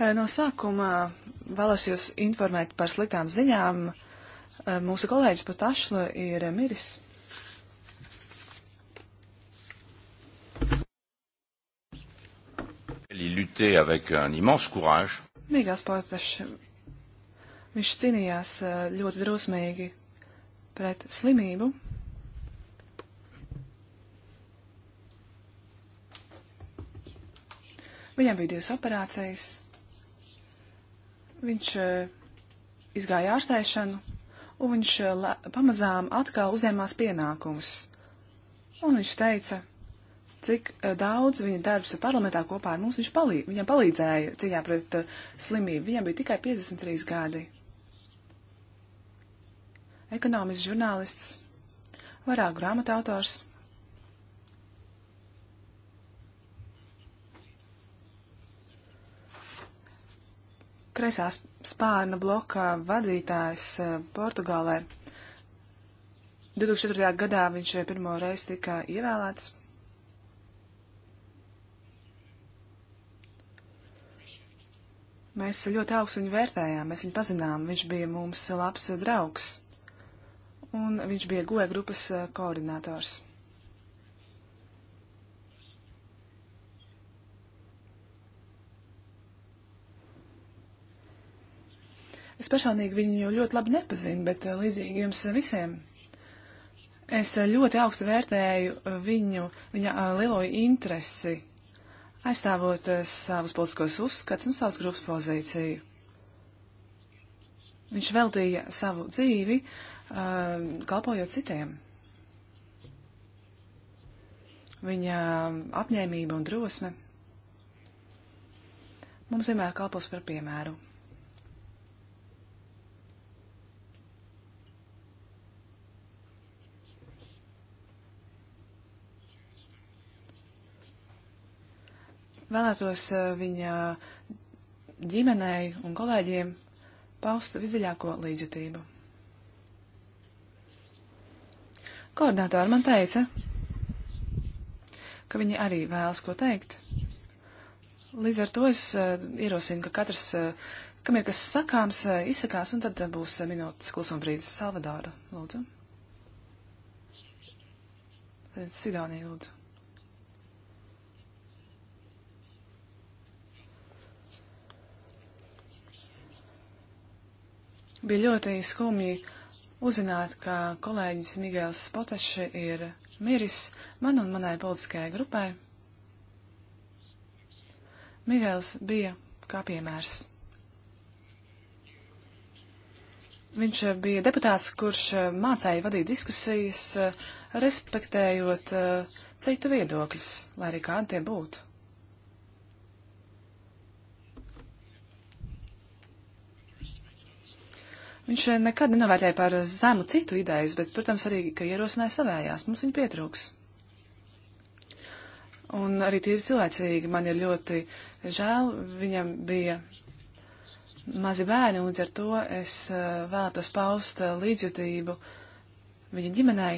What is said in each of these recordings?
Eh, no sākuma vēlos jūs informēt par sliktām ziņām. Eh, mūsu kolēģis Patašla ir miris. Mīgās Patašs. Viņš cīnījās eh, ļoti drosmīgi pret slimību. Viņam bija divas operācijas. Viņš e, izgāja ārstēšanu, un viņš e, pamazām atkal uzņēmās pienākumus. Un viņš teica, cik e, daudz viņa darbs parlamentā kopā ar mums viņš palīd, viņam palīdzēja cīņā pret uh, slimību. Viņam bija tikai 53 gadi. Ekonomists žurnālists, varāk grāmatā autors. kreisās spārna bloka vadītājs eh, Portugālē. 2004. gadā viņš eh, pirmo reizi tika ievēlēts. Mēs ļoti augstu viņu vērtējām, mēs viņu pazinām, viņš bija mums labs draugs, un viņš bija goja grupas eh, koordinators. Es personīgi viņu ļoti labi nepazinu, bet eh, līdzīgi jums visiem. Es eh, ļoti augstu vērtēju eh, viņu, viņa lielo interesi, aizstāvot savus politiskos uzskats un savas grupas pozīciju. Viņš veltīja savu dzīvi, kalpojot citiem. Viņa apņēmība un drosme mums vienmēr kalpos par piemēru. Vēlētos uh, viņa ģimenei un kolēģiem paust visdziļāko līdzjūtību. Koordinātori man teica, ka viņi arī vēlas ko teikt. Līdz ar to es uh, ierosinu, ka katrs, uh, kam ir kas sakāms, uh, izsakās, un tad uh, būs uh, minūtes klusuma brīdis Salvadoru. Lūdzu. Sidonija, lūdzu. Bija ļoti skumji uzzināt, ka kolēģis Migēls Poteši ir miris man un manai politiskajai grupai. Migēls bija kā piemērs. Viņš bija deputāts, kurš mācēja vadīt diskusijas, respektējot eh, citu viedokļus, lai arī kādi tie būtu. Viņš eh, nekad nenovērtēja par zemu citu idejas, bet, protams, arī, ka ierosināja savējās. Mums viņa pietrūks. Un arī tīri cilvēcīgi man ir ļoti žēl, viņam bija mazi bērni, un līdz ar to es eh, vēlētos paust eh, līdzjūtību viņa ģimenei.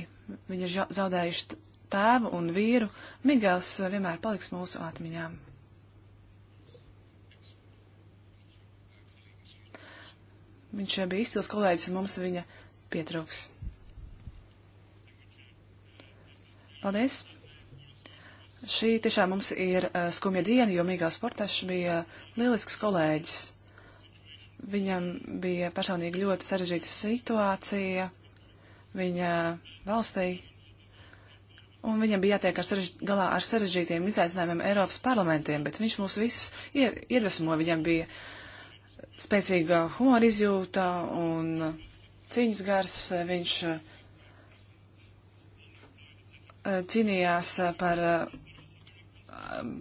Viņi ir zaudējuši tēvu un vīru. Migels vienmēr paliks mūsu atmiņām. Viņš eh, bija izcils kolēģis un mums viņa pietrūks. Paldies! Šī tiešām mums ir uh, skumja diena, jo Mīgā Sportašs bija lielisks kolēģis. Viņam bija personīgi ļoti sarežģīta situācija viņa valstī, un viņam bija jātiek ar sarež... galā ar sarežģītiem izaicinājumiem Eiropas parlamentiem, bet viņš mūs visus iedvesmo, viņam bija uh, spēcīga humora izjūta un cīņas gars. Viņš eh, cīnījās par, eh,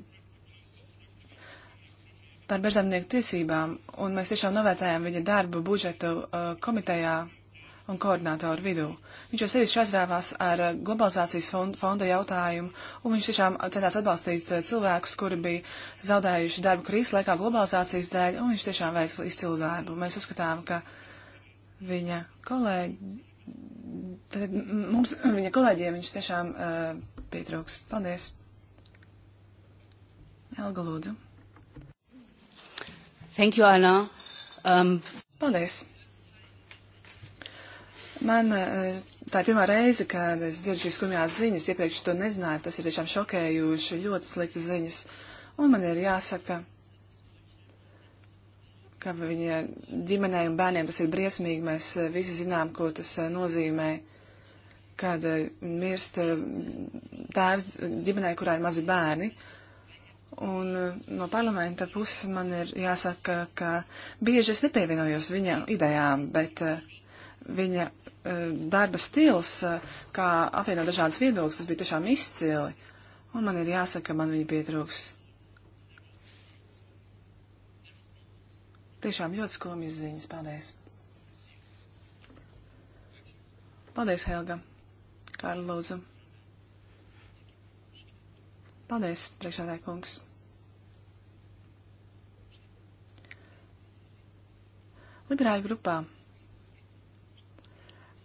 par bezdarbnieku tiesībām, un mēs tiešām novērtējām viņa darbu budžetu eh, komitejā un koordinātoru vidū. Viņš jau sevišķi aizrāvās ar eh, globalizācijas fonda jautājumu, un viņš tiešām centās atbalstīt eh, cilvēkus, kuri bija zaudējuši darbu krīzes laikā globalizācijas dēļ, un viņš tiešām veic izcilu darbu. Mēs uzskatām, ka viņa kolēģi, tad mums, viņa kolēģiem viņš tiešām uh, pietrūks. Paldies! Elga lūdzu. Thank you, Anna. Um... Paldies! Man e, tā ir pirmā reize, kad es dzirdu šīs skumjās ziņas, iepriekš to nezināju, tas ir tiešām šokējuši, ļoti sliktas ziņas. Un man ir jāsaka, ka viņa ģimenei un bērniem tas ir briesmīgi, mēs e, visi zinām, ko tas e, nozīmē, kad mirst tēvs ģimenei, kurā ir mazi bērni. Un no parlamenta puses man ir jāsaka, ka bieži es nepievienojos viņa idejām, bet viņa Eh, darba stils, eh, kā apvienot dažādas viedokļas, tas bija tiešām izcili. Un man ir jāsaka, ka man viņa pietrūks. Tiešām ļoti skumjas ziņas. Paldies! Paldies, Helga! Kārli, lūdzu! Paldies, priekšādāj kungs! Liberāļu grupā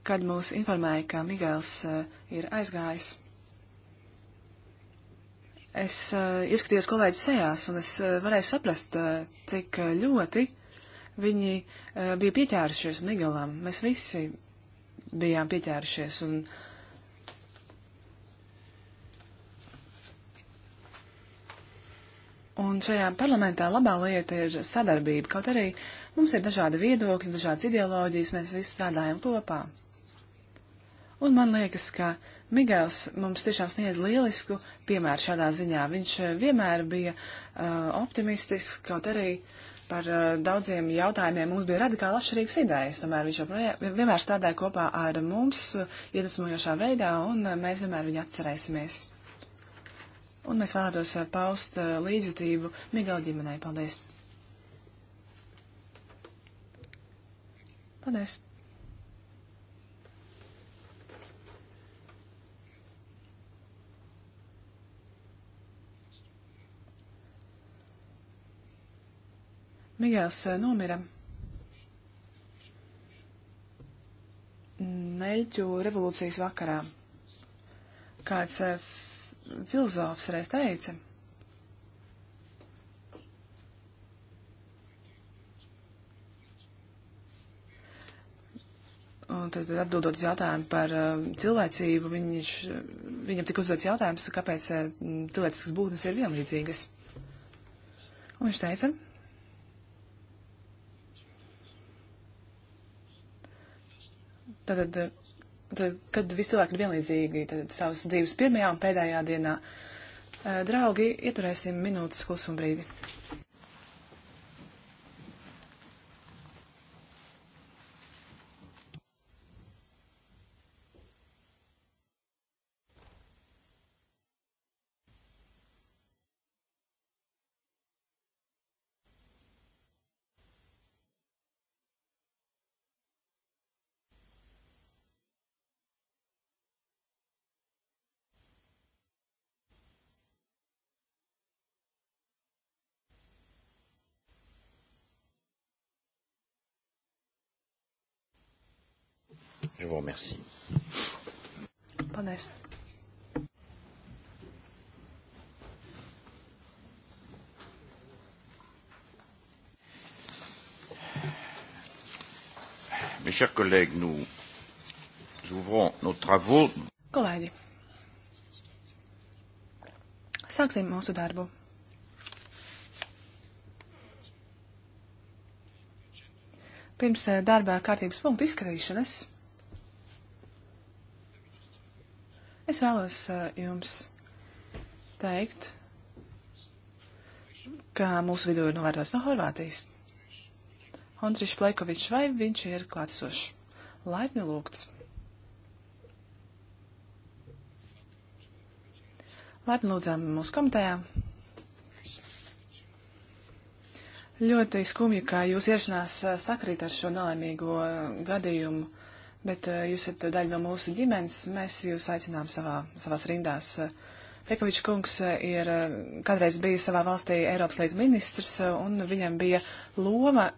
kad mūs informēja, ka Migēls eh, ir aizgājis. Es eh, ieskatījos kolēģi sejās, un es eh, varēju saprast, cik ļoti viņi bija pieķērušies Migēlam. Mēs visi bijām pieķērušies, un Un šajā parlamentā labā lieta ir sadarbība, kaut arī mums ir dažādi viedokļi, dažādas ideoloģijas, mēs visi strādājam kopā. Un man liekas, ka Migels mums tiešām sniedz lielisku piemēru šādā ziņā. Viņš eh, vienmēr bija uh, optimistisks, kaut arī par uh, daudziem jautājumiem mums bija radikāli atšķirīgas idejas. Tomēr viņš joprojām vienmēr strādāja kopā ar mums uh, iedvesmojošā veidā, un uh, mēs vienmēr viņu atcerēsimies. Un mēs vēlētos uh, paust uh, līdzjūtību Migela ģimenei. Paldies! Paldies! Migēls nu, eh, nomira Neļķu revolūcijas vakarā. Kāds eh, filozofs reiz teica, Un tad, tad atbildot uz jautājumu par uh, cilvēcību, viņš, viņam tika uzdots jautājums, kāpēc uh, cilvēciskas būtnes ir vienlīdzīgas. Un viņš teica, Tātad, eh, tad, kad visi cilvēki ir vienlīdzīgi tad, savas dzīves pirmajā un pēdējā dienā, eh, draugi, ieturēsim minūtes klusuma brīdi. Je vous remercie. Paldies. Mes chers collègues, nous ouvrons nos travaux. Kolēģi, sāksim mūsu darbu. Pirms eh, darbā kārtības punktu izskatīšanas. Es vēlos uh, jums teikt, ka mūsu vidū ir novērtēts no Horvātijas. Hondrišs Plejkovičs, vai viņš ir klātsošs? Laipni lūgts. Laipni lūdzām mūsu komitejā. Ļoti skumji, ka jūs ierašanās uh, sakrīt ar šo nelaimīgo uh, gadījumu bet eh, jūs esat daļa no mūsu ģimenes, mēs jūs aicinām savā, savās rindās. Pekovičs kungs eh, ir eh, kādreiz bijis savā valstī Eiropas lietu ministrs, un viņam bija loma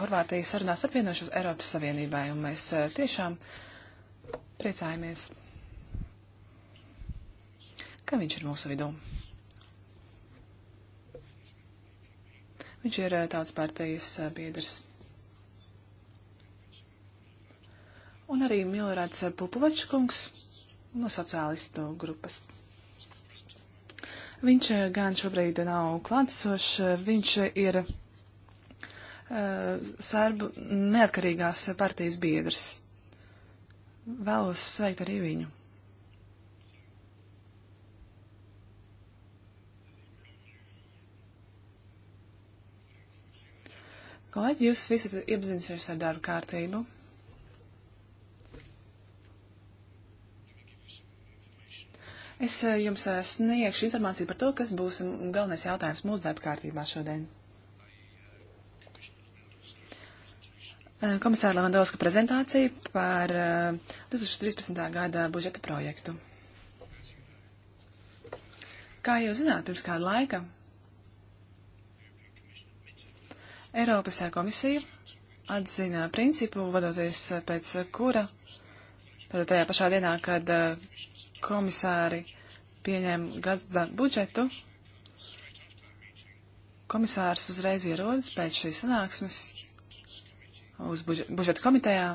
Horvātijas sarunās par pienošanos Eiropas Savienībai, un mēs tiešām priecājamies, ka viņš ir mūsu vidū. Viņš ir tautas partijas biedrs. un arī Milorāds Pupovačkungs no sociālistu grupas. Viņš eh, gan šobrīd nav klātesošs, eh, viņš ir uh, eh, Sērbu neatkarīgās partijas biedrs. Vēlos sveikt arī viņu. Kolēģi, jūs visi esat iepazinušies ar darbu kārtību. Es eh, jums eh, sniegšu informāciju par to, kas būs mm, galvenais jautājums mūsu darba kārtībā šodien. Eh, komisāra Levandovska prezentācija par 2013. gada budžeta projektu. Kā jūs zināt, pirms kāda laika Eiropas komisija atzina principu, vadoties pēc kura Tad tajā pašā dienā, kad komisāri pieņēma gada budžetu, komisārs uzreiz ierodas pēc šīs sanāksmes uz budžeta komitejā,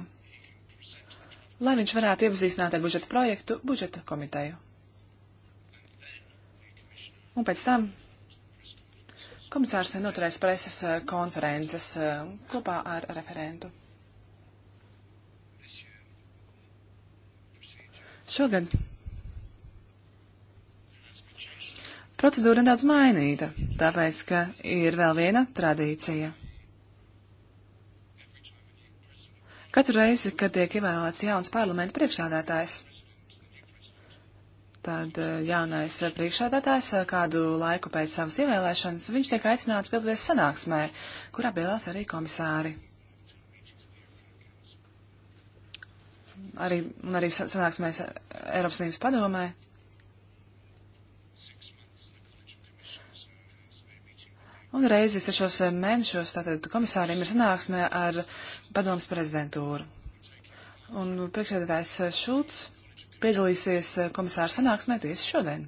lai viņš varētu iepazīstināt ar budžeta projektu budžeta komiteju. Un pēc tam komisārs noturēs preses eh, konferences eh, kopā ar referentu. Šogad procedūra nedaudz mainīta, tāpēc, ka ir vēl viena tradīcija. Katru reizi, kad tiek ievēlēts jauns parlamenta priekšsādātājs, tad eh, jaunais priekšsādātājs eh, kādu laiku pēc savas ievēlēšanas, viņš tiek aicināts piedalīties sanāksmē, kurā piedalās arī komisāri. Arī, un arī sanāksmēs Eiropas Savienības padomē. Un reizi sešos mēnešos tātad komisāriem ir sanāksme ar padomas prezidentūru. Un priekšsēdētājs Šulcs piedalīsies komisāra sanāksmē tieši šodien.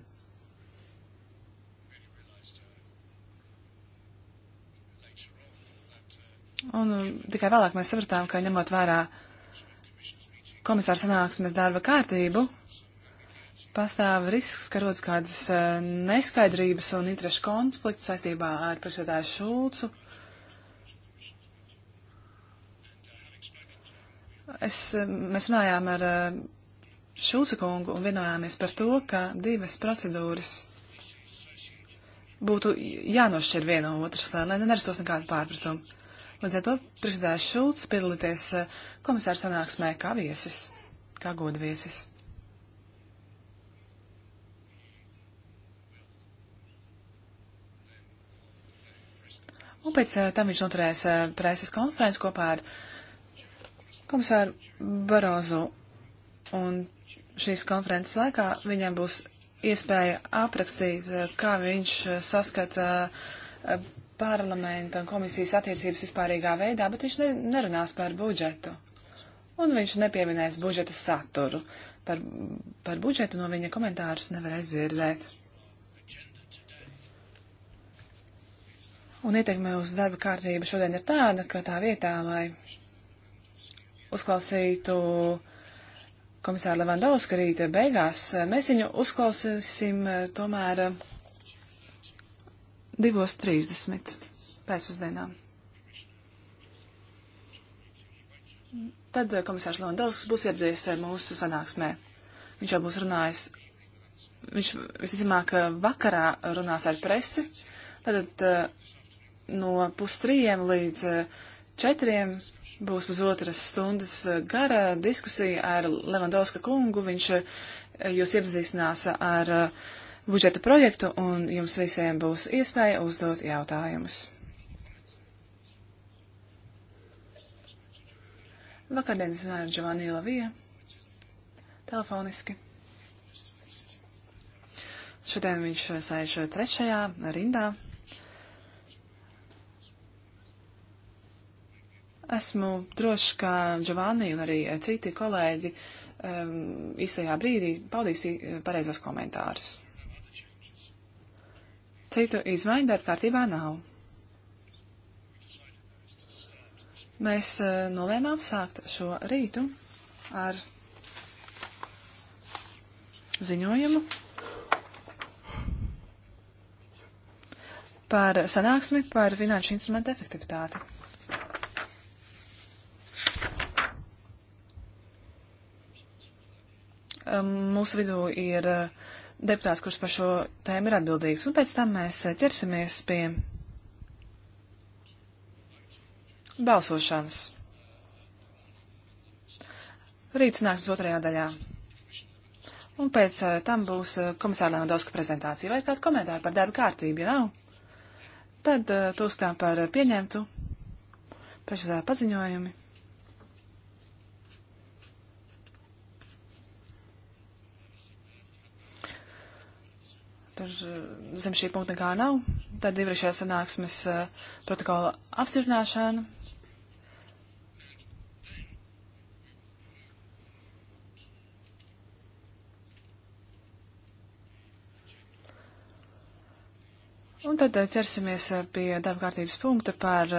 Un um, tikai vēlāk mēs sapratām, ka ņemot vērā komisāra sanāksmes darba kārtību, pastāv risks, ka rodas kādas e, neskaidrības un interešu konflikts saistībā ar priekšsēdāju Šulcu. Es, e, mēs runājām ar e, Šulca kungu un vienojāmies par to, ka divas procedūras būtu jānošķir viena no otras, lai nerastos nekādu pārpratumu. Līdz ar to priekšsēdājs Šulcs piedalīties komisāra sanāksmē kā viesis, kā goda viesis. Un pēc eh, tam viņš noturēs eh, preses konferenci kopā ar komisāru Barozu. Un šīs konferences laikā viņam būs iespēja aprakstīt, eh, kā viņš saskata parlamenta un komisijas attiecības vispārīgā veidā, bet viņš ne, nerunās par budžetu. Un viņš nepieminēs budžeta saturu. Par, par budžetu no viņa komentārus nevarēs dzirdēt. Un ietekme uz darba kārtību šodien ir tāda, ka tā vietā, lai uzklausītu komisāru Levandovska rīta beigās, mēs viņu uzklausīsim eh, tomēr 2.30 eh, pēcpusdienām. Tad eh, komisārs Levandovskis būs ieradies mūsu sanāksmē. Viņš jau būs runājis, viņš visticamāk vakarā runās ar presi, tad uh, no pustrījiem līdz eh, četriem būs pusotras stundas eh, gara diskusija ar Levandovska kungu. Viņš eh, jūs iepazīstinās ar budžeta projektu un jums visiem būs iespēja uzdot jautājumus. Vakardien es runāju ar Giovanni Lavija telefoniski. Šodien viņš sēž trešajā rindā. Esmu drošs, ka Giovanni un arī eh, citi kolēģi um, īstajā brīdī paudīs eh, pareizos komentārus. Citu izmaiņu darba kārtībā nav. Mēs uh, nolēmām sākt šo rītu ar ziņojumu par sanāksmi par finanšu instrumentu efektivitāti. Um, mūsu vidū ir uh, deputāts, kurš par šo tēmu ir atbildīgs, un pēc tam mēs uh, ķersimies pie balsošanas. Rīt sanāks otrajā daļā. Un pēc uh, tam būs komisāra Levandovska prezentācija vai kāda komentāra par darba kārtību, ja nav. Tad to uzskatām par pieņemtu. Pašā paziņojumi. Tur eh, zem šī punkta nekā nav. Tad iepriekšējā sanāksmes eh, protokola apstiprināšana. Un tad eh, ķersimies pie darba kārtības punkta par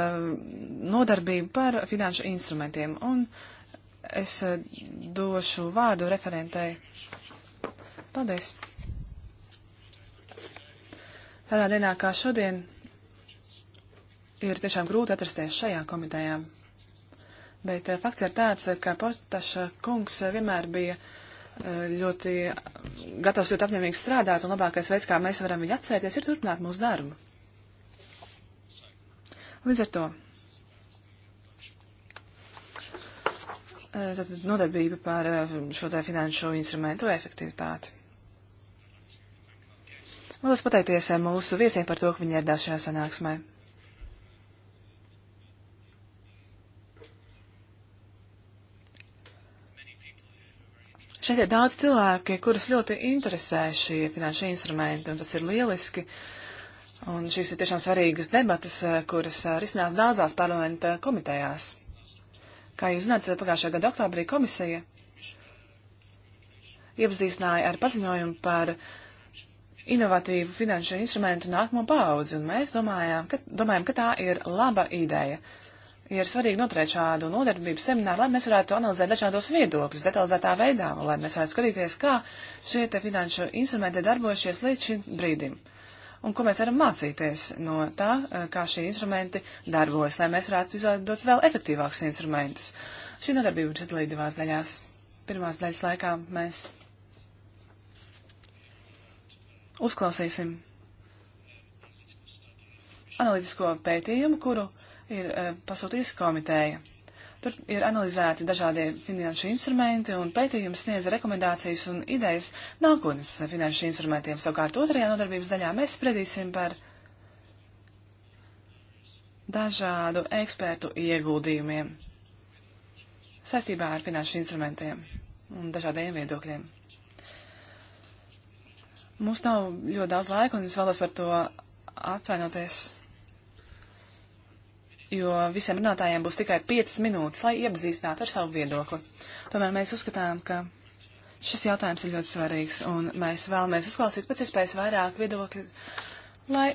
nodarbību par finanšu instrumentiem. Un es došu vārdu referentei. Paldies! Tādā dienā kā šodien ir tiešām grūti atrasties šajā komitejā. Bet eh, fakts ir tāds, ka Potaša kungs eh, vienmēr bija eh, ļoti gatavs ļoti apņemīgi strādāt, un labākais veids, kā mēs varam viņu atcerēties, ir turpināt mūsu darbu. Līdz ar to. Tātad nodarbība par šo te finanšu instrumentu efektivitāti. Vēlos pateikties eh, mūsu viesiem par to, ka viņi ieradās šajā sanāksmē. Šeit ir daudz cilvēki, kurus ļoti interesē šie finanšu instrumenti, un tas ir lieliski. Un šīs ir tiešām svarīgas debatas, eh, kuras eh, risinās daudzās parlamenta komitejās. Kā jūs zināt, pagājušā gada oktobrī komisija iepazīstināja ar paziņojumu par uh, inovatīvu finanšu instrumentu nākamo paudzi, un mēs domājām, ka, domājam, ka tā ir laba ideja. Ir svarīgi noturēt šādu nodarbību semināru, lai mēs varētu analizēt dažādos viedokļus detalizētā veidā, un lai mēs varētu skatīties, kā šie finanšu instrumenti darbojušies līdz šim brīdim. Un ko mēs varam mācīties no tā, eh, kā šie instrumenti darbojas, lai mēs varētu izveidot vēl efektīvākus instrumentus. Šī nodarbība ir sadalīta divās daļās. Pirmās daļas laikā mēs uzklausīsim analītisko pētījumu, kuru ir uh, pasūtījusi komiteja. Tur ir analizēti dažādie finanšu instrumenti, un pētījums sniedz rekomendācijas un idejas nākotnes finanšu instrumentiem. Savukārt otrajā nodarbības daļā mēs spriedīsim par dažādu ekspertu ieguldījumiem saistībā ar finanšu instrumentiem un dažādiem viedokļiem. Mums nav ļoti daudz laika, un es vēlos par to atvainoties, jo visiem runātājiem būs tikai 5 minūtes, lai iepazīstinātu ar savu viedokli. Tomēr mēs uzskatām, ka šis jautājums ir ļoti svarīgs, un mēs vēlamies uzklausīt pēc iespējas vairāk viedokļu, lai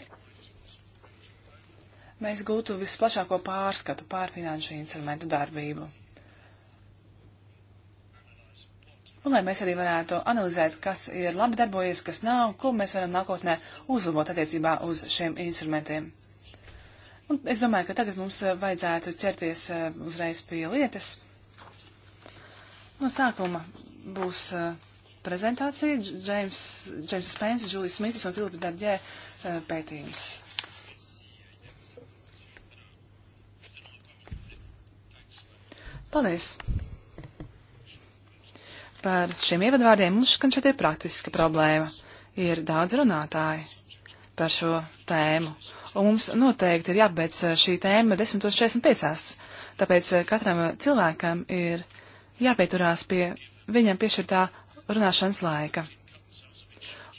mēs gūtu visplašāko pārskatu pār finanšu instrumentu darbību. Un lai mēs arī varētu analizēt, kas ir labi darbojies, kas nav, ko mēs varam nākotnē uzlabot attiecībā uz šiem instrumentiem. Un es domāju, ka tagad mums eh, vajadzētu ķerties eh, uzreiz pie lietas. No sākuma būs eh, prezentācija Džeims, Džeims Spence, Džulijas Smits un Filipa Dardjē pētījums. Paldies! par šiem ievadvārdiem. Mums šķiet, šeit ir praktiska problēma. Ir daudz runātāji par šo tēmu. Un mums noteikti ir jābeidz eh, šī tēma 10.45. Tāpēc eh, katram eh, cilvēkam ir jāpieturās pie viņam piešķirtā runāšanas laika.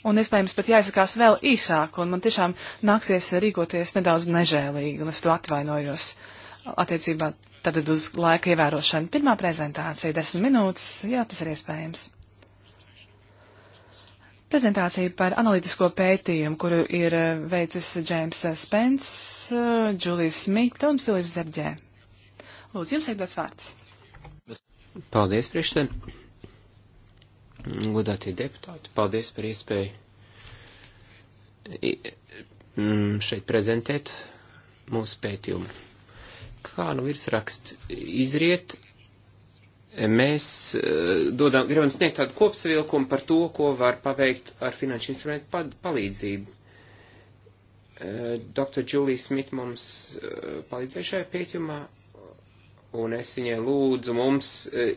Un iespējams pat jāizsakās vēl īsāk, un man tiešām nāksies rīkoties nedaudz nežēlīgi, un es to atvainojos attiecībā Tātad uz laika ievērošanu. Pirmā prezentācija - 10 minūtes. Jā, tas ir iespējams. Prezentācija par analītisko pētījumu, kuru ir eh, veicis Džēms Spence, Džulija eh, Smita un Filips Derģē. Lūdzu, jums ir dots vārds. Paldies, priekšsēdētāji. Godātie deputāti, paldies par iespēju šeit prezentēt mūsu pētījumu kā nu virsraksts izriet, mēs eh, dodam, gribam sniegt tādu kopsavilkumu par to, ko var paveikt ar finanšu instrumentu palīdzību. Eh, Dr. Julija Smit mums eh, palīdzēja šajā pieķumā, un es viņai lūdzu mums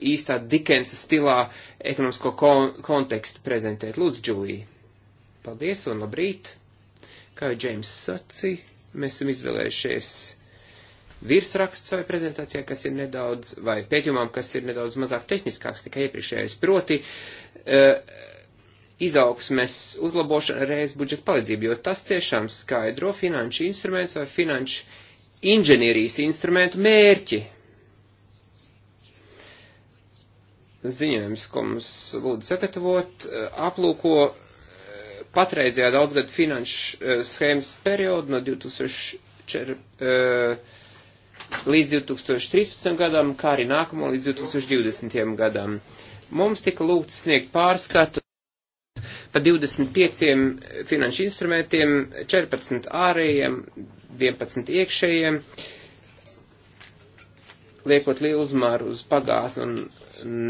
īstā Dikensa stilā ekonomisko kon kontekstu prezentēt. Lūdzu, Julija. Paldies un labrīt! Kā jau Džeims sacīja, mēs esam izvēlējušies uh, virsraksts savai prezentācijai, kas ir nedaudz, vai pētījumam, kas ir nedaudz mazāk tehniskāks nekā iepriekšējais. Proti, eh, izaugsmes uzlabošana reiz budžeta palīdzību, jo tas tiešām skaidro finanšu instruments vai finanšu inženierijas instrumentu mērķi, ziņojums, ko mums lūdzu sagatavot, eh, aplūko eh, patreizējā daudzgad finanšu schēmas periodu no 2014 līdz 2013. gadam, kā arī nākamo līdz 2020. gadam. Mums tika lūgts sniegt pārskatu par 25 finanšu instrumentiem, 14 ārējiem, 11 iekšējiem, liekot lielu uzmāru uz pagātni un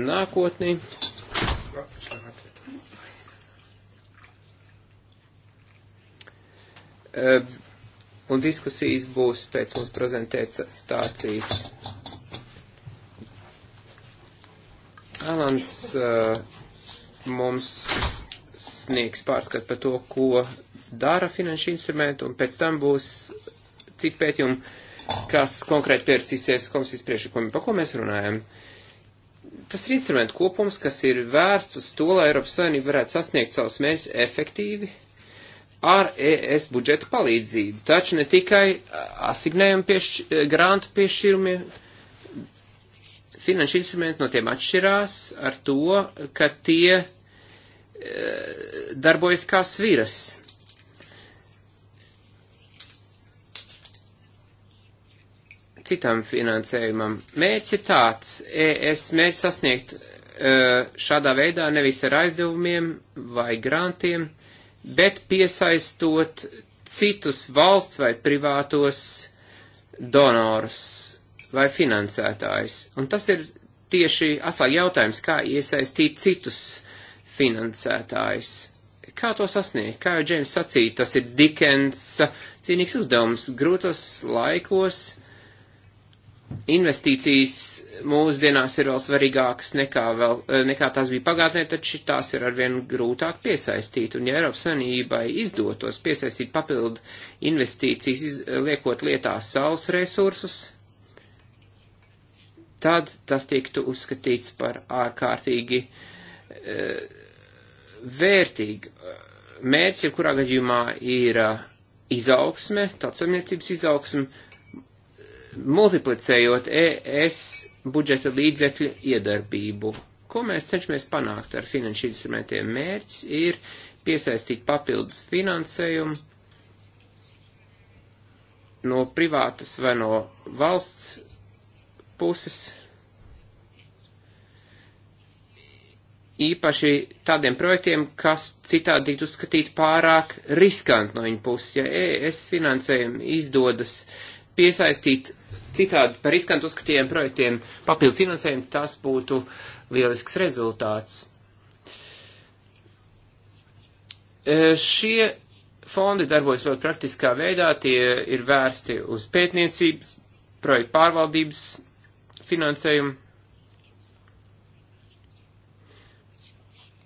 nākotni. Uh, un diskusijas būs pēc mūsu prezentācijas. Alans uh, mums sniegs pārskat par to, ko dara finanšu instrumentu, un pēc tam būs citi pētījumi, kas konkrēti pierasīsies komisijas priekšlikumiem, par ko mēs runājam. Tas ir instrumentu kopums, kas ir vērts uz to, lai Eiropas Savienība varētu sasniegt savus mērķus efektīvi ar ES budžeta palīdzību, taču ne tikai asignējumu piešķi, e, grantu piešķirumi, finanšu instrumenti no tiem atšķirās ar to, ka tie e, darbojas kā sviras. Citam finansējumam mērķi tāds, ES mērķi sasniegt e, šādā veidā nevis ar aizdevumiem vai grantiem, bet piesaistot citus valsts vai privātos donorus vai finansētājus. Un tas ir tieši atkal jautājums, kā iesaistīt citus finansētājus. Kā to sasniegt? Kā jau Džeims sacīja, tas ir Dikensa uh, cīnīgs uzdevums grūtos laikos investīcijas mūsdienās ir vēl svarīgākas nekā, vēl, eh, nekā tās bija pagātnē, taču tās ir arvien grūtāk piesaistīt. Un ja Eiropas Savienībai izdotos piesaistīt papildu investīcijas, iz, liekot lietā savus resursus, tad tas tiktu uzskatīts par ārkārtīgi e, vērtīgu. Mērķis, kurā gadījumā ir eh, izaugsme, tautsamniecības izaugsme, multiplicējot ES budžeta līdzekļu iedarbību. Ko mēs cenšamies panākt ar finanšu instrumentiem? Mērķis ir piesaistīt papildus finansējumu no privātas vai no valsts puses, īpaši tādiem projektiem, kas citādi tiktu uzskatīti pārāk riskanti no viņa puses. Ja ES finansējumi izdodas piesaistīt citādi par riskantu uzskatījiem projektiem papildu finansējumu, tas būtu lielisks rezultāts. E, šie fondi darbojas ļoti praktiskā veidā, tie ir vērsti uz pētniecības, projektu pārvaldības finansējumu.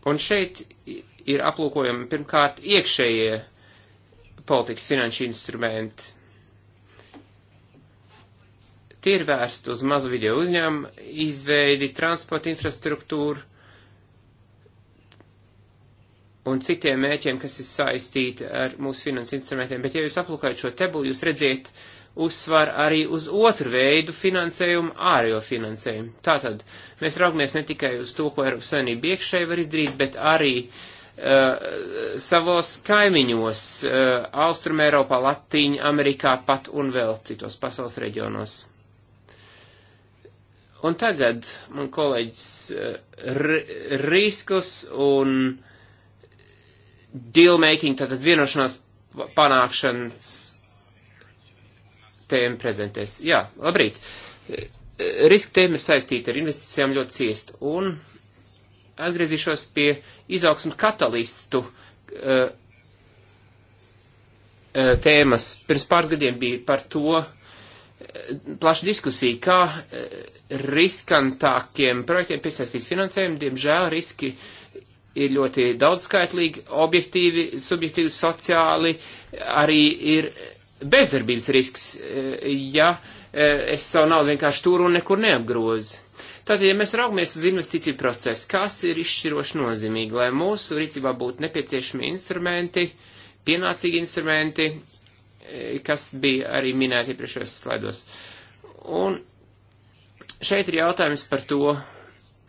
Un šeit ir aplūkojami pirmkārt iekšējie politikas finanšu instrumenti, Tie ir vērsti uz mazu video uzņēmumu izveidi, transporta infrastruktūru un citiem mēķiem, kas ir saistīti ar mūsu finanses instrumentiem. Bet, ja jūs aplūkojat šo tebulu, jūs redziet uzsvar arī uz otru veidu finansējumu, ārējo finansējumu. Tātad mēs raugamies ne tikai uz to, ko Eiropas Savienība iekšēji var izdarīt, bet arī uh, savos kaimiņos, uh, Austrum Eiropā, Latīņa, Amerikā pat un vēl citos pasaules reģionos. Un tagad man kolēģis eh, riskus un dealmaking, tātad vienošanās panākšanas tēmu prezentēs. Jā, labrīt. Riska tēma ir saistīta ar investīcijām ļoti ciest. Un atgriezīšos pie izaugsmu katalistu eh, eh, tēmas. Pirms pāris gadiem bija par to plaša diskusija, kā eh, riskantākiem projektiem piesaistīt finansējumu. Diemžēl riski ir ļoti daudzskaitlīgi, objektīvi, subjektīvi, sociāli, arī ir bezdarbības risks, eh, ja eh, es savu naudu vienkārši tūru un nekur neapgrozu. Tātad, ja mēs raugamies uz investīciju procesu, kas ir izšķiroši nozīmīgi, lai mūsu rīcībā būtu nepieciešami instrumenti, pienācīgi instrumenti, Eh, kas bija arī minēti iepriekšējos slaidos. Un šeit ir jautājums par to,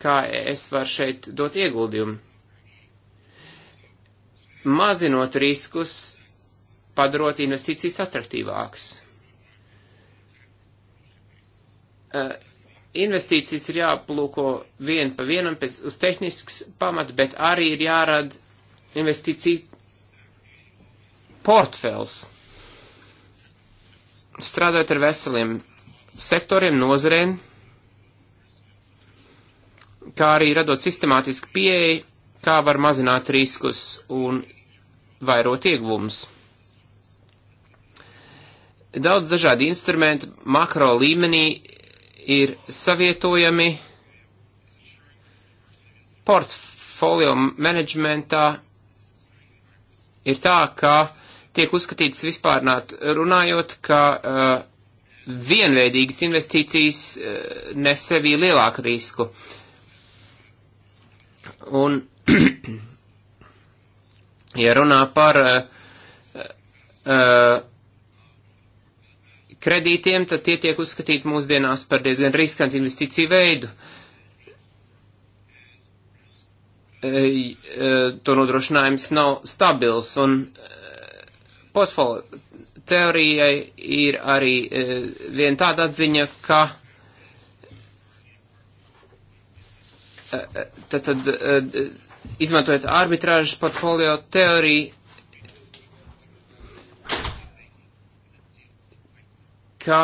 kā es varu šeit dot ieguldījumu. Mazinot riskus, padarot investīcijas atraktīvākas. Uh, investīcijas ir jāplūko vien pa vienam pēc uz tehnisks pamat, bet arī ir jārada investīcija portfels strādājot ar veseliem sektoriem, nozarēm, kā arī radot sistemātisku pieeju, kā var mazināt riskus un vairot ieguvumus. Daudz dažādi instrumenti makro līmenī ir savietojami portfolio menedžmentā. Ir tā, ka tiek uzskatītas vispārnāt runājot, ka uh, vienveidīgas investīcijas uh, nes sevī lielāku risku. Un, ja runā par uh, uh, kredītiem, tad tie tiek uzskatīti mūsdienās par diezgan riskantu investīciju veidu. E, e, to nodrošinājums nav stabils, un Portfolio teorijai ir arī e, viena tāda atziņa, ka e, e, tad, tad izmantojot arbitrāžas portfolio teoriju, ka,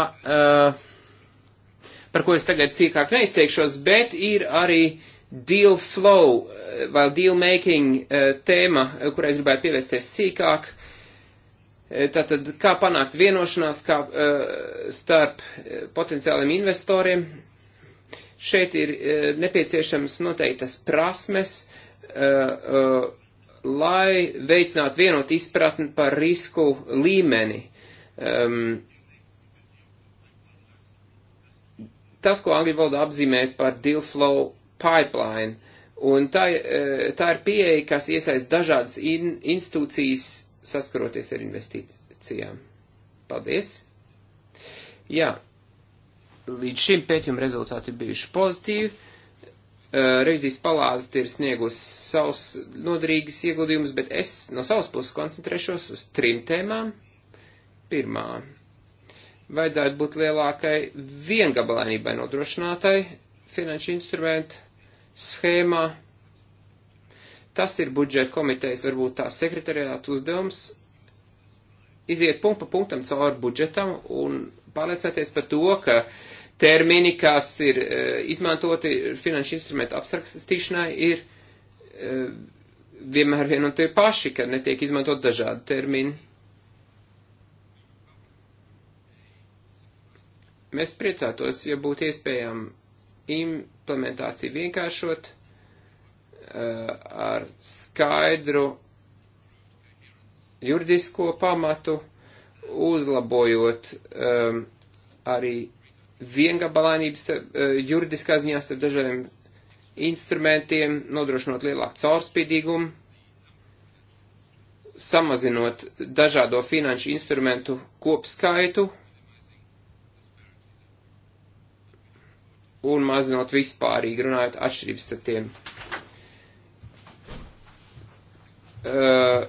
par ko es tagad cīkāk neizteikšos, bet ir arī deal flow vai deal making tēma, kurai es gribētu pievērsties sīkāk. E, tātad, kā panākt vienošanās kā, e, starp e, potenciāliem investoriem, šeit ir nepieciešams noteiktas prasmes, lai veicinātu vienotu izpratni par risku līmeni. Tas, ko angļu valoda apzīmē par deal flow pipeline, un tā, tā ir pieeja, kas iesaist dažādas in, institūcijas saskaroties ar investīcijām. Paldies! Jā, līdz šim pētījuma rezultāti bijuši pozitīvi. Reizijas palāta ir sniegusi savus noderīgas ieguldījumus, bet es no savas puses koncentrēšos uz trim tēmām. Pirmā vajadzētu būt lielākai viengabalainībai nodrošinātai finanšu instrumentu schēmā, Tas ir budžeta komitejas, varbūt tās sekretariāta uzdevums iziet punktu pa punktam cauri budžetam un pārliecināties par to, ka termini, kas ir e, izmantoti finanšu instrumentu apsarkstīšanai, ir e, vienmēr vien un tie paši, ka netiek izmantot dažādi termini. Mēs priecātos, ja būtu iespējama implementācija vienkāršot Eh, ar skaidru juridisko pamatu, uzlabojot um, arī viengabalainības uh, juridiskā ziņā starp dažādiem instrumentiem, nodrošinot lielāku caurspīdīgumu, samazinot dažādo finanšu instrumentu kopskaitu un mazinot vispārīgi runājot atšķirības starp tiem. Eh,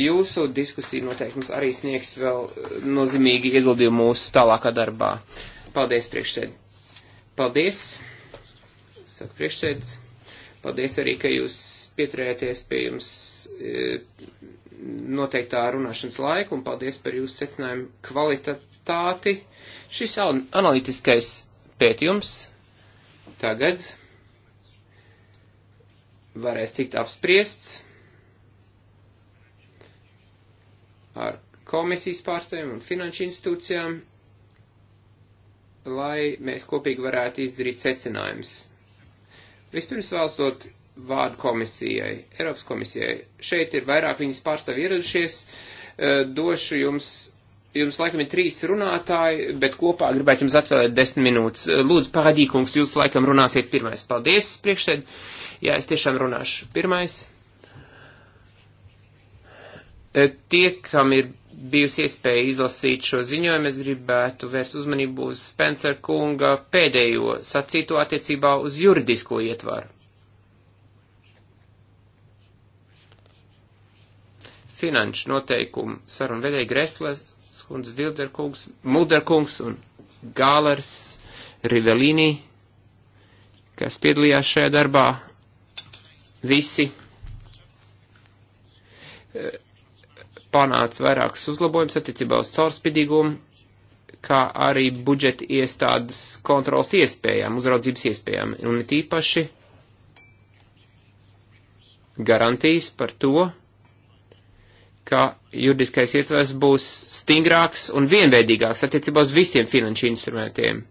jūsu diskusija noteikti mums arī sniegs vēl eh, nozīmīgi ieguldījumu mūsu tālākā darbā. Paldies, priekšsēd. Paldies, saka priekšsēds. Paldies arī, ka jūs pieturējāties pie jums eh, noteiktā runāšanas laika un paldies par jūsu secinājumu kvalitāti. Šis analītiskais pētījums tagad varēs tikt apspriests. ar komisijas pārstāvjiem un finanšu institūcijām, lai mēs kopīgi varētu izdarīt secinājumus. Vispirms vēlos dot vārdu komisijai, Eiropas komisijai. Šeit ir vairāk viņas pārstāvi ieradušies. E, došu jums, jums laikam ir trīs runātāji, bet kopā gribētu jums atvēlēt desmit minūtes. E, lūdzu, pārādīkums, jūs laikam runāsiet pirmais. Paldies, priekšsēd. Jā, es tiešām runāšu pirmais. Eh, tie, kam ir bijusi iespēja izlasīt šo ziņojumu, es gribētu vērst uzmanību uz Spencer kunga pēdējo sacīto attiecībā uz juridisko ietvaru. Finanšu noteikumu sarunvedēji Gresles, skundz Vilderkungs, Mulderkungs un Gālers Rivelīni, kas piedalījās šajā darbā, visi eh, panāts vairākas uzlabojums attiecībā uz caurspidīgumu, kā arī budžeta iestādes kontrols iespējām, uzraudzības iespējām, un tīpaši garantijas par to, ka juridiskais ietvers būs stingrāks un vienveidīgāks attiecībā uz visiem finanšu instrumentiem.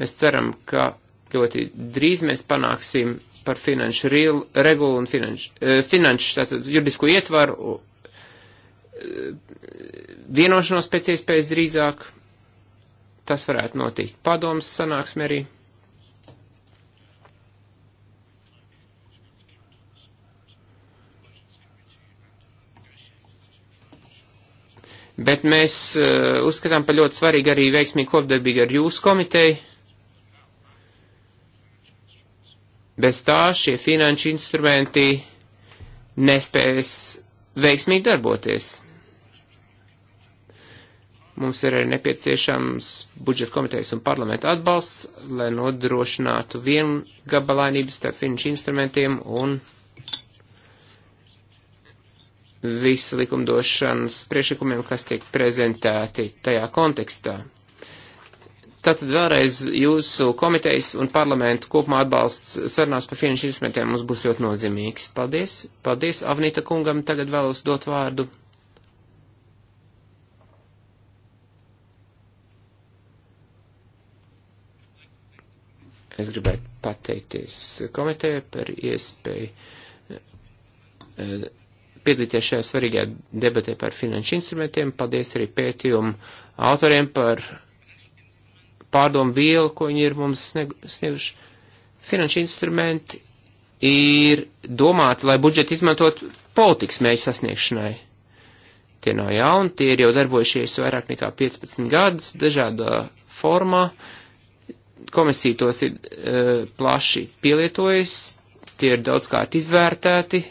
Mēs ceram, ka ļoti drīz mēs panāksim par finanšu regulu un finanšu, eh, finanšu tātad juridisko ietvaru eh, vienošanos pēc iespējas drīzāk. Tas varētu notikt padomas sanāksmē arī. Bet mēs uh, uzskatām par ļoti svarīgi arī veiksmīgi kopdarbīgi ar jūsu komiteju. Bez tā šie finanšu instrumenti nespēs veiksmīgi darboties. Mums ir arī nepieciešams budžeta komitejas un parlamenta atbalsts, lai nodrošinātu viengabalainības starp finanšu instrumentiem un visu likumdošanas priešlikumiem, kas tiek prezentēti tajā kontekstā. Tātad vēlreiz jūsu komitejas un parlamentu kopumā atbalsts sarunās par finanšu instrumentiem mums būs ļoti nozīmīgs. Paldies. Paldies Avnita kungam. Tagad vēlos dot vārdu. Es gribētu pateikties komitejai par iespēju eh, piedalīties šajā svarīgajā debatē par finanšu instrumentiem. Paldies arī pētījumu autoriem par pārdomu vielu, ko viņi ir mums snieguši. Finanšu instrumenti ir domāti, lai budžeti izmantot politikas mēģi sasniegšanai. Tie nav jauni, tie ir jau darbojušies vairāk nekā 15 gadus dažādā formā. Komisija tos ir e, plaši pielietojas, tie ir daudzkārt izvērtēti,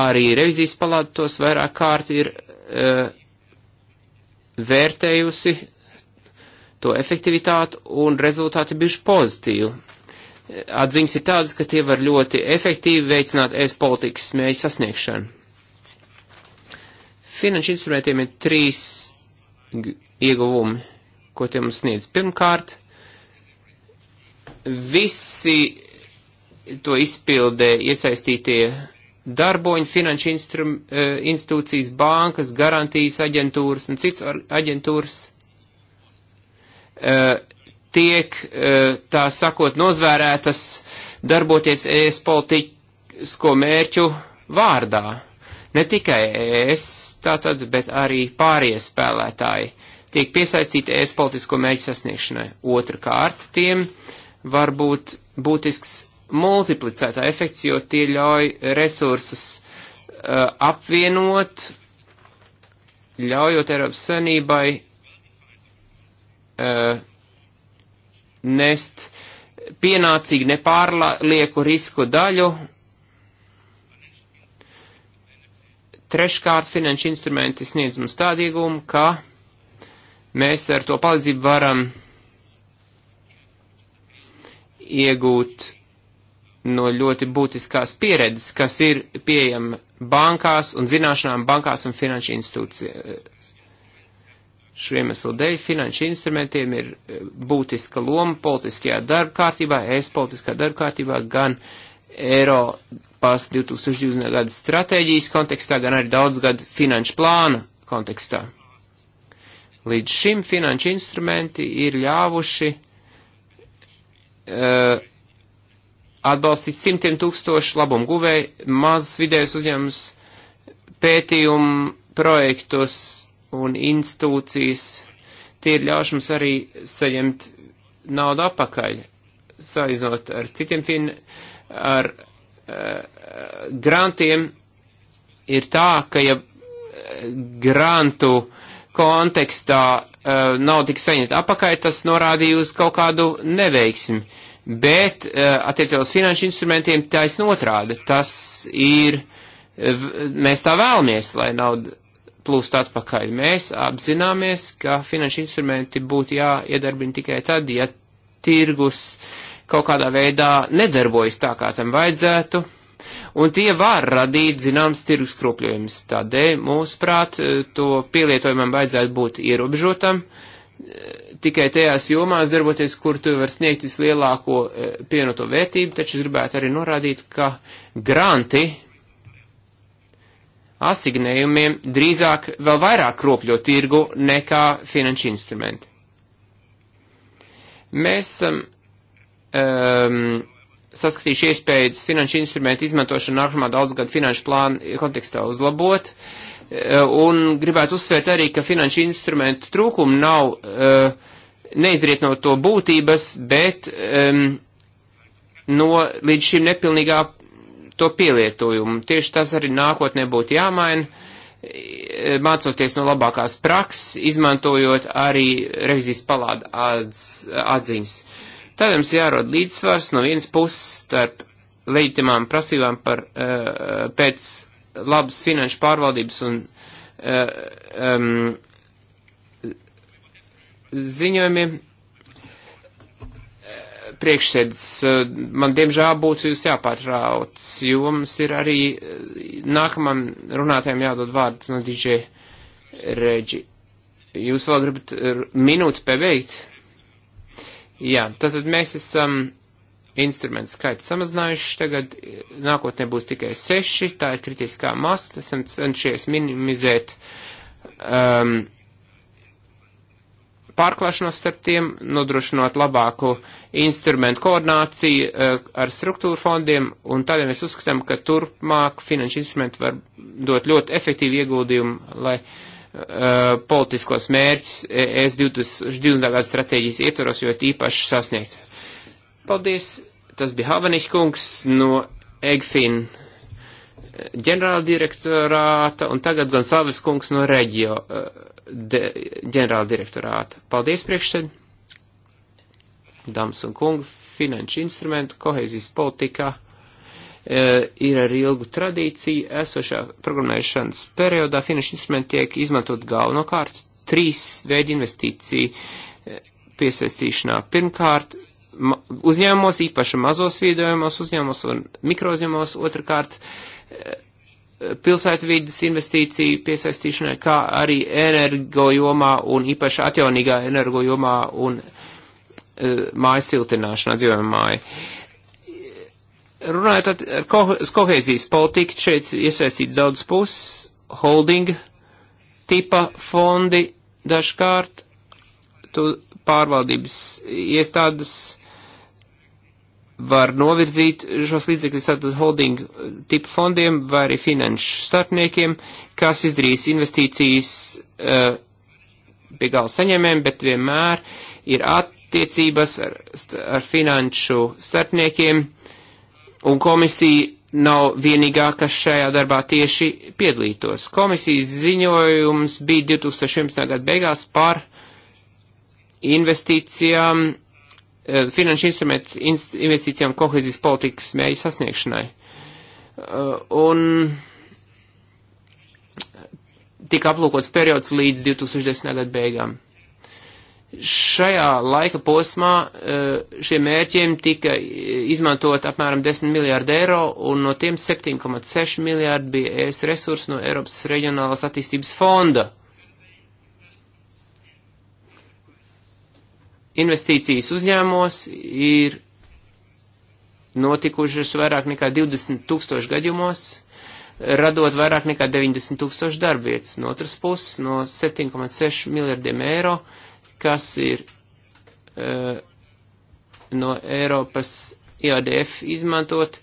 arī revizijas palāta tos vairāk kārt ir e, vērtējusi, to efektivitāti un rezultāti bijuši pozitīvi. Atziņas ir tādas, ka tie var ļoti efektīvi veicināt ēst politikas mērķu sasniegšanu. Finanšu instrumentiem ir trīs ieguvumi, ko tie mums sniedz. Pirmkārt, visi to izpildē iesaistītie darboņi, finanšu eh, institūcijas, bankas, garantijas aģentūras un cits aģentūras tiek, eh, tā sakot, nozvērētas darboties ES politisko mērķu vārdā. Ne tikai ES, tātad, bet arī pārējie spēlētāji tiek piesaistīti ES politisko mērķu sasniegšanai. Otrakārt, tiem var būt būtisks multiplicētā efekts, jo tie ļauj resursus uh, apvienot, ļaujot Eiropas Sanībai uh, nest pienācīgi nepārlieku risku daļu. Treškārt, finanšu instrumenti sniedz mums tādu iegūmu, ka mēs ar to palīdzību varam iegūt no ļoti būtiskās pieredzes, kas ir pieejama bankās un zināšanām bankās un finanšu institūcijās. Šo iemeslu dēļ finanšu instrumentiem ir e, būtiska loma politiskajā darba kārtībā, es politiskā darba kārtībā, gan Eiropas 2020. gada stratēģijas kontekstā, gan arī daudz gadu finanšu plāna kontekstā. Līdz šim finanšu instrumenti ir ļāvuši uh, atbalstīt simtiem tūkstošu labumu guvēju, mazas vidējas uzņēmums pētījumu projektus, un institūcijas, tie ir ļauš mums arī saņemt naudu apakaļ, salīdzinot ar citiem fin, ar uh, grantiem, ir tā, ka ja eh, grantu kontekstā uh, eh, nav tik saņemt apakaļ, tas norādīja uz kaut kādu neveiksmi. Bet uh, attiecībā uz finanšu instrumentiem taisn otrādi. Tas ir, uh, mēs tā vēlamies, lai nauda plūst atpakaļ. Mēs apzināmies, ka finanšu instrumenti būtu jāiedarbina tikai tad, ja tirgus kaut kādā veidā nedarbojas tā, kā tam vajadzētu, un tie var radīt zināms tirgus kropļojumus. Tādēļ, mūsuprāt, to pielietojumam vajadzētu būt ierobežotam, tikai tajās jomās darboties, kur tu var sniegt vislielāko eh, pienoto vērtību, taču es gribētu arī norādīt, ka granti asignējumiem drīzāk vēl vairāk kropļo tirgu nekā finanšu instrumenti. Mēs esam um, um saskatījuši iespējas finanšu instrumentu izmantošanu nākamā daudzgada finanšu plāna kontekstā uzlabot, uh, un gribētu uzsvērt arī, ka finanšu instrumentu trūkumu nav uh, neizriet no to būtības, bet um, no līdz šim nepilnīgā to pielietojumu. Tieši tas arī nākotnē būtu jāmaina, e, mācoties no labākās prakses, izmantojot arī revizijas palāda atz, atziņas. Tad mums jārod līdzsvars no vienas puses starp leģitimām prasībām par, e, pēc labas finanšu pārvaldības un um, ziņojumiem priekšsēdus, eh, man diemžēl būtu jūs jāpārtrauc, jo mums ir arī eh, nākamam runātājiem jādod vārds no DJ Reģi. Jūs vēl gribat eh, minūti pabeigt? Jā, tātad mēs esam instrumentu skaitu samazinājuši, tagad nākotnē būs tikai seši, tā ir kritiskā masa, esam cenšies minimizēt. Um, pārklāšanos starp tiem, nodrošinot labāku instrumentu koordināciju eh, ar struktūru fondiem, un tādēļ mēs uzskatām, ka turpmāk finanšu instrumenti var dot ļoti efektīvu ieguldījumu, lai uh, politiskos mērķus eh, ES 2020. gada stratēģijas ietvaros, jo īpaši sasniegt. Paldies! Tas bija Havanišs kungs no EGFIN ģenerāldirektorāta, un tagad Gonsalves kungs no reģio, uh, ģenerāla direktorāta. Paldies priekšsēd, dāmas un kungi, finanšu instrumentu, kohēzijas politikā e, ir ar ilgu tradīciju. Esošā programmēšanas periodā finanšu instrumenti tiek izmantot galvenokārt trīs veidi investīciju e, piesaistīšanā. Pirmkārt, uzņēmumos, īpaši mazos viedojumos uzņēmumos un mikrouzņēmumos, otrkārt, e, pilsētvidas investīciju piesaistīšanai, kā arī energo jomā un īpaši atjaunīgā energo jomā un e, mājas siltināšanā dzīvojamā māja. Runājot ar ko, kohēzijas politiku, šeit iesaistīt daudz puses, holding tipa fondi dažkārt, tu pārvaldības iestādes var novirzīt šos līdzekļus tātad holding tipu fondiem vai arī finanšu starpniekiem, kas izdarīs investīcijas uh, pie gala saņēmēm, bet vienmēr ir attiecības ar, ar finanšu starpniekiem, un komisija nav vienīgā, kas šajā darbā tieši piedalītos. Komisijas ziņojums bija 2011. gada beigās par investīcijām Eh, finanšu instrumentu investīcijām kohezijas politikas mēģi sasniegšanai. Eh, un tika aplūkots periods līdz 2010. gada beigām. Šajā laika posmā eh, šiem mērķiem tika izmantot apmēram 10 miljārdi eiro, un no tiem 7,6 miljārdi bija ES resursi no Eiropas reģionālās attīstības fonda Investīcijas uzņēmos ir notikušas vairāk nekā 20 tūkstoši gadījumos, radot vairāk nekā 90 tūkstoši darbvietas. No otras puses, no 7,6 miljardiem eiro, kas ir uh, no Eiropas IADF izmantot,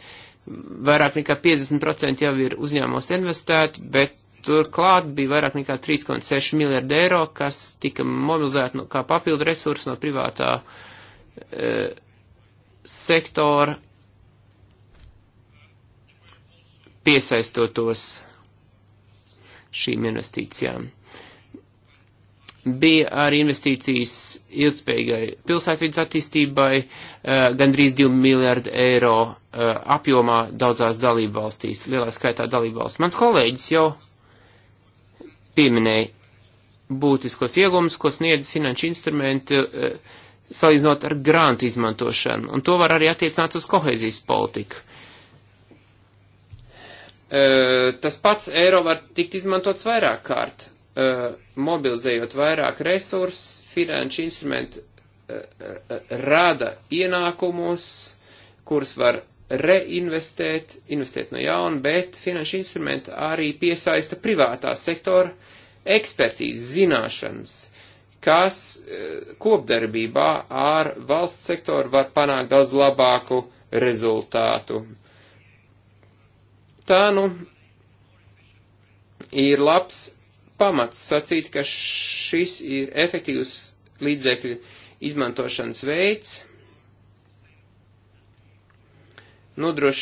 vairāk nekā 50% jau ir uzņēmos investēti, bet Turklāt bija vairāk nekā 3,6 miljardi eiro, kas tika mobilizēta no, kā papildu resursu no privātā e, sektora, piesaistotos šīm investīcijām. Bija arī investīcijas ilgspējīgai pilsētvidas attīstībai e, gandrīz 2 miljārdu eiro e, apjomā daudzās dalību valstīs, lielā skaitā dalību valsts. Mans kolēģis jau pieminēja būtiskos iegumus, ko sniedz finanšu instrumenti eh, salīdzinot ar grantu izmantošanu, un to var arī attiecināt uz kohēzijas politiku. Eh, tas pats eiro var tikt izmantots vairāk kārt, eh, mobilizējot vairāk resursus, finanšu instrumenti rada ienākumus, kurus var reinvestēt, investēt no jauna, bet finanšu instrumenti arī piesaista privātā sektora ekspertīzes, zināšanas, kas eh, kopdarbībā ar valsts sektoru var panākt daudz labāku rezultātu. Tā nu ir labs pamats sacīt, ka šis ir efektīvs līdzekļu izmantošanas veids, nodroš,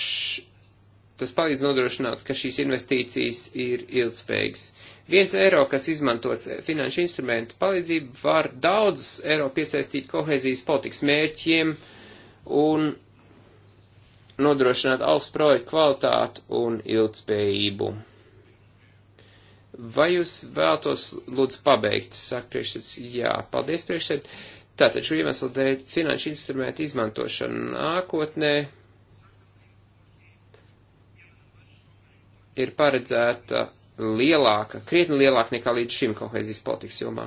tas palīdz nodrošināt, ka šīs investīcijas ir ilgspējīgas. Viens eiro, kas izmantots finanšu instrumentu palīdzību, var daudzus eiro piesaistīt kohēzijas politikas mērķiem un nodrošināt augstu projektu kvalitātu un ilgspējību. Vai jūs vēlatos lūdzu pabeigt, saka priekšsēdz, jā, paldies priekšsēdz. Tātad šo iemeslu dēļ finanšu instrumentu izmantošana nākotnē ir paredzēta lielāka, krietni lielāka nekā līdz šim kohēzijas politikas jomā.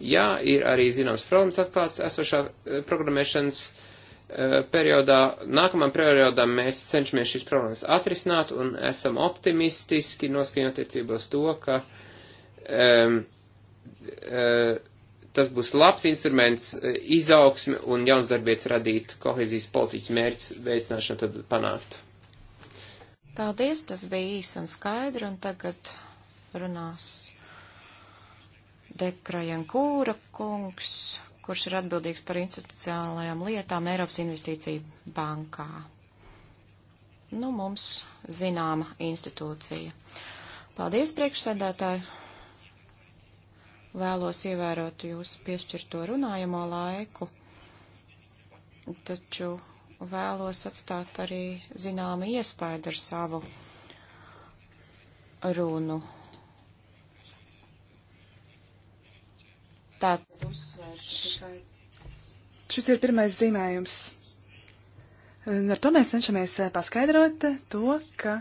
Jā, ir arī zināms problēmas atklāts esošā eh, programmēšanas eh, periodā. Nākamajam periodam mēs cenšamies šīs problēmas atrisināt un esam optimistiski noskaņot attiecībos to, ka um, uh, tas būs labs instruments izaugsmi un jauns darbietis radīt kohēzijas politiķu mērķis veicināšanu tad panākt. Paldies, tas bija īsi un skaidri, un tagad runās Dekrajan Kūra kungs, kurš ir atbildīgs par institucionālajām lietām Eiropas investīciju bankā. Nu, mums zināma institūcija. Paldies, priekšsēdētāji! Vēlos ievērot jūsu piešķirto runājamo laiku, taču vēlos atstāt arī zināmu iespēju ar savu runu. Tātad uzsvēršu tikai. Šis ir pirmais zīmējums. Un ar to mēs cenšamies eh, paskaidrot to, ka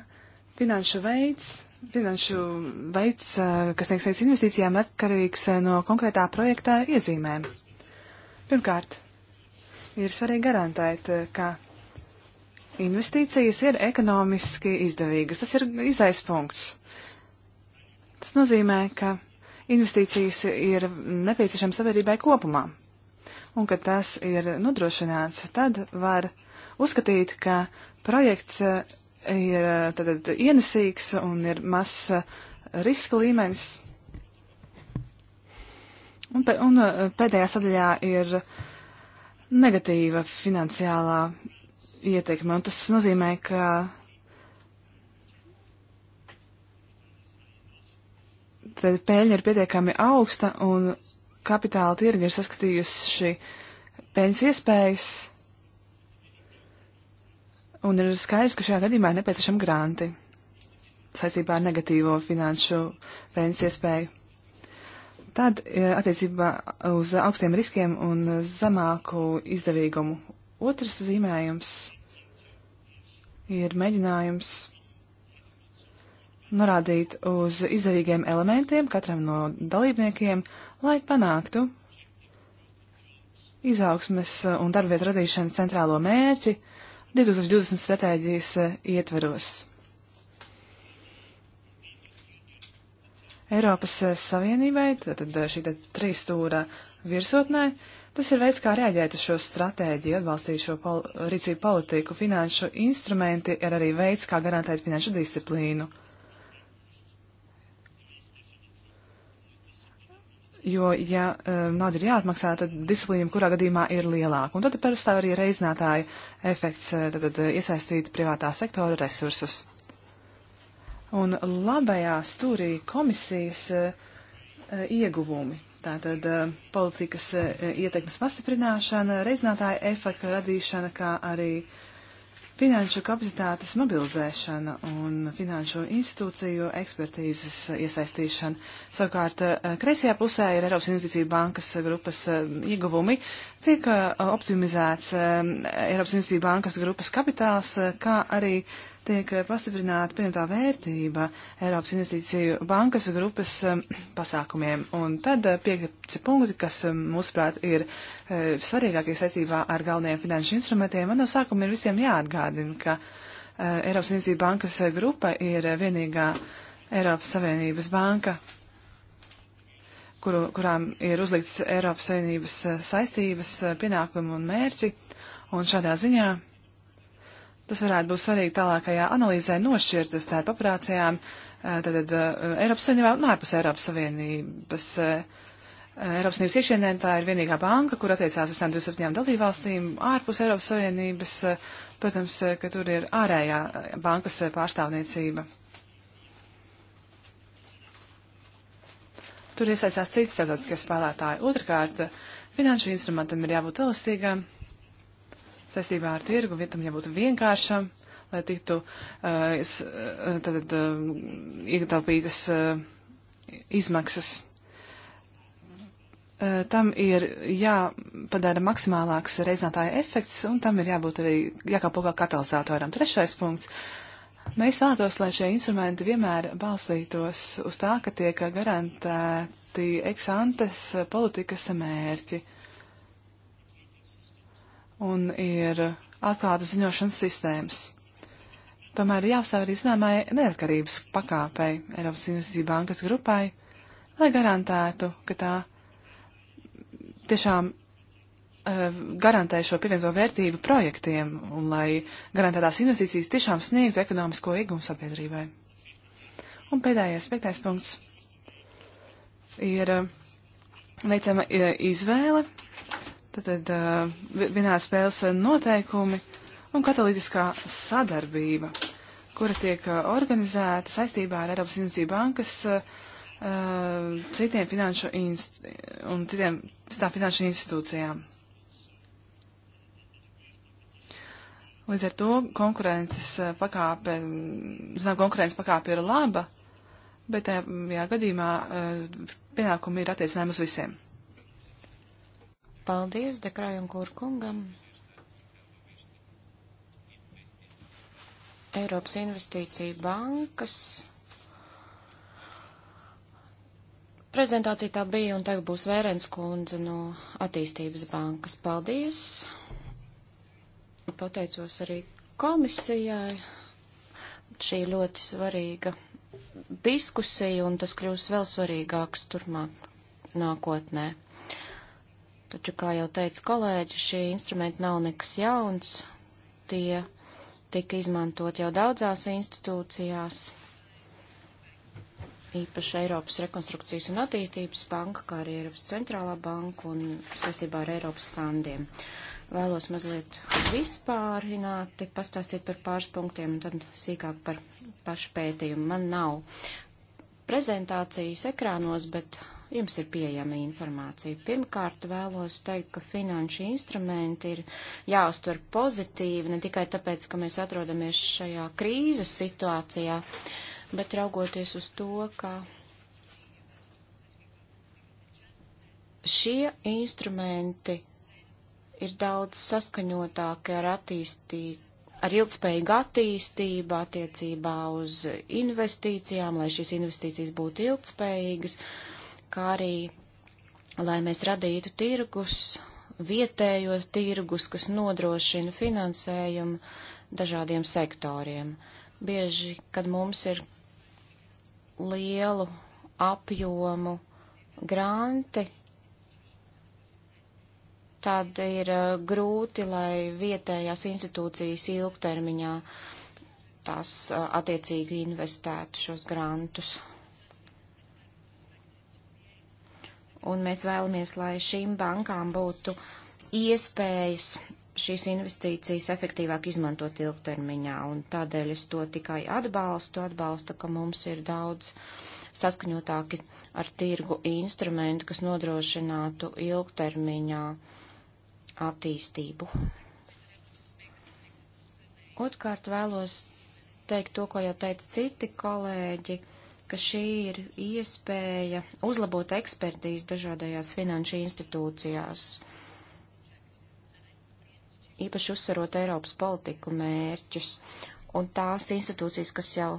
finanšu veids Finanšu veids, eh, kas tiek saistīts investīcijām, atkarīgs eh, no konkrētā projektā iezīmēm. Pirmkārt, ir svarīgi garantēt, eh, ka investīcijas ir ekonomiski izdevīgas. Tas ir izais punkts. Tas nozīmē, ka investīcijas ir nepieciešams sabiedrībai kopumā. Un, kad tas ir nodrošināts, tad var uzskatīt, ka projekts eh, ir eh, tad, ienesīgs un ir mazs riska līmenis. Un, un pēdējā sadaļā ir uh, negatīva finansiālā ietekme, un tas nozīmē, ka tad pēļņa ir pietiekami augsta, un kapitāla tirgi ir saskatījuši pēļņas iespējas, un ir skaidrs, ka šajā gadījumā ir nepieciešami granti saistībā ar negatīvo finanšu pēļņas iespēju. Tad e, attiecībā uz augstiem riskiem un zemāku izdevīgumu. Otrs zīmējums ir mēģinājums norādīt uz izdevīgiem elementiem katram no dalībniekiem, lai panāktu izaugsmes un darbvietu radīšanas centrālo mērķi 2020 stratēģijas ietveros. Eiropas eh, Savienībai, tad eh, šī trīs stūra virsotnē, tas ir veids, kā reaģēt uz šo stratēģiju, atbalstīt šo pol rīcību politiku. Finanšu instrumenti ir arī veids, kā garantēt finanšu disciplīnu. Jo, ja uh, nauda ir jāatmaksā, tad disciplīna kurā gadījumā ir lielāka. Un tad pastāv arī reizinātāja efekts, tad, tad iesaistīt privātā sektora resursus un labajā stūrī komisijas e, e, ieguvumi. Tātad e, politikas ietekmes pastiprināšana, reizinātāja efekta radīšana, kā arī finanšu kapacitātes mobilizēšana un finanšu institūciju ekspertīzes iesaistīšana. Savukārt, kreisajā pusē ir Eiropas Investīcija bankas grupas ieguvumi. Tiek optimizēts Eiropas Investīcija bankas grupas kapitāls, kā arī uh, tiek eh, pastiprināta pieņemtā vērtība Eiropas investīciju bankas grupas eh, pasākumiem. Un tad eh, piekti punkti, kas, mūsuprāt, ir svarīgākie saistībā ar galvenajiem finanšu instrumentiem. Man no sākuma ir visiem jāatgādina, ka Eiropas investīciju bankas grupa ir vienīgā Eiropas Savienības banka, kuru, kurām ir uzlikts Eiropas Savienības saistības, pienākumi un mērķi. Un šādā ziņā Tas varētu būt svarīgi tālākajā analīzē nošķirt starp operācijām tātad, Eiropas Savienībā un ārpus Eiropas Savienības. Eiropas Savienības iekšienē tā ir vienīgā banka, kur attiecās visām 27 dalībvalstīm ārpus Eiropas Savienības. Protams, ka tur ir ārējā bankas pārstāvniecība. Tur iesaistās citi starptautiskie spēlētāji. Otrakārt, finanšu instrumentam ir jābūt elastīgam saistībā ar tirgu, vietam jābūt vienkāršam, lai tiktu uh, uh tad, uh, ietaupītas uh, izmaksas. Uh, tam ir jāpadara maksimālāks reizinātāja efekts, un tam ir jābūt arī jākalpo kā katalizatoram. Trešais punkts. Mēs vēlētos, lai šie instrumenti vienmēr balstītos uz tā, ka tiek garantēti eksantes politikas mērķi. Uh, un ir atklātas ziņošanas sistēmas. Tomēr ir jāuzstāv arī zināmai neatkarības pakāpei Eiropas Investīcija bankas grupai, lai garantētu, ka tā tiešām eh, garantē šo pievienoto vērtību projektiem un lai garantētās investīcijas tiešām sniegtu ekonomisko iegumu sabiedrībai. Un pēdējais, piektais punkts ir eh, veicama eh, izvēle Tātad uh, vienādi spēles noteikumi un katalītiskā sadarbība, kura tiek uh, organizēta saistībā ar Eiropas Investīciju bankas uh, citiem finanšu, inst un citiem, citām finanšu institūcijām. Līdz ar to konkurences pakāpe, zinām, konkurences pakāpe ir laba, bet tajā gadījumā pienākumi ir attiecinājumi uz visiem. Paldies Dekrājam Kurkungam. Eiropas investīcija bankas. Prezentācija tā bija, un tagad būs Vērens kundze no attīstības bankas. Paldies! Pateicos arī komisijai. Šī ļoti svarīga diskusija, un tas kļūs vēl svarīgāks turmāk nākotnē. Taču, kā jau teica kolēģi, šie instrumenti nav nekas jauns. Tie tika izmantot jau daudzās institūcijās, īpaši Eiropas rekonstrukcijas un attīstības banka, kā arī Eiropas centrālā banka un saistībā ar Eiropas fondiem. Vēlos mazliet vispārināti pastāstīt par pāris punktiem un tad sīkāk par pašu pētījumu. Man nav prezentācijas ekrānos, bet jums ir pieejama informācija. Pirmkārt, vēlos teikt, ka finanšu instrumenti ir jāuztver pozitīvi, ne tikai tāpēc, ka mēs atrodamies šajā krīzes situācijā, bet raugoties uz to, ka šie instrumenti ir daudz saskaņotāki ar attīstību ar ilgspējīgu attīstību attiecībā uz investīcijām, lai šīs investīcijas būtu ilgspējīgas. Uh, kā arī, lai mēs radītu tirgus, vietējos tirgus, kas nodrošina finansējumu dažādiem sektoriem. Bieži, kad mums ir lielu apjomu granti, tad ir eh, grūti, lai vietējās institūcijas ilgtermiņā tās eh, attiecīgi investētu šos grantus un mēs vēlamies, lai šīm bankām būtu iespējas šīs investīcijas efektīvāk izmantot ilgtermiņā, un tādēļ es to tikai atbalstu, atbalstu, ka mums ir daudz saskaņotāki ar tirgu instrumentu, kas nodrošinātu ilgtermiņā attīstību. Otkārt vēlos teikt to, ko jau teica citi kolēģi ka šī ir iespēja uzlabot ekspertīzi dažādajās finanšu institūcijās, īpaši uzsverot Eiropas politiku mērķus. Un tās institūcijas, kas jau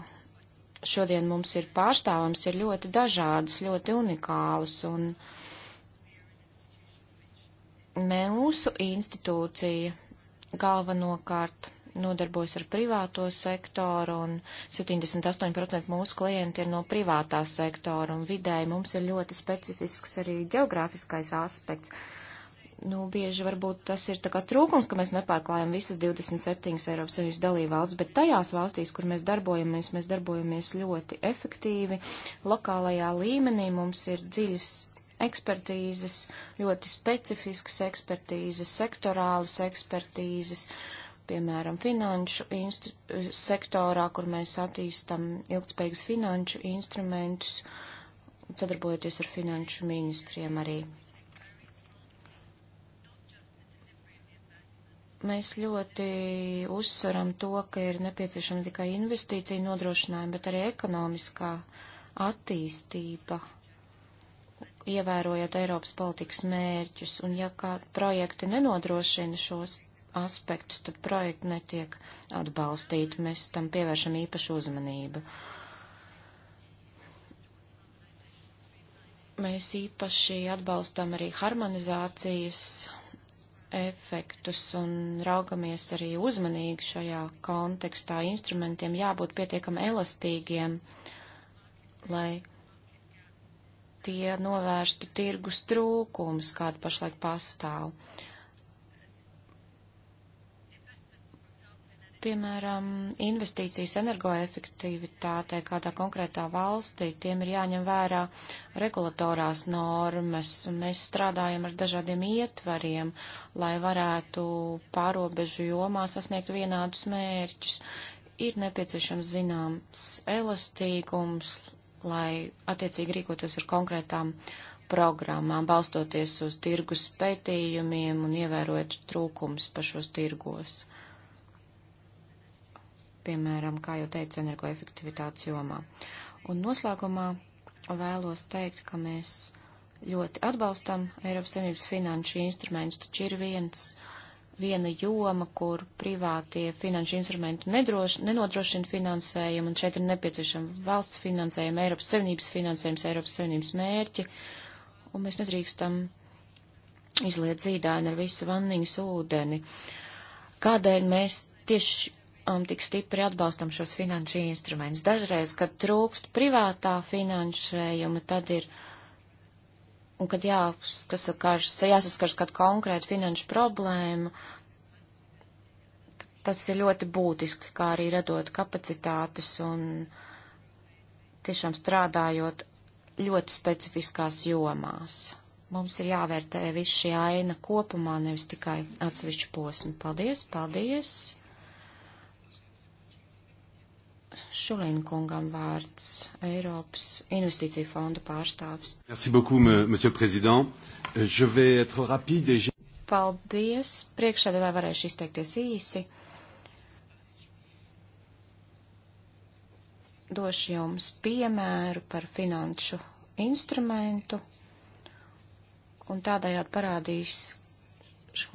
šodien mums ir pārstāvams, ir ļoti dažādas, ļoti unikālas. Un mūsu institūcija galvenokārt nodarbojas ar privāto sektoru, un 78% mūsu klienti ir no privātā sektora, un vidēji mums ir ļoti specifisks arī geogrāfiskais aspekts. Nu, bieži varbūt tas ir tā kā trūkums, ka mēs nepārklājam visas 27 Eiropas Savienības dalībvalsts, bet tajās valstīs, kur mēs darbojamies, mēs darbojamies ļoti efektīvi. Lokālajā līmenī mums ir dziļas ekspertīzes, ļoti specifiskas ekspertīzes, sektorālas ekspertīzes. Uh, piemēram, finanšu sektorā, kur mēs attīstam ilgspējīgus finanšu instrumentus, sadarbojoties ar finanšu ministriem arī. Mēs ļoti uzsveram to, ka ir nepieciešama tikai investīcija nodrošinājuma, bet arī ekonomiskā attīstība ievērojot Eiropas politikas mērķus, un ja kā projekti nenodrošina šos aspektus, tad projekti netiek atbalstīti. Mēs tam pievēršam īpašu uzmanību. Mēs īpaši atbalstam arī harmonizācijas efektus un raugamies arī uzmanīgi šajā kontekstā. Instrumentiem jābūt pietiekami elastīgiem, lai tie novērstu tirgus trūkumus, kāda pašlaik pastāv. Uh, Piemēram, investīcijas energoefektivitātē kādā konkrētā valstī, tiem ir jāņem vērā regulatorās normas, un mēs strādājam ar dažādiem ietvariem, lai varētu pārobežu jomā sasniegt vienādus mērķus. Ir nepieciešams zināms elastīgums, lai attiecīgi rīkotos ar konkrētām programmām, balstoties uz tirgus pētījumiem un ievērojot trūkums pašos tirgos piemēram, kā jau teicu, energoefektivitātes jomā. Un noslēgumā vēlos teikt, ka mēs ļoti atbalstam Eiropas Savienības finanšu instrumentus, taču ir viens, viena joma, kur privātie finanšu instrumenti nedroš, nenodrošina finansējumu, un šeit ir nepieciešama valsts finansējuma, Eiropas Savienības finansējums, Eiropas Savienības mērķi, un mēs nedrīkstam izliet zīdāni ar visu vanniņas ūdeni. Kādēļ mēs tieši um, tik stipri atbalstam šos finanšu instrumentus. Dažreiz, kad trūkst privātā finansējuma, tad ir, un kad jāsaskars, jāsaskars kādu konkrētu finanšu problēmu, tas ir ļoti būtiski, kā arī radot kapacitātes un tiešām strādājot ļoti specifiskās jomās. Mums ir jāvērtē viss šī aina kopumā, nevis tikai atsevišķu posmu. Paldies, paldies! Šulīna kungam vārds, Eiropas investīcija fonda pārstāvs. Merci beaucoup, monsieur président. Je vais être rapide et je... Paldies. Priekšsēdētāji varēšu izteikties īsi. Došu jums piemēru par finanšu instrumentu un tādējādi parādīs,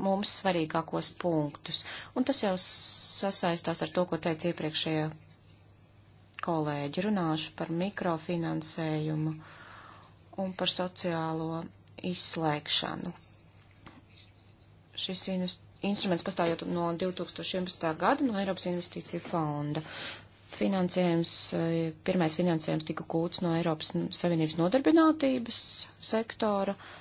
mums svarīgākos punktus. Un tas jau sasaistās ar to, ko teica iepriekšējā kolēģi. Runāšu par mikrofinansējumu un par sociālo izslēgšanu. Šis instruments pastāvjot no 2011. gada no Eiropas investīcija fonda. Finansējums, eh, pirmais finansējums tika gūts no Eiropas Savienības nodarbinātības sektora. Uh,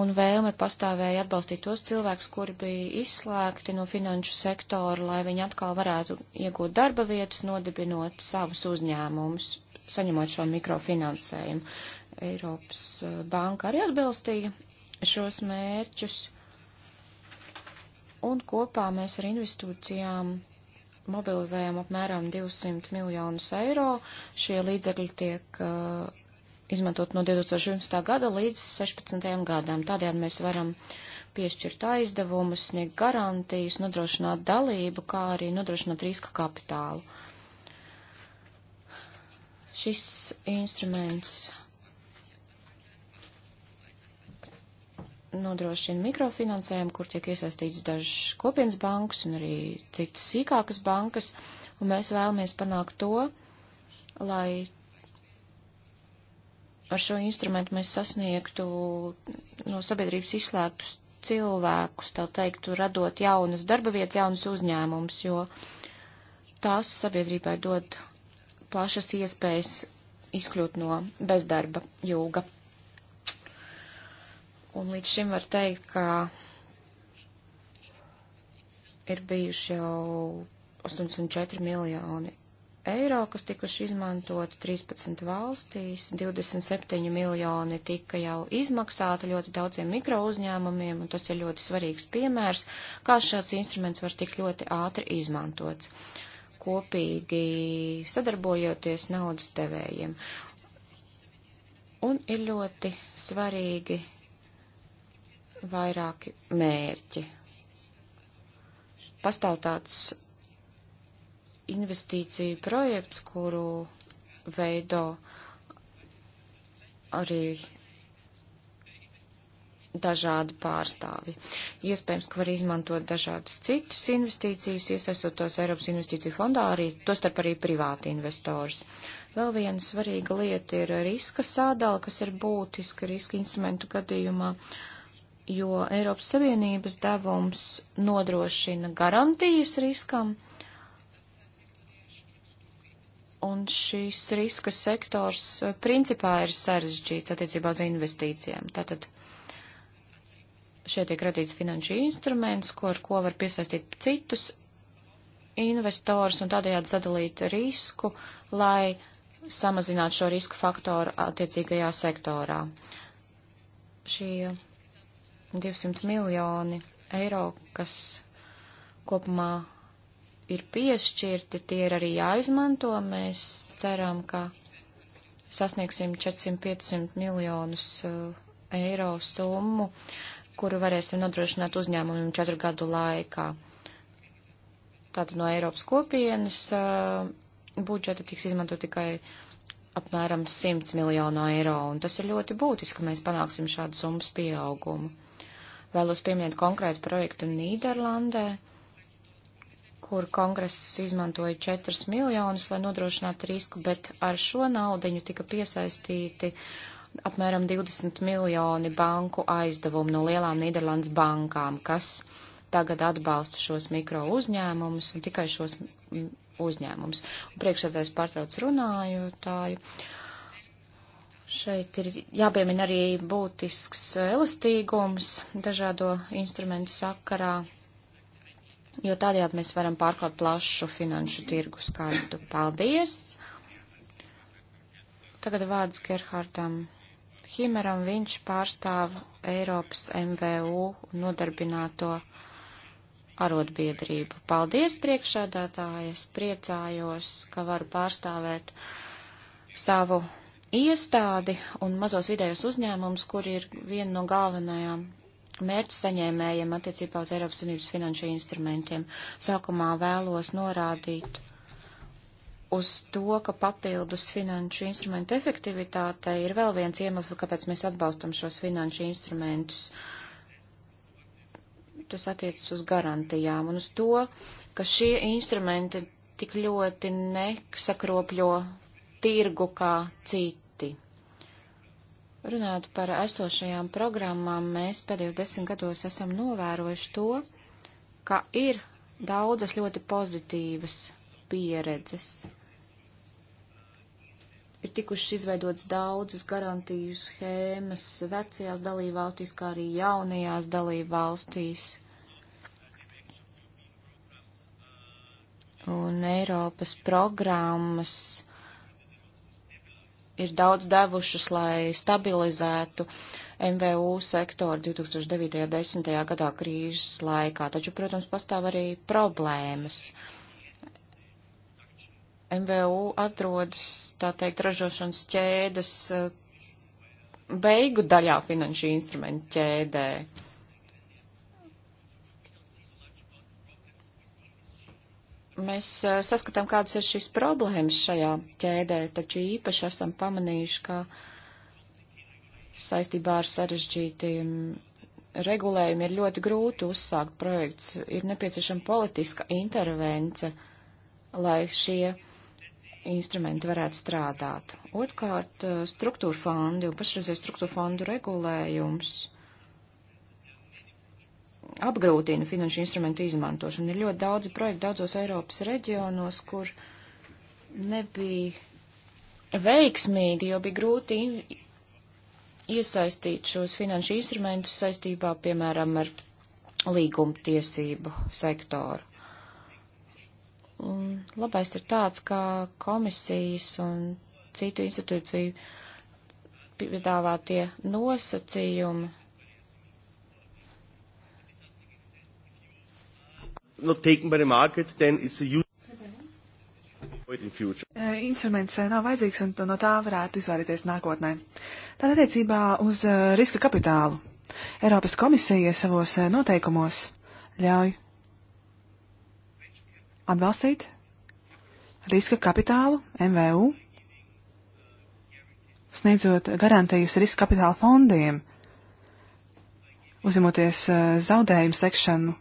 un vēlme pastāvēja atbalstīt tos cilvēkus, kuri bija izslēgti no finanšu sektora, lai viņi atkal varētu iegūt darba vietas, nodibinot savus uzņēmumus, saņemot šo mikrofinansējumu. Eiropas eh, banka arī atbilstīja šos mērķus, un kopā mēs ar institūcijām mobilizējam apmēram 200 miljonus eiro. Šie līdzekļi tiek uh, izmantot no 2011. gada līdz 2016. gadam. Tādējādi mēs varam piešķirt aizdevumus, sniegt garantijas, nodrošināt dalību, kā arī nodrošināt riska kapitālu. Šis instruments nodrošina mikrofinansējumu, kur tiek iesaistīts dažas kopienas bankas un arī citas sīkākas bankas, un mēs vēlamies panākt to, lai ar šo instrumentu mēs sasniegtu no sabiedrības izslēgtus cilvēkus, tā teiktu, radot jaunas darba vietas, jaunas uzņēmumus, jo tās sabiedrībai dod plašas iespējas izkļūt no bezdarba jūga. Un līdz šim var teikt, ka ir bijuši jau 84 miljoni eiro, kas tikuši izmantoti 13 valstīs, 27 miljoni tika jau izmaksāti ļoti daudziem mikrouzņēmumiem, un tas ir ļoti svarīgs piemērs, kā šāds instruments var tik ļoti ātri izmantots, kopīgi sadarbojoties naudas devējiem. Un ir ļoti svarīgi vairāki mērķi. Pastāv tāds investīciju projekts, kuru veido arī dažādi pārstāvi. Iespējams, ka var izmantot dažādas citas investīcijas, iesaistot tos Eiropas investīciju fondā, arī tostarp arī privāti investors. Vēl viena svarīga lieta ir riska sādala, kas ir būtiska riska instrumentu gadījumā, jo Eiropas Savienības devums nodrošina garantijas riskam, un šīs riska sektors eh, principā ir sarežģīts attiecībā uz investīcijām. Tātad šeit tiek radīts finanšu instruments, ko ar ko var piesaistīt citus investors un tādējādi sadalīt risku, lai samazinātu šo risku faktoru attiecīgajā sektorā. Šie 200 miljoni eiro, kas kopumā ir piešķirti, tie ir arī jāizmanto. Mēs ceram, ka sasniegsim 400-500 miljonus uh, eiro summu, kuru varēsim nodrošināt uzņēmumiem četru gadu laikā. Tātad no Eiropas kopienas uh, budžeta tiks izmanto tikai apmēram 100 miljonu eiro, un tas ir ļoti būtiski, ka mēs panāksim šādu summas pieaugumu. Vēlos pieminēt konkrētu projektu Nīderlandē kur kongress izmantoja 4 miljonus, lai nodrošinātu risku, bet ar šo naudiņu tika piesaistīti apmēram 20 miljoni banku aizdevumu no lielām Nīderlandes bankām, kas tagad atbalsta šos mikro uzņēmumus un tikai šos uzņēmumus. Priekšsēdājs pārtrauc runājotāju. Šeit ir jāpiemina arī būtisks elastīgums dažādo instrumentu sakarā jo tādējādi mēs varam pārklāt plašu finanšu tirgu skaitu. Paldies! Tagad vārds Gerhardam Himeram. Viņš pārstāv Eiropas MVU nodarbināto arotbiedrību. Paldies priekšādātāji, es priecājos, ka varu pārstāvēt savu iestādi un mazos vidējos uzņēmumus, kur ir viena no galvenajām mērķi saņēmējiem attiecībā uz Eiropas Savienības finanšu instrumentiem. Sākumā vēlos norādīt uz to, ka papildus finanšu instrumentu efektivitātei ir vēl viens iemesls, kāpēc mēs atbalstam šos finanšu instrumentus. Tas attiecas uz garantijām un uz to, ka šie instrumenti tik ļoti nesakropļo tirgu kā citi Runājot par esošajām programmām, mēs pēdējos desmit gados esam novērojuši to, ka ir daudzas ļoti pozitīvas pieredzes. Ir tikušas izveidotas daudzas garantiju schēmas vecajās dalībvalstīs, kā arī jaunajās dalībvalstīs. Un Eiropas programmas ir daudz devušas, lai stabilizētu MVU sektoru 2009. un 10. gadā krīzes laikā, taču, protams, pastāv arī problēmas. MVU atrodas, tā teikt, ražošanas ķēdes eh, beigu daļā finanšu instrumentu ķēdē. mēs saskatām, kādas ir šīs problēmas šajā ķēdē, taču īpaši esam pamanījuši, ka saistībā ar sarežģītiem regulējumiem ir ļoti grūti uzsākt projekts. Ir nepieciešama politiska intervence, lai šie instrumenti varētu strādāt. Otkārt, struktūra fondi un pašreizē struktūra fondu regulējums apgrūtina finanšu instrumentu izmantošanu. Ir ļoti daudzi projekti daudzos Eiropas reģionos, kur nebija veiksmīgi, jo bija grūti iesaistīt šos finanšu instrumentus saistībā, piemēram, ar līgumtiesību sektoru. Un labais ir tāds, ka komisijas un citu institūciju piedāvātie nosacījumi not taken by the market, then it's a use Instruments nav vajadzīgs, un no tā varētu izvairīties nākotnē. Tā attiecībā uz riska kapitālu. Eiropas komisija savos noteikumos ļauj atbalstīt riska kapitālu MVU, sniedzot garantijas riska kapitāla fondiem, uzņemoties zaudējumu sekšanu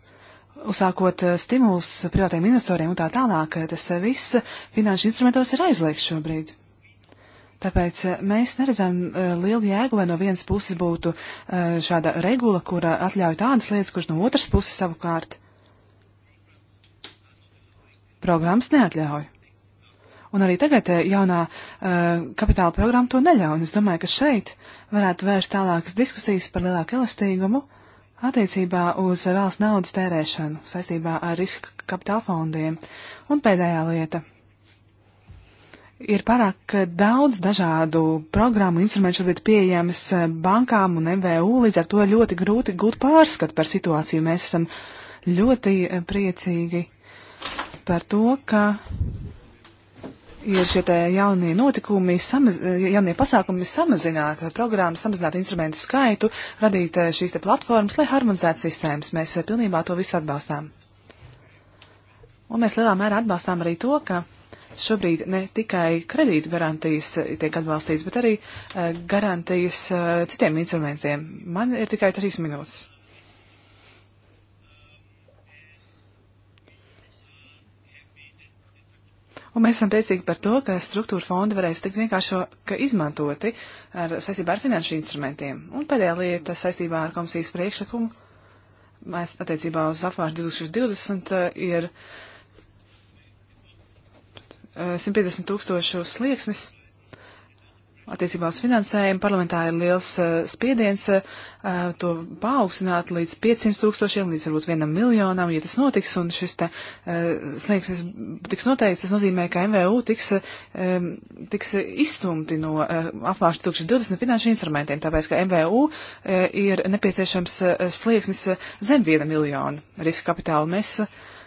uzsākot eh, stimulus privātiem investoriem un tā tālāk, eh, tas eh, viss finanšu instrumentos ir aizliegts šobrīd. Tāpēc mēs neredzam lielu jēgu, lai no vienas puses būtu šāda regula, kura atļauj tādas lietas, kuras no otras puses savukārt programmas neatļauj. Un arī tagad jaunā kapitāla programma to neļauj. Es domāju, ka šeit varētu vērst tālākas diskusijas par lielāku elastīgumu attiecībā uz valsts naudas tērēšanu saistībā ar riska kapitāla fondiem. Un pēdējā lieta. Ir pārāk daudz dažādu programmu un instrumentu šobrīd pieejamas bankām un MVU, līdz ar to ļoti grūti gūt pārskatu par situāciju. Mēs esam ļoti priecīgi par to, ka ir šie jaunie notikumi, samaz, jaunie pasākumi samazināt programmas, samazināt instrumentu skaitu, radīt eh, šīs te platformas, lai harmonizētu sistēmas. Mēs eh, pilnībā to visu atbalstām. Un mēs lielā mērā atbalstām arī to, ka šobrīd ne tikai kredīta garantijas eh, tiek atbalstīts, bet arī garantijas citiem instrumentiem. Man ir tikai trīs minūtes. Un mēs esam priecīgi par to, ka struktūra fondi varēs tikt vienkāršo izmantoti ar, saistībā ar finanšu instrumentiem. Un pēdējā lieta saistībā ar komisijas priekšlikumu mēs attiecībā uz apvārdu 2020 uh, ir 150 uh, tūkstošu slieksnis. Attiecībā uz finansējumu parlamentā ir liels uh, spiediens uh, to paaugstināt līdz 500 tūkstošiem, līdz varbūt vienam miljonam, ja tas notiks, un šis te uh, eh, slieksnis tiks noteikts, tas nozīmē, ka MVU tiks, um, tiks izstumti no uh, apvāršu 2020 finanšu instrumentiem, tāpēc, ka MVU uh, ir nepieciešams uh, slieksnis uh, zem viena miljona riska kapitāla. Mēs, uh,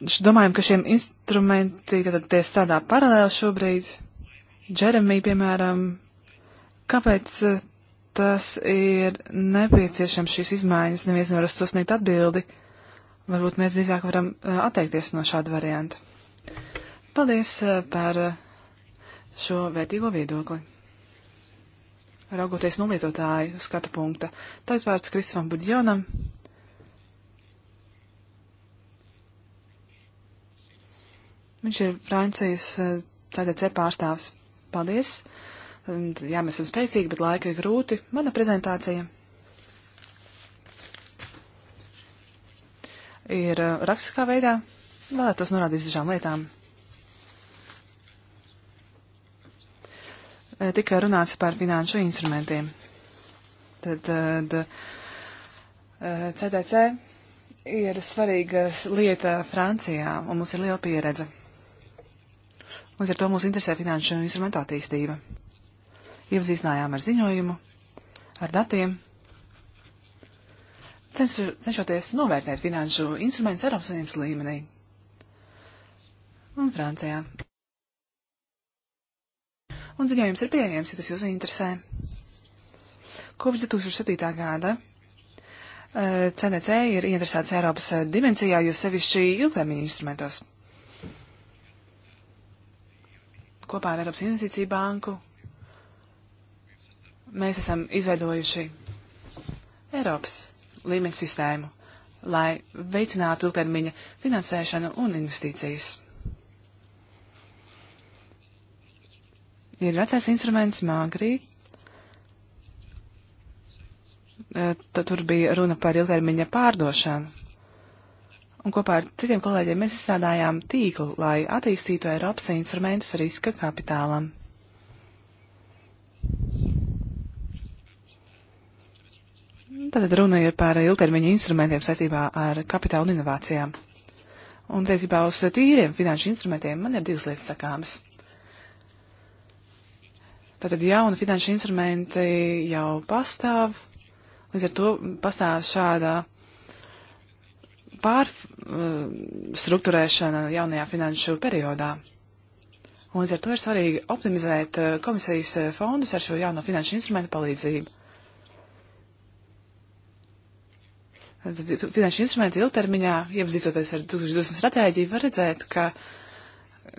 domājam, ka šiem instrumenti, tad tie strādā paralēli šobrīd. Džeremī, piemēram, kāpēc eh, tas ir nepieciešams šīs izmaiņas, neviens nevar uz to sniegt atbildi. Varbūt mēs drīzāk varam eh, atteikties no šāda varianta. Paldies eh, par šo vērtīgo viedokli. Raugoties no lietotāju skatu punkta, tagad vārds Kristofam Budjonam, Viņš ir Francijas CDC eh, pārstāvs. Paldies! Jā, mēs esam spēcīgi, bet laika ir grūti. Mana prezentācija ir eh, rakstiskā veidā. Vēlētos norādīt dažām lietām. Eh, tika runāts par finanšu instrumentiem. Tad, tad CDC ir svarīga lieta Francijā, un mums ir liela pieredze. Līdz ar to mūs interesē finanšu instrumentu attīstība. Iepazīstinājām ar ziņojumu, ar datiem, cenšu, cenšoties novērtēt finanšu instrumentus Eiropas Savienības līmenī un Francijā. Un ziņojums ir pieejams, ja tas jūs interesē. Kopš 2007. gada CNC eh, ir interesēts Eiropas eh, dimensijā, jo sevišķi ilgtermiņa instrumentos. kopā ar Eiropas Investīciju banku mēs esam izveidojuši Eiropas līmeņa sistēmu, lai veicinātu ilgtermiņa finansēšanu un investīcijas. Ir vecais instruments Māgrī. Eh, Tad tur bija runa par ilgtermiņa pārdošanu un kopā ar citiem kolēģiem mēs izstrādājām tīklu, lai attīstītu Eiropas instrumentus riska kapitālam. Tātad runa ir par ilgtermiņa instrumentiem saistībā ar kapitālu un inovācijām. Un tiesībā uz tīriem finanšu instrumentiem man ir divas lietas sakāmas. Tātad jauni finanšu instrumenti jau pastāv, līdz ar to pastāv šāda pārstruktūrēšana jaunajā finanšu periodā. Un līdz ar to ir svarīgi optimizēt eh, komisijas eh, fondus ar šo jauno finanšu instrumentu palīdzību. Finanšu instrumenti ilgtermiņā, iepazīstoties ar 2020 stratēģiju, var redzēt, ka uh,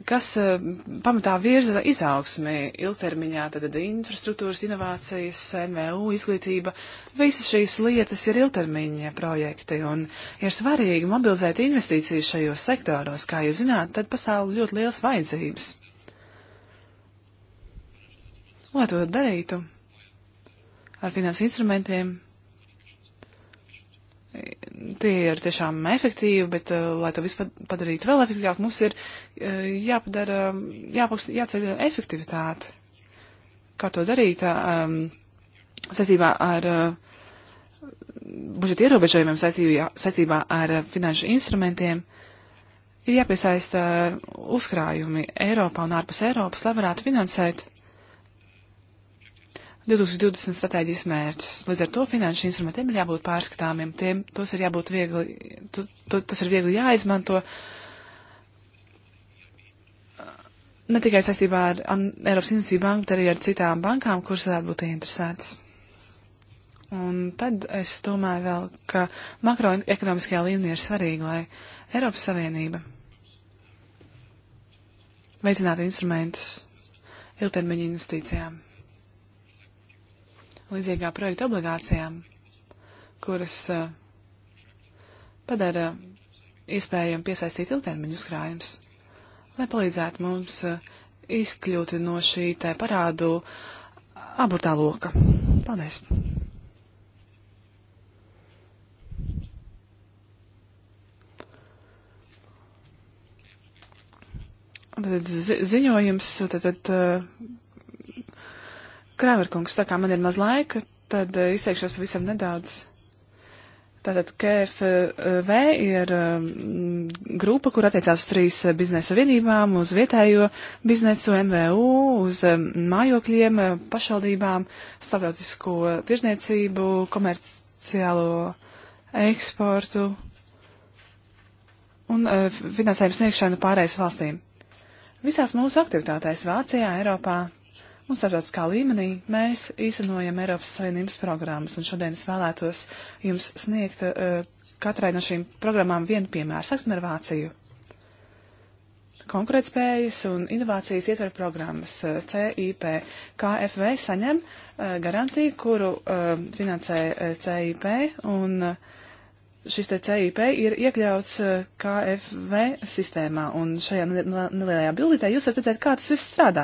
kas eh, pamatā virza izaugsmē ilgtermiņā, tad infrastruktūras, inovācijas, MVU, izglītība, visas šīs lietas ir ilgtermiņa projekti un ir svarīgi mobilizēt investīcijas šajos sektoros, kā jūs zināt, tad pastāv ļoti liels vajadzības. Lai to darītu ar finansu instrumentiem, tie ir tiešām efektīvi, bet, uh, lai to visu padarītu vēl efektīvāk, mums ir uh, jāpadara, jāpaks, jāceļ efektivitāte. Kā to darīt um, saistībā ar uh, budžeta ierobežojumiem, saistībā, saistībā ar uh, finanšu instrumentiem, ir jāpiesaista uzkrājumi Eiropā un ārpus Eiropas, lai varētu finansēt uh, 2020 stratēģijas mērķus. Līdz ar to finanšu instrumentiem ir jābūt pārskatāmiem, tiem tos ir jābūt viegli, tu, tu, tas ir viegli jāizmanto. Ne tikai saistībā ar Eiropas Investīciju banku, bet arī ar citām bankām, kuras varētu būt interesētas. Un tad es domāju vēl, ka makroekonomiskajā līmenī ir svarīgi, lai Eiropas Savienība veicinātu instrumentus ilgtermiņa investīcijām līdzīgā projekta obligācijām, kuras uh, padara iespējami piesaistīt ilgtermiņu uzkrājumus, lai palīdzētu mums uh, izkļūt no šī te parādu aburtā loka. Paldies! Tad ziņojums, tad, tad eh, Krāverkungs, tā kā man ir maz laika, tad eh, izteikšos pavisam nedaudz. Tātad KFV ir ehm, grupa, kur attiecās uz trīs eh, biznesa vienībām, uz vietējo biznesu, MVU, uz ehm, mājokļiem, eh, pašvaldībām, starptautisko tirzniecību, komerciālo eksportu un finansējumu sniegšanu pārējais valstīm. Visās mūsu aktivitātēs Vācijā, Eiropā, un starptautiskā līmenī mēs īstenojam Eiropas Savienības programmas, un šodien es vēlētos jums sniegt uh, katrai no šīm programmām vienu piemēru. Sāksim ar Vāciju. Konkurētspējas un inovācijas ietver programmas uh, eh, CIP. KFV saņem uh, garantiju, kuru finansē CIP, un uh, šis te CIP ir iekļauts eh, KFV sistēmā, un šajā nelielajā bildītē jūs varat redzēt, kā tas viss strādā.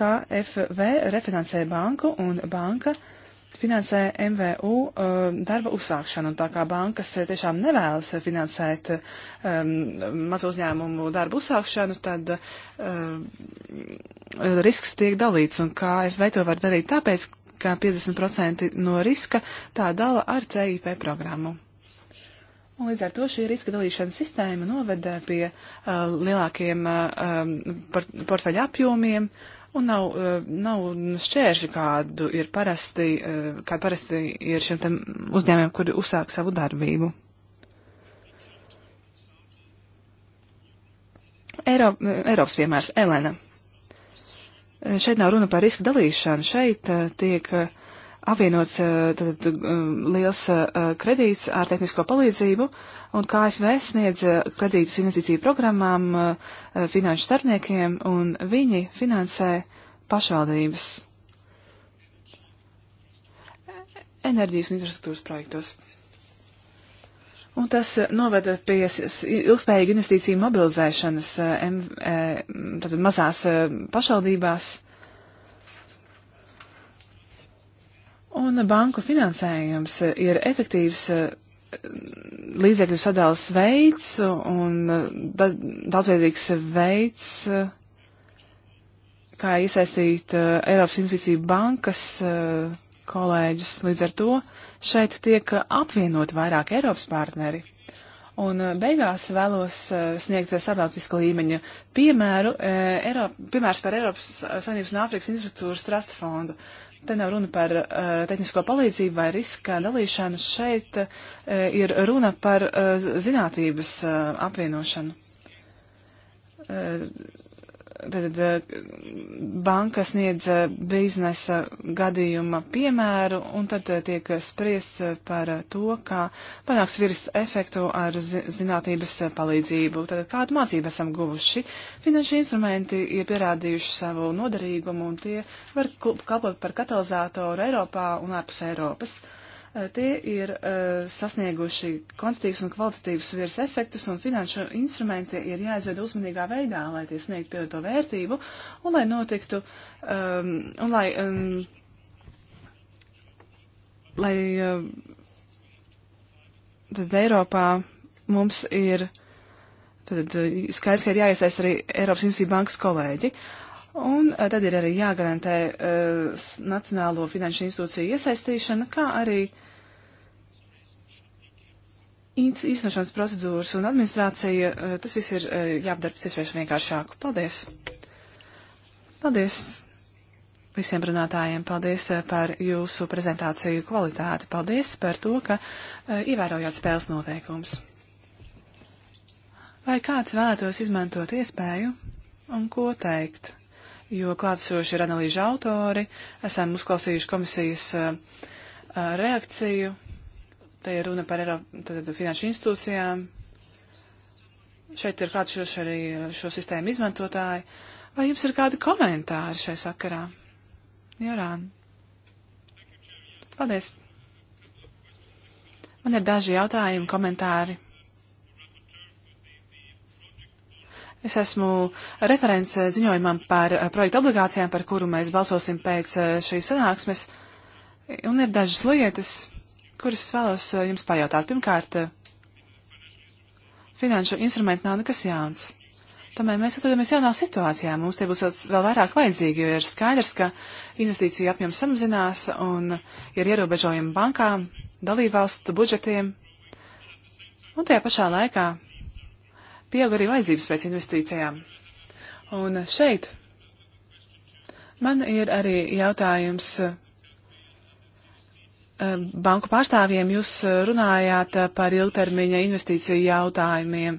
KFV refinansē banku, un banka finansē MVU uh, eh, darba uzsākšanu, un tā kā bankas eh, tiešām nevēlas finansēt um, mazu uzņēmumu darbu uzsākšanu, tad uh, risks tiek dalīts, un KFV to var darīt tāpēc, ka 50% no riska tā dala ar CIP programmu. Un līdz ar to šī riska dalīšanas sistēma noveda pie uh, lielākiem uh, um, par, portfeļa apjomiem un nav, uh, nav šķēršļu, kādu ir parasti, uh, kā parasti ir šiem uzņēmiem, kuri uzsāk savu darbību. Eiro, uh, Eiropas piemērs - Elena. Šeit nav runa par riska dalīšanu, šeit uh, tiek uh, apvienots eh, tad, eh, liels eh, kredīts ar tehnisko palīdzību, un KFV sniedz kredītus investīciju programmām finanšu starpniekiem, un viņi finansē pašvaldības enerģijas un infrastruktūras projektos. Un tas noveda pie ilgspējīga investīciju mobilizēšanas tātad mazās pašvaldībās Un banku finansējums ir efektīvs eh, līdzekļu sadales veids un eh, da daudzveidīgs veids, eh, kā iesaistīt Eiropas investīciju bankas kolēģus. Līdz ar to šeit tiek apvienot vairāk Eiropas partneri. Un beigās vēlos sniegt starptautiskā līmeņa piemēru, Eiropa, piemērs par Eiropas Savienības un Āfrikas infrastruktūras trasta fondu. Uh, Te nav runa par uh, tehnisko palīdzību vai riska dalīšanu. Šeit uh, ir runa par uh, zinātības uh, apvienošanu. Uh, tad eh, banka sniedz eh, biznesa gadījuma piemēru, un tad eh, tiek spriests par to, kā panāks virs efektu ar zinātnības palīdzību. Tad kādu mācību esam guvuši? Finanšu instrumenti ir pierādījuši savu noderīgumu, un tie var kalpot par katalizātoru Eiropā un ārpus Eiropas. Uh, Eh, tie ir eh, sasnieguši kvantitīvus un kvalitatīvus virs efektus, un finanšu instrumenti ir jāizved uzmanīgā veidā, lai tie sniegtu pievienoto vērtību, un lai notiktu, um, un lai, um, lai um, tad Eiropā mums ir, tad skaidrs, ka ir jāiesaist arī Eiropas Institūta bankas kolēģi. Uh, Un eh, tad ir arī jāgarantē uh, Nacionālo finanšu institūciju iesaistīšana, kā arī īstenošanas procedūras un administrācija. Uh, tas viss ir uh, jāapdara pēc iespējas vienkāršāk. Paldies! Paldies visiem runātājiem! Paldies uh, par jūsu prezentāciju kvalitāti! Paldies par to, ka uh, ievērojāt spēles noteikumus! Vai kāds vēlētos izmantot iespēju un ko teikt? jo klātsoši ir analīžu autori. Esam uzklausījuši komisijas eh, eh, reakciju. Te ir runa par Eiropas finanšu institūcijām. Šeit ir klātsoši arī eh, šo sistēmu izmantotāji. Vai jums ir kādi komentāri šai sakarā? Jorāna. Paldies. Man ir daži jautājumi, komentāri. Es esmu referents ziņojumam par eh, projektu obligācijām, par kuru mēs balsosim pēc eh, šīs sanāksmes. Un ir dažas lietas, kuras vēlos eh, jums pajautāt. Pirmkārt, finanšu instrumenti nav nekas jauns. Tomēr mēs atrodamies jaunā situācijā. Mums tie būs vēl vairāk vajadzīgi, jo ir skaidrs, ka investīcija apjoms samazinās un ir ierobežojumi bankām, dalībvalstu budžetiem. Un tajā pašā laikā pieauga arī vajadzības pēc investīcijām. Un šeit man ir arī jautājums eh, banku pārstāvjiem. Jūs eh, runājāt eh, par ilgtermiņa investīciju jautājumiem.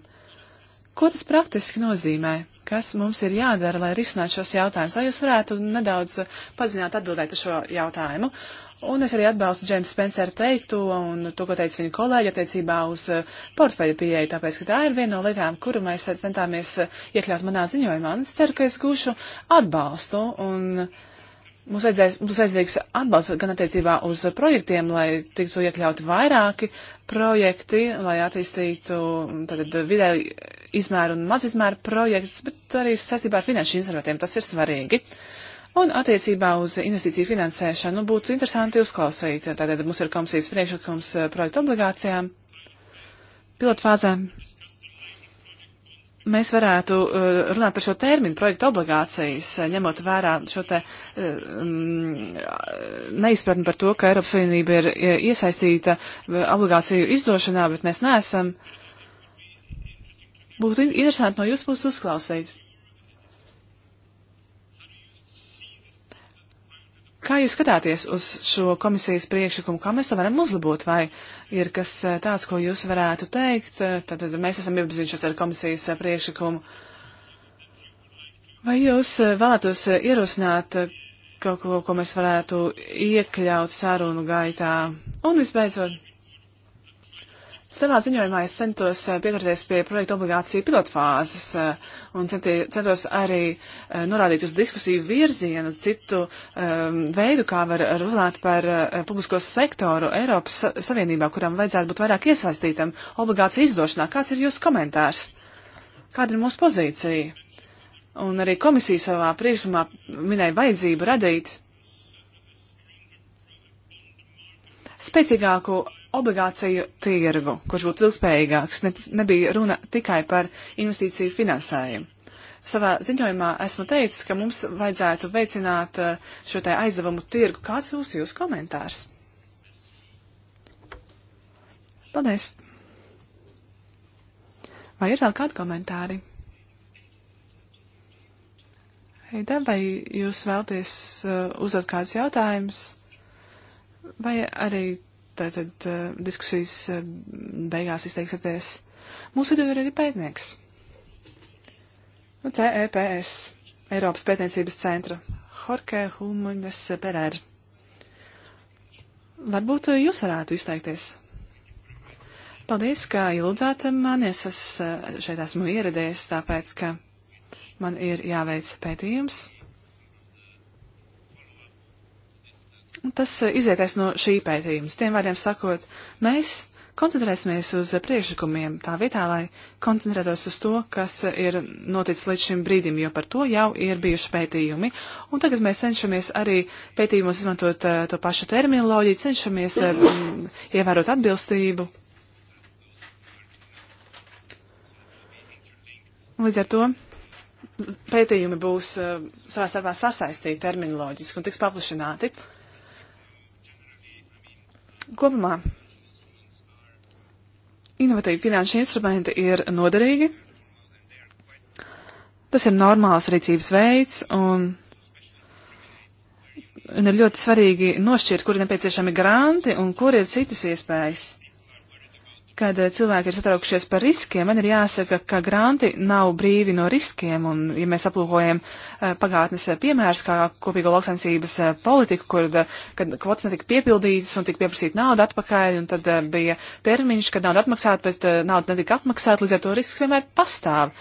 Ko tas praktiski nozīmē? Kas mums ir jādara, lai risinātu šos jautājumus? Vai jūs varētu nedaudz padziļināt atbildēt uz šo jautājumu? Uh, Un es arī atbalstu Džeims Spencer teikto un to, ko teica viņa kolēģi attiecībā uz uh, portfeļu pieeju, tāpēc, ka tā ir viena no lietām, kuru mēs uh, centāmies uh, iekļaut manā ziņojumā. Un es ceru, ka es gūšu atbalstu un mums, vajadzēs, mums vajadzīgs atbalsts gan attiecībā uz projektiem, lai tiktu iekļauti vairāki projekti, lai attīstītu mm, tātad vidē izmēru un mazizmēru projekts, bet arī saistībā ar finanšu instrumentiem tas ir svarīgi. Uh, Un attiecībā uz investīciju finansēšanu būtu interesanti uzklausīt. Tātad mums ir komisijas priekšlikums eh, projektu obligācijām. Pilotfāzē mēs varētu eh, runāt par šo terminu projektu obligācijas, eh, ņemot vērā šo te um, neizpratni par to, ka Eiropas Savienība ir e, iesaistīta obligāciju izdošanā, bet mēs neesam. Būtu interesanti no jūsu puses uzklausīt. Kā jūs skatāties uz šo komisijas priekšlikumu, kā mēs to varam uzlabot, vai ir kas eh, tāds, ko jūs varētu teikt? Eh, tad, tad mēs esam iepazinušies ar komisijas eh, priekšlikumu. Vai jūs vēlētos ierosināt kaut ko, ko mēs varētu iekļaut sarunu gaitā? Un visbeidzot, Savā ziņojumā es centos eh, pieturēties pie projekta obligācija pilotfāzes eh, un centos arī eh, norādīt uz diskusiju virzienu, uz citu um, veidu, kā var runāt par publisko sektoru Eiropas Savienībā, kuram vajadzētu būt vairāk iesaistītam obligāciju izdošanā. Kāds ir jūsu komentārs? Kāda ir mūsu pozīcija? Un arī komisija savā priekšumā minēja vajadzību radīt spēcīgāku obligāciju tirgu, kurš būtu ilgspējīgāks. Ne, nebija runa tikai par investīciju finansējumu. Savā ziņojumā esmu teicis, ka mums vajadzētu veicināt eh, šo te aizdevumu tirgu. Kāds būs jūs, jūsu komentārs? Paldies! Vai ir vēl kādi komentāri? Heida, vai jūs vēlties uh, uzdot kādus jautājumus? Vai arī tātad eh, diskusijas eh, beigās izteiksieties. Mūsu vidū ir arī pētnieks. Nu, CEPS, Eiropas pētniecības centra, Jorge Humuņas Perēr. Varbūt eh, jūs varētu izteikties. Paldies, ka ielūdzāt mani. Es šeit esmu ieradies, tāpēc, ka man ir jāveic pētījums Nu, tas eh, izvietais no šī pētījuma. Tiem vārdiem sakot, mēs koncentrēsimies uz priekšlikumiem tā vietā, lai koncentrētos uz to, kas eh, ir noticis līdz šim brīdim, jo par to jau ir bijuši pētījumi. Un tagad mēs cenšamies arī pētījumos izmantot eh, to pašu terminoloģiju, cenšamies m, ievērot atbilstību. Līdz ar to pētījumi būs savā starpā sasaistīti terminoloģiski un tiks paplašināti. Uh, Kopumā inovatīvi finanšu instrumenti ir noderīgi. Tas ir normāls rīcības veids un, un ir ļoti svarīgi nošķirt, kur ir nepieciešami granti un kur ir citas iespējas. Kad eh, cilvēki ir satraukšies par riskiem, man ir jāsaka, ka granti nav brīvi no riskiem, un ja mēs aplūkojam eh, pagātnes eh, piemērs, kā kopīgo lauksainsības politiku, kur kad kvots netika piepildīts un tika pieprasīta nauda atpakaļ, un tad bija termiņš, kad nauda atmaksāta, bet nauda netika atmaksāta, līdz ar to risks vienmēr pastāv.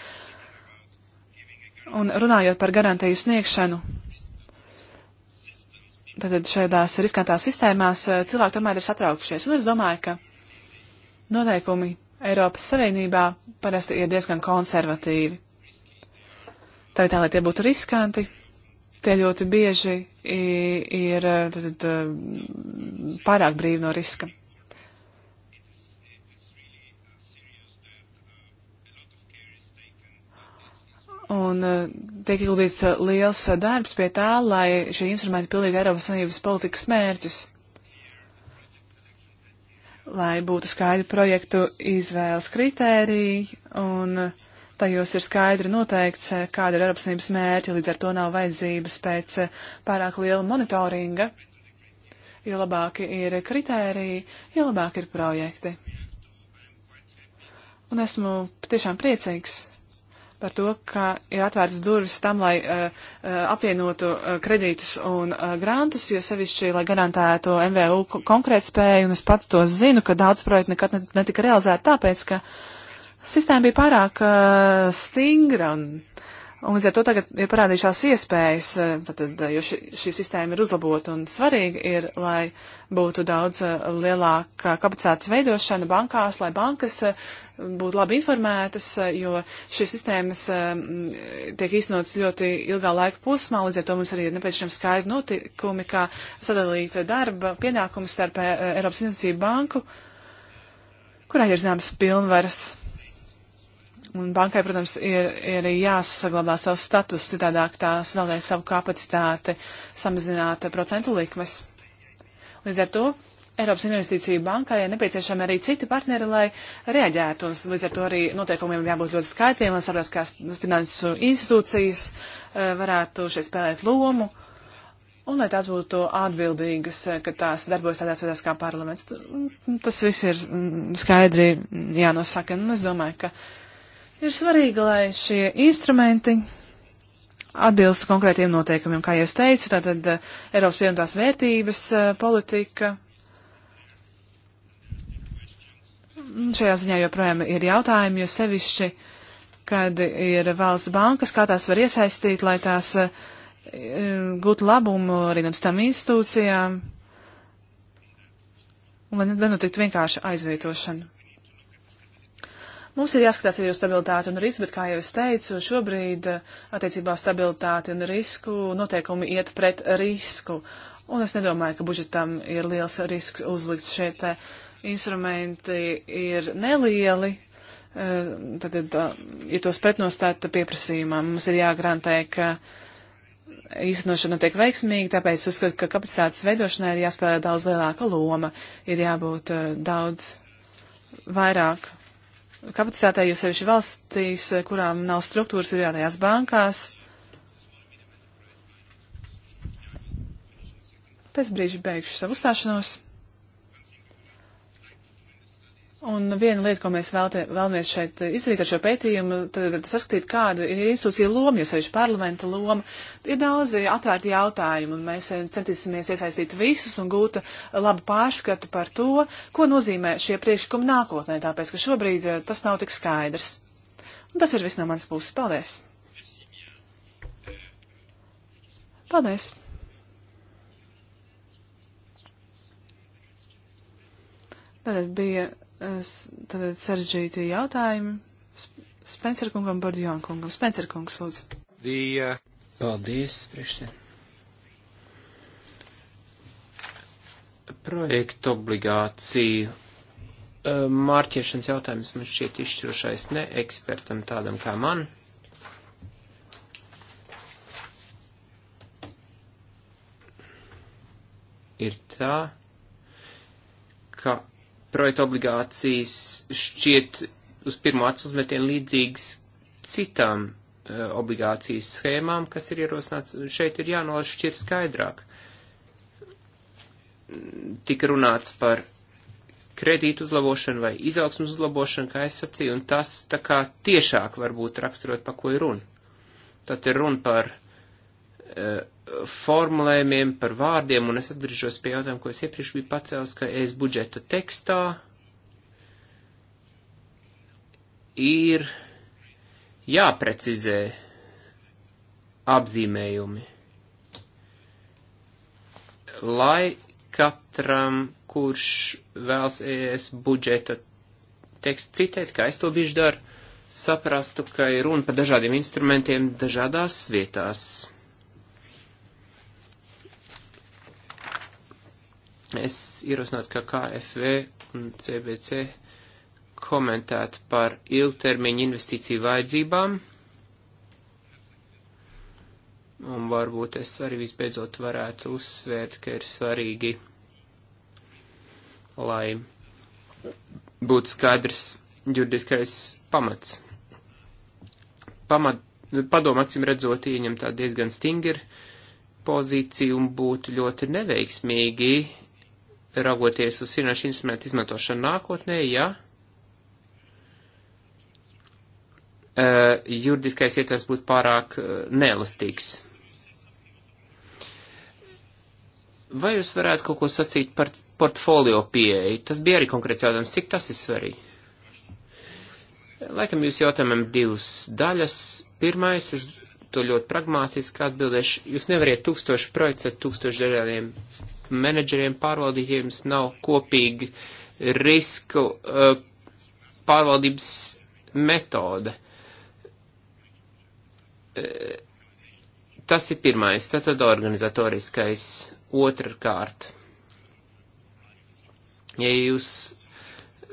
Un runājot par garantēju sniegšanu, tad šādās riskantās sistēmās cilvēki tomēr ir satraukšies. Un es domāju, ka Noteikumi Eiropas Savienībā parasti ir diezgan konservatīvi. Tā vietā, lai tie būtu riskanti, tie ļoti bieži ir e, tad, tad, e, pārāk brīvi no riska. Un e, tiek ieguldīts liels darbs pie tā, lai šie instrumenti pildītu Eiropas Savienības politikas mērķus lai būtu skaidri projektu izvēles kritēriji un tajos ir skaidri noteikts, kāda ir Eiropas Savienības mērķi, līdz ar to nav vajadzības pēc pārāk liela monitoringa, jo labāki ir kritēriji, jo labāki ir projekti. Un esmu tiešām priecīgs par to, ka ir atvērts durvis tam, lai uh, uh, apvienotu uh, kredītus un uh, grantus, jo sevišķi, lai garantētu MVU konkurētspēju, un es pats to zinu, ka daudz projektu nekad netika realizēti tāpēc, ka sistēma bija pārāk uh, stingra, un, un līdz ar to tagad ir parādījušās iespējas, uh, tad, uh, jo ši, šī sistēma ir uzlabota, un svarīgi ir, lai būtu daudz uh, lielāka kapacitātes veidošana bankās, lai bankas uh, būt labi informētas, eh, jo šīs sistēmas eh, tiek īstenotas ļoti ilgā laika posmā, līdz ar to mums arī ir nepieciešams skaidri notikumi, kā sadalīt darba pienākumus starp eh, Eiropas Investīciju banku, kurā ir zināmas pilnvaras. Un bankai, protams, ir, ir arī jāsaglabā savs status, citādāk tās zaudē savu kapacitāti samazināt procentu likmes. Līdz ar to Eiropas Investīciju bankai ir nepieciešami arī citi partneri, lai reaģētu. Un līdz ar to arī noteikumiem jābūt ļoti skaidriem, lai sabiedriskās finansu institūcijas eh, varētu šeit spēlēt lomu. Un lai tās būtu atbildīgas, eh, ka tās darbojas tādās vietās kā parlaments. Tas viss ir mm, skaidri jānosaka. Un es domāju, ka ir svarīgi, lai šie instrumenti atbilst konkrētiem noteikumiem. Kā jau es teicu, tātad eh, Eiropas pievienotās vērtības politika šajā ziņā joprojām ir jautājumi, jo sevišķi, kad ir valsts bankas, kā tās var iesaistīt, lai tās eh, gūtu labumu arī no tām institūcijām, un lai nenotiktu vienkārši aizvietošana. Mums ir jāskatās arī uz stabilitāti un risku, bet, kā jau es teicu, šobrīd eh, attiecībā uz stabilitāti un risku noteikumi iet pret risku. Un es nedomāju, ka budžetam ir liels risks uzlikt šeit eh, instrumenti ir nelieli, eh, tad, ja tos pretnostāt pieprasījumā, mums ir jāgarantē, ka īstenošana tiek veiksmīga, tāpēc uzskatu, ka kapacitātes veidošanai ir jāspēlē daudz lielāka loma, ir jābūt eh, daudz vairāk kapacitātē, jo sevišķi valstīs, eh, kurām nav struktūras, ir jātajās bankās. Pēc brīža beigšu savu uzstāšanos. Un viena lieta, ko mēs vēlte, vēlamies šeit izdarīt ar šo pētījumu, tad, tad saskatīt, kāda ir institūcija loma, jo sevišķi parlamenta loma. Ir daudz atvērti jautājumi, un mēs eh, centīsimies iesaistīt visus un gūt labu pārskatu par to, ko nozīmē šie priekšlikumi nākotnē, tāpēc, ka šobrīd eh, tas nav tik skaidrs. Un tas ir viss no manas puses. Paldies! Paldies! Tad bija tātad sarežģīti jautājumi. Spencer kungam, Bordion kungam. Spencer kungs, lūdzu. The, uh... Paldies, priekšsēdētāj. Projektu obligāciju uh, mārķiešanas jautājums man šķiet izšķirošais ne ekspertam tādam kā man. Ir tā, ka projekta obligācijas šķiet uz pirmo atsuzmetienu līdzīgas citām uh, obligācijas schēmām, kas ir ierosināts. Šeit ir jānošķir skaidrāk. Tika runāts par kredītu uzlabošanu vai izaugsmas uzlabošanu, kā es sacīju, un tas tā kā tiešāk varbūt raksturot, pa ko ir runa. Tad ir runa par uh, formulējumiem, par vārdiem, un es atgriežos pie jautājumu, ko es iepriekš biju pacēlis, ka es budžeta tekstā ir jāprecizē apzīmējumi, lai katram, kurš vēlas ES budžeta tekstu citēt, kā es to bieži daru, saprastu, ka ir runa par dažādiem instrumentiem dažādās vietās. Es ierosinātu, ka KFV un CBC komentētu par ilgtermiņa investīciju vajadzībām. Un varbūt es arī visbeidzot varētu uzsvērt, ka ir svarīgi, lai būtu skaidrs juridiskais pamats. Pamat, padom acīm redzot ieņem tā diezgan stingri pozīciju un būtu ļoti neveiksmīgi, raugoties uz finanšu instrumentu izmantošanu nākotnē, ja uh, juridiskais ietvers būtu pārāk uh, neelastīgs. Vai jūs varētu kaut ko sacīt par portfolio pieeju? Tas bija arī konkrēts jautājums, cik tas ir svarīgi. Laikam jūs jautājumam divas daļas. Pirmais, es to ļoti pragmātiski atbildēšu. Jūs nevariet tūkstošu projekts ar tūkstošu dažādiem menedžeriem pārvaldījiem nav kopīgi risku uh, pārvaldības metode. Uh, tas ir pirmais, tad, tad organizatoriskais otrkārt. Ja jūs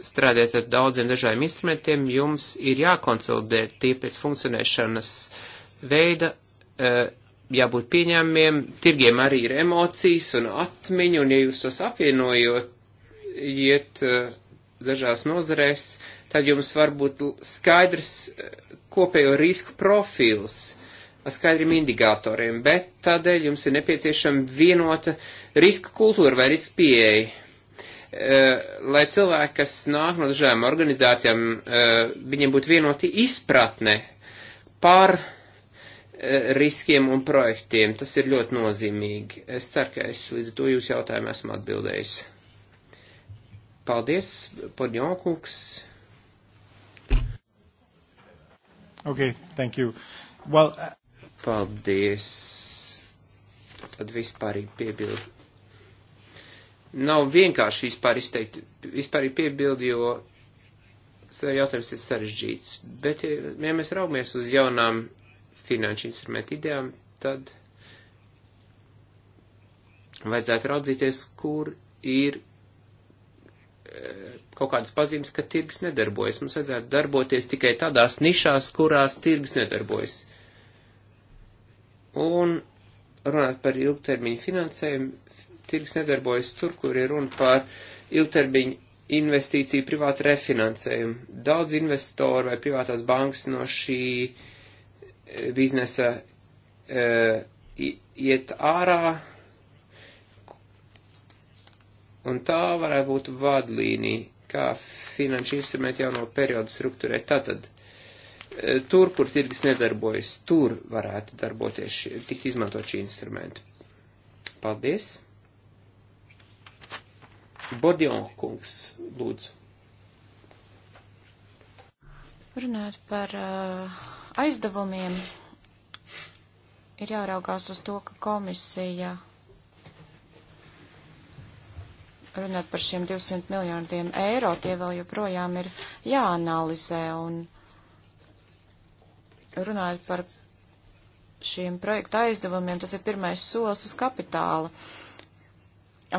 strādājat ar daudziem dažādiem instrumentiem, jums ir jākonsolidē tie pēc funkcionēšanas veida, uh, jābūt pieņēmumiem, tirgiem arī ir emocijas un atmiņa, un ja jūs tos apvienojot, iet eh, dažās nozarēs, tad jums var būt skaidrs eh, kopējo risku profils ar skaidriem indikatoriem, bet tādēļ jums ir nepieciešama vienota riska kultūra vai riska pieeja. Eh, lai cilvēki, kas nāk no dažādām organizācijām, viņiem būtu vienoti izpratne par uh, Eh, riskiem un projektiem. Tas ir ļoti nozīmīgi. Es ceru, ka es līdz to jūsu jautājumu esmu atbildējis. Paldies, Podņokungs. Ok, thank you. Well, uh... Paldies. Tad vispārīgi piebildu. Nav vienkārši vispār izteikt, vispārīgi piebildu, jo jautājums ir sarežģīts. Bet, ja mēs raugamies uz jaunām finanšu instrumentu idejām, tad vajadzētu raudzīties, kur ir e, kaut kādas pazīmes, ka tirgus nedarbojas. Mums vajadzētu darboties tikai tādās nišās, kurās tirgus nedarbojas. Un runāt par ilgtermiņu finansējumu, tirgus nedarbojas tur, kur ir runa par ilgtermiņu investīciju privātu refinansējumu. Daudz investoru vai privātās bankas no šī uh, biznesa e, iet ārā, un tā varētu būt vadlīnija, kā finanšu instrumenti jauno periodu struktūrē. Tātad, e, tur, kur tirgus nedarbojas, tur varētu darboties, tikt izmantot šī instrumenta. Paldies! Bordion kungs, lūdzu. Runājot par uh, aizdevumiem, ir jāraugās uz to, ka komisija runāt par šiem 200 miljardiem eiro, tie vēl joprojām ir jāanalizē un runājot par šiem projekta aizdevumiem, tas ir pirmais solis uz kapitāla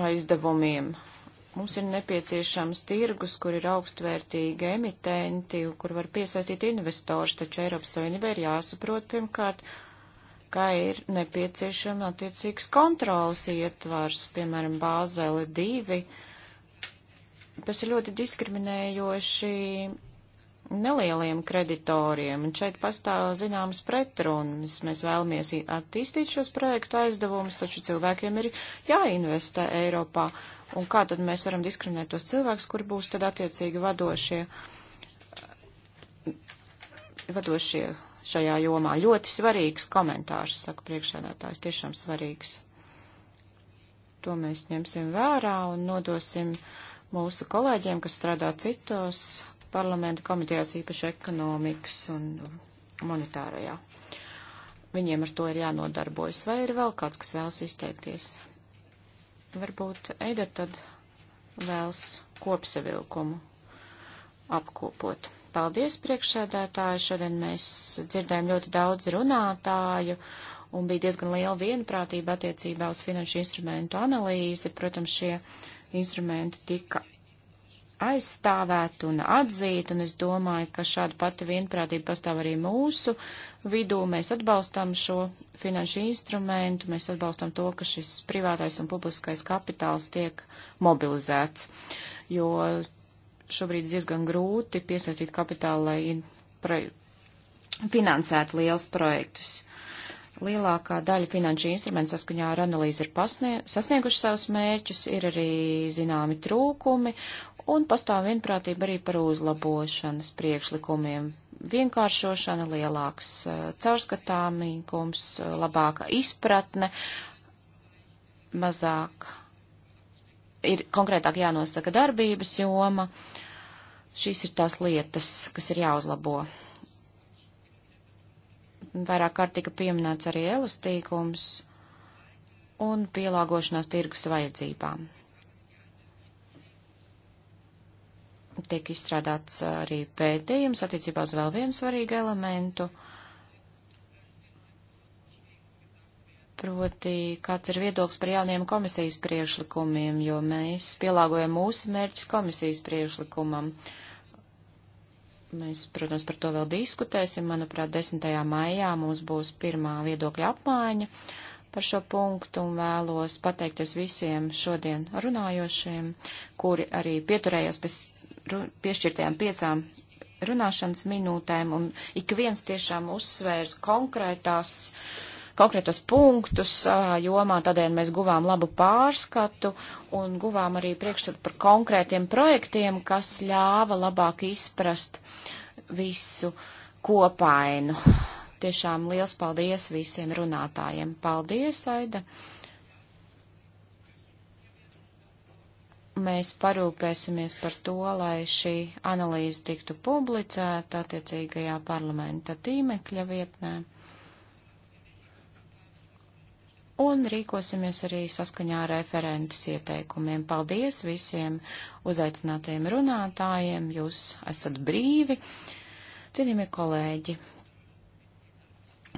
aizdevumiem. Mums ir nepieciešams tirgus, kur ir augstvērtīgi emitenti, kur var piesaistīt investors, taču Eiropas Savienībai ir jāsaprot pirmkārt, kā ir nepieciešama attiecīgs kontrols ietvars, piemēram, Bāzele 2. Tas ir ļoti diskriminējoši nelieliem kreditoriem, un šeit pastāv zināmas pretrunas. Mēs vēlamies attīstīt šos projektu aizdevumus, taču cilvēkiem ir jāinvestē Eiropā, un kā tad mēs varam diskriminēt tos cilvēkus, kuri būs tad attiecīgi vadošie, vadošie šajā jomā. Ļoti svarīgs komentārs, saka priekšsēdētājs, tiešām svarīgs. To mēs ņemsim vērā un nodosim mūsu kolēģiem, kas strādā citos parlamenta komitejās, īpaši ekonomikas un monetārajā. Viņiem ar to ir jānodarbojas. Vai ir vēl kāds, kas vēlas izteikties? Varbūt Eida tad vēls kopsavilkumu apkopot. Paldies, priekšsēdētāji. Šodien mēs dzirdējām ļoti daudz runātāju un bija diezgan liela vienprātība attiecībā uz finanšu instrumentu analīzi. Protams, šie instrumenti tika aizstāvēt un atzīt, un es domāju, ka šāda pati vienprātība pastāv arī mūsu vidū. Mēs atbalstam šo finanšu instrumentu, mēs atbalstam to, ka šis privātais un publiskais kapitāls tiek mobilizēts, jo šobrīd diezgan grūti piesaistīt kapitālu, lai finansētu liels projektus. Lielākā daļa finanšu instrumentu saskaņā ar analīzi ir pasnie, sasnieguši savus mērķus, ir arī zināmi trūkumi, un pastāv vienprātība arī par uzlabošanas priekšlikumiem. Vienkāršošana, lielāks eh, caurskatāmīgums, eh, labāka izpratne, mazāk ir konkrētāk jānosaka darbības joma. Šīs ir tās lietas, kas ir jāuzlabo. Vairāk kārt tika pieminēts arī elastīgums un pielāgošanās tirgus vajadzībām. tiek izstrādāts arī pētījums attiecībā uz vēl vienu svarīgu elementu, proti, kāds ir viedoklis par jauniem komisijas priešlikumiem, jo mēs pielāgojam mūsu mērķis komisijas priešlikumam. Mēs, protams, par to vēl diskutēsim. Manuprāt, 10. maijā mums būs pirmā viedokļa apmaiņa par šo punktu un vēlos pateikties visiem šodien runājošiem, kuri arī pieturējās pēc piešķirtajām piecām runāšanas minūtēm, un ik viens tiešām uzsvērs konkrētās, konkrētos punktus savā jomā, tādēļ mēs guvām labu pārskatu un guvām arī priekšstatu par konkrētiem projektiem, kas ļāva labāk izprast visu kopainu. Tiešām liels paldies visiem runātājiem. Paldies, Aida! mēs parūpēsimies par to, lai šī analīze tiktu publicēta attiecīgajā parlamenta tīmekļa vietnē. Un rīkosimies arī saskaņā ar referentes ieteikumiem. Paldies visiem uzaicinātajiem runātājiem, jūs esat brīvi. Cienījamie kolēģi,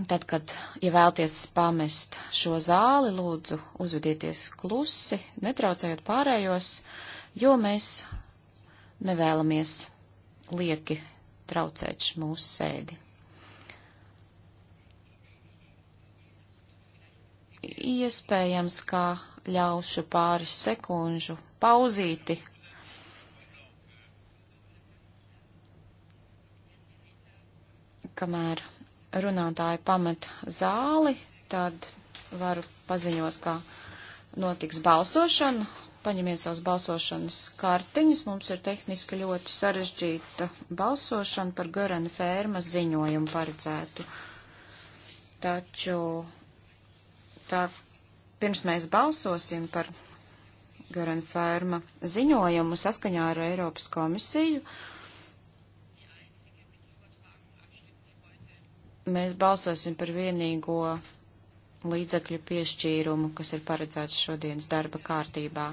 Tad, kad, ja vēlties pamest šo zāli, lūdzu, uzvedieties klusi, netraucējot pārējos, jo mēs nevēlamies lieki traucēt mūsu sēdi. Iespējams, ka ļaušu pāris sekundžu pauzīti, kamēr runātāji pamet zāli, tad varu paziņot, ka notiks balsošana. Paņemiet savus balsošanas kartiņus. Mums ir tehniski ļoti sarežģīta balsošana par Gorana fērmas ziņojumu paredzētu. Taču tā, pirms mēs balsosim par Gorana fērma ziņojumu saskaņā ar Eiropas komisiju, uh, mēs balsosim par vienīgo līdzekļu piešķīrumu, kas ir paredzēts šodienas darba kārtībā.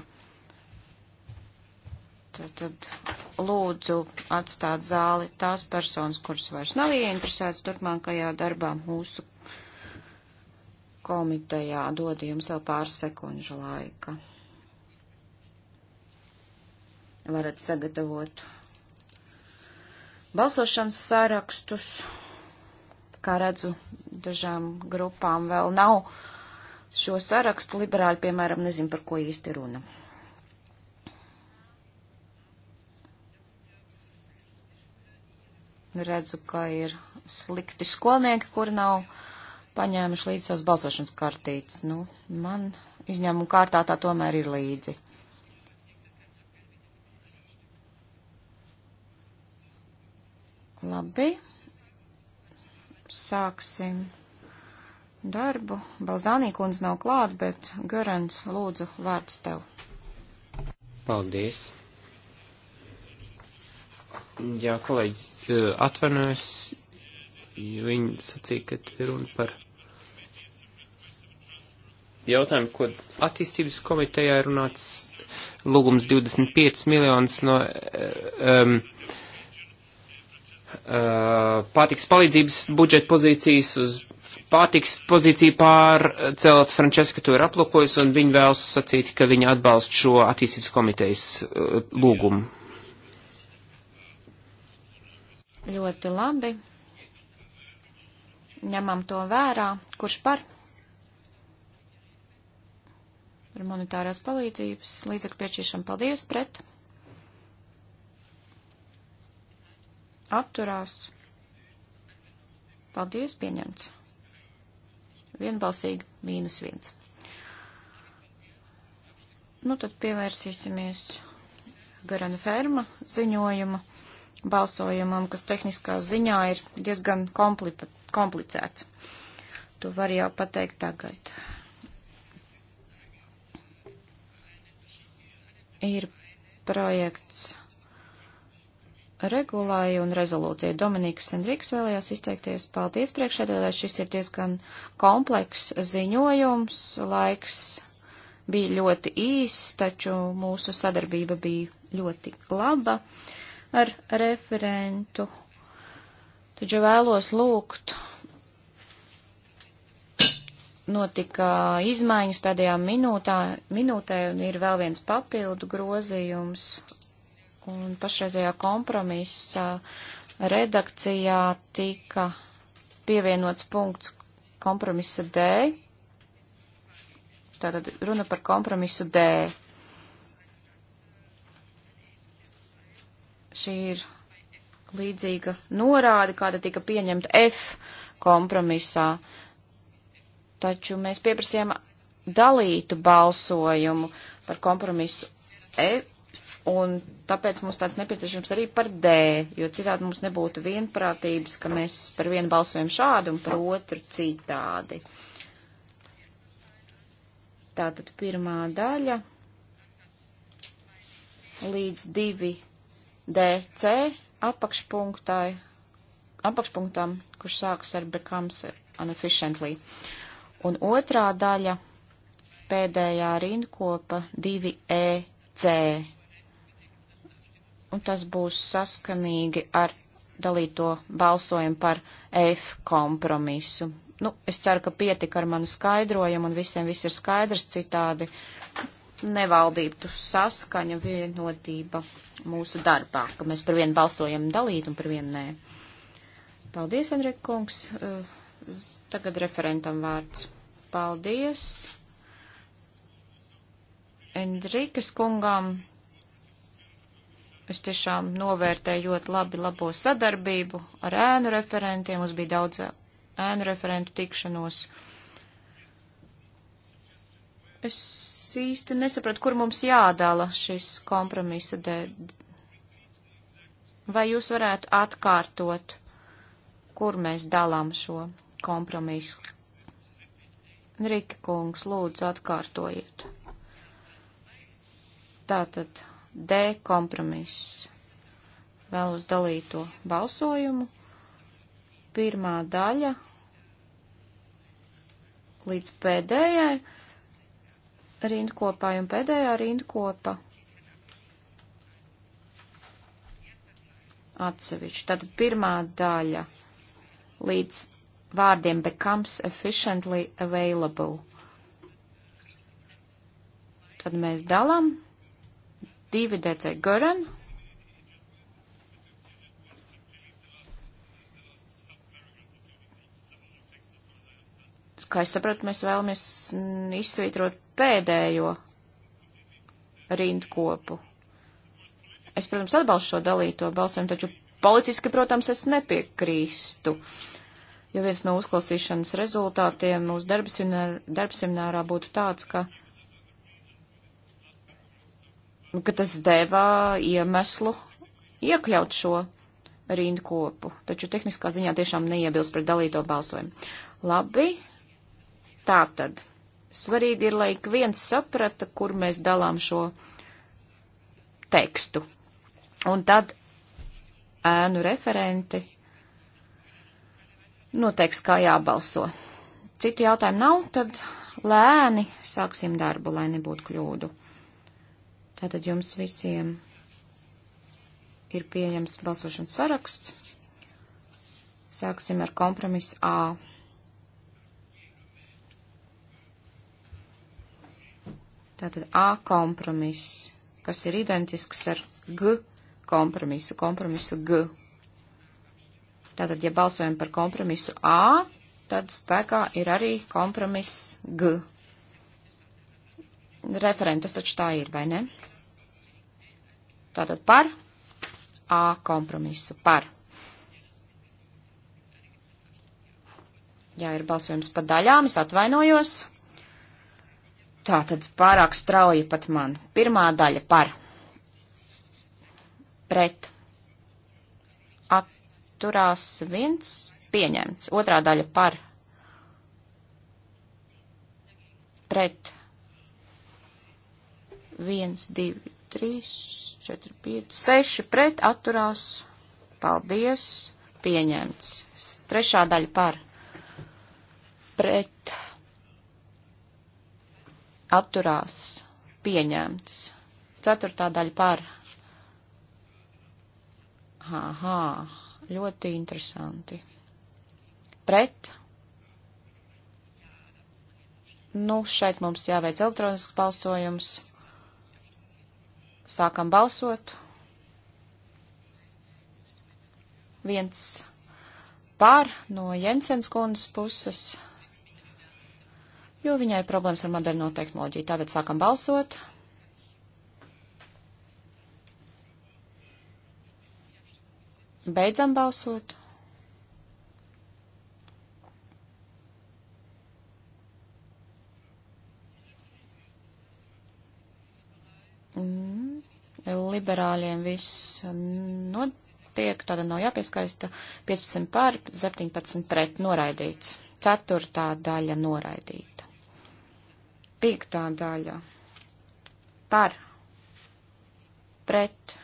Tad, tad lūdzu atstāt zāli tās personas, kuras vairs nav ieinteresētas turpmākajā darbā mūsu komitejā. Dodu jums vēl pāris sekundžu laika. Varat sagatavot balsošanas sārakstus kā redzu, dažām grupām vēl nav šo sarakstu. Liberāļi, piemēram, nezin, par ko īsti runa. Redzu, ka ir slikti skolnieki, kuri nav paņēmuši līdzi savas balsošanas kartītes. Nu, man izņēmuma kārtā tā tomēr ir līdzi. Labi. Sāksim darbu. Balzānī kundze nav klāt, bet Garants, lūdzu, vārds tev. Paldies. Jā, kolēģis, eh, atvainojos, jo viņi sacīja, ka ir runa par jautājumu, ko attīstības komitejā ir runāts lūgums 25 miljonus no um, Eh, pārtiks palīdzības budžeta pozīcijas uz pārtiks pozīciju pārcelt. Frančeska to ir aplūkojusi un viņa vēlas sacīt, ka viņa atbalst šo attīstības komitejas eh, lūgumu. Ļoti labi. Ņemam to vērā. Kurš par? Par monetārās palīdzības līdzekļu piešķiršanu. Paldies pret. atturās. Paldies, pieņemts. Vienbalsīgi mīnus viens. Nu, tad pievērsīsimies Garana Ferma ziņojuma balsojumam, kas tehniskā ziņā ir diezgan kompli komplicēts. To var jau pateikt tagad. Ir projekts regulai un rezolūcijai. Dominikas Enriks vēlējās izteikties. Paldies priekšēdētājai. Šis ir diezgan kompleks ziņojums. Laiks bija ļoti īss, taču mūsu sadarbība bija ļoti laba ar referentu. Taču vēlos lūgt. Notika izmaiņas pēdējā minūtā, minūtē un ir vēl viens papildu grozījums un pašreizējā kompromisa redakcijā tika pievienots punkts kompromisa D. Tātad runa par kompromisu D. Šī ir līdzīga norāde, kāda tika pieņemta F kompromisā. Taču mēs pieprasījām dalītu balsojumu par kompromisu E Un tāpēc mums tāds nepieciešams arī par D, jo citādi mums nebūtu vienprātības, ka mēs par vienu balsojam šādu un par otru citādi. Tātad pirmā daļa līdz 2DC apakšpunktai, apakšpunktam, kurš sākas ar becomes unefficiently. Un otrā daļa pēdējā rindkopa 2EC un tas būs saskanīgi ar dalīto balsojumu par F kompromisu. Nu, es ceru, ka pietika ar manu skaidrojumu un visiem viss ir skaidrs citādi. Nevaldītu saskaņa vienotība mūsu darbā, ka mēs par vienu balsojam dalīt un par vienu nē. Paldies, Andrija kungs. Eh, tagad referentam vārds. Paldies. Enrikas kungam Es tiešām novērtēju ļoti labi labo sadarbību ar ēnu referentiem. Mums bija daudz ēnu referentu tikšanos. Es īsti nesapratu, kur mums jādala šis kompromisa dēļ. Vai jūs varētu atkārtot, kur mēs dalām šo kompromisu? Rika kungs, lūdzu, atkārtojiet. Tātad D kompromiss. Vēl uz dalīto balsojumu. Pirmā daļa līdz pēdējai rindkopā un pēdējā rindkopa atsevišķi. Tātad pirmā daļa līdz vārdiem becomes efficiently available. Tad mēs dalām divi DC Goran. Kā es sapratu, mēs vēlamies izsvītrot pēdējo rindkopu. Es, protams, atbalstu šo dalīto balsojumu, taču politiski, protams, es nepiekrīstu. Jo viens no uzklausīšanas rezultātiem mūsu darbsimnārā būtu tāds, ka Nu, ka tas deva iemeslu iekļaut šo rindkopu, taču tehniskā ziņā tiešām neiebilst pret dalīto balsojumu. Labi, tā tad. Svarīgi ir, lai ik viens saprata, kur mēs dalām šo tekstu. Un tad ēnu referenti noteiks, kā jābalso. Citu jautājumu nav, tad lēni sāksim darbu, lai nebūtu kļūdu. Tātad jums visiem ir pieejams balsošanas saraksts. Sāksim ar kompromisu A. Tātad A kompromiss, kas ir identisks ar G kompromisu, kompromisu G. Tātad, ja balsojam par kompromisu A, tad spēkā ir arī kompromiss G referentus, taču tā ir, vai ne? Tātad par A kompromisu. Par. Jā, ir balsojums pa daļām, es atvainojos. Tā tad pārāk strauji pat man. Pirmā daļa par. Pret. Atturās viens. Pieņemts. Otrā daļa par. Pret. 1, 2, 3, 4, 5, 6 pret atturās. Paldies. Pieņemts. Trešā daļa par pret atturās. Pieņemts. Ceturtā daļa par. Aha, ļoti interesanti. Pret. Nu, šeit mums jāveic elektronisks balsojums. Sākam balsot. Viens pār no Jensens kundzes puses, jo viņai ir problēmas ar modeļu noteiktmoloģiju. Tātad sākam balsot. Beidzam balsot. liberāļiem viss notiek, tāda nav jāpieskaista, 15 pār, 17 pret noraidīts, 4. daļa noraidīta, 5. daļa par, pret,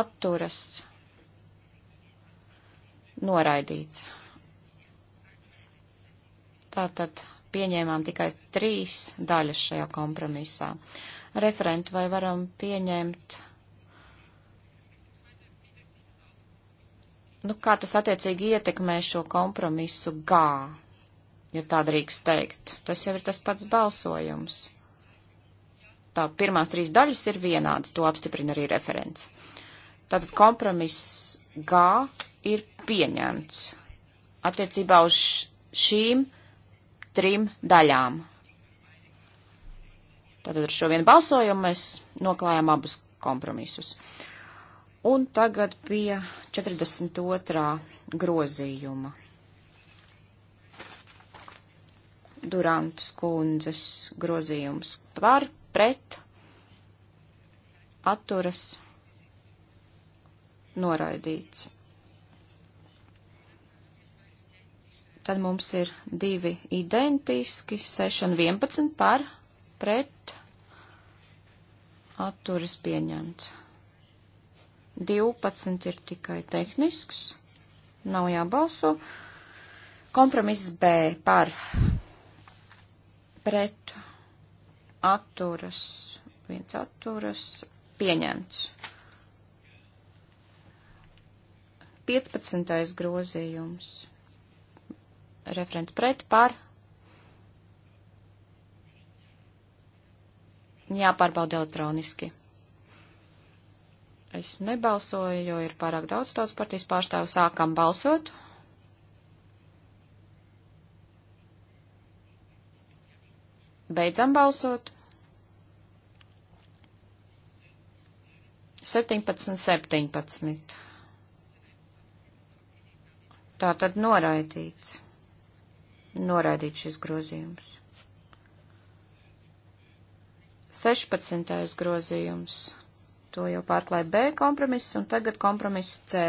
atturas, noraidīts. Tātad pieņēmām tikai trīs daļas šajā kompromisā. Uh, Referenti, vai varam pieņemt? Nu, kā tas attiecīgi ietekmē šo kompromisu gā, ja tā drīkst teikt? Tas jau ir tas pats balsojums. Tā pirmās trīs daļas ir vienādas, to apstiprina arī referents. Tātad kompromiss gā ir pieņemts attiecībā uz šīm trim daļām. Tātad ar šo vienu balsojumu mēs noklājām abus kompromisus. Un tagad pie 42. grozījuma. Durantas kundzes grozījums par, pret, atturas, noraidīts. Tad mums ir divi identiski, 6 un 11 par, pret, atturas pieņemts. 12 ir tikai tehnisks, nav jābalso. Kompromiss B par pret atturas, viens atturas pieņemts. 15. grozījums. Referents pret par jāpārbauda elektroniski. Es nebalsoju, jo ir pārāk daudz tautas partijas pārstāvu. Sākam balsot. Beidzam balsot. 17, 17. Tā tad noraidīts. Noraidīts šis grozījums. 16. grozījums. To jau pārklāja B kompromiss un tagad kompromiss C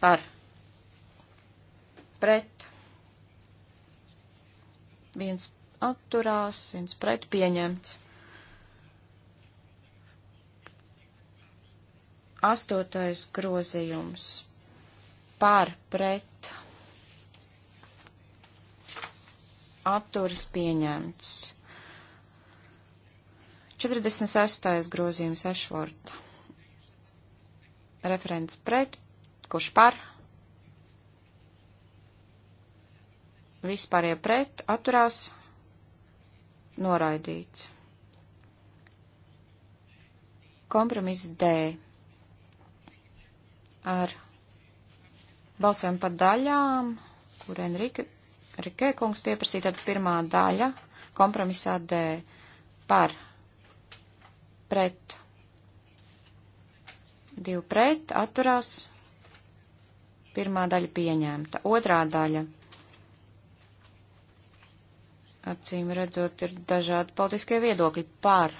par pret. Viens atturās, viens pret pieņemts. Astotais grozījums par pret atturas pieņemts. 46. grozījums Ešvorta. Referents pret, kurš par? Vispārie pret, atturās, noraidīts. Kompromiss D. Ar balsojumu par daļām, kur Enrika, Rikē kungs pieprasīja, tad pirmā daļa kompromisā D par pret. Divi pret, atturās. Pirmā daļa pieņemta. Otrā daļa. Acīm redzot, ir dažādi politiskie viedokļi par.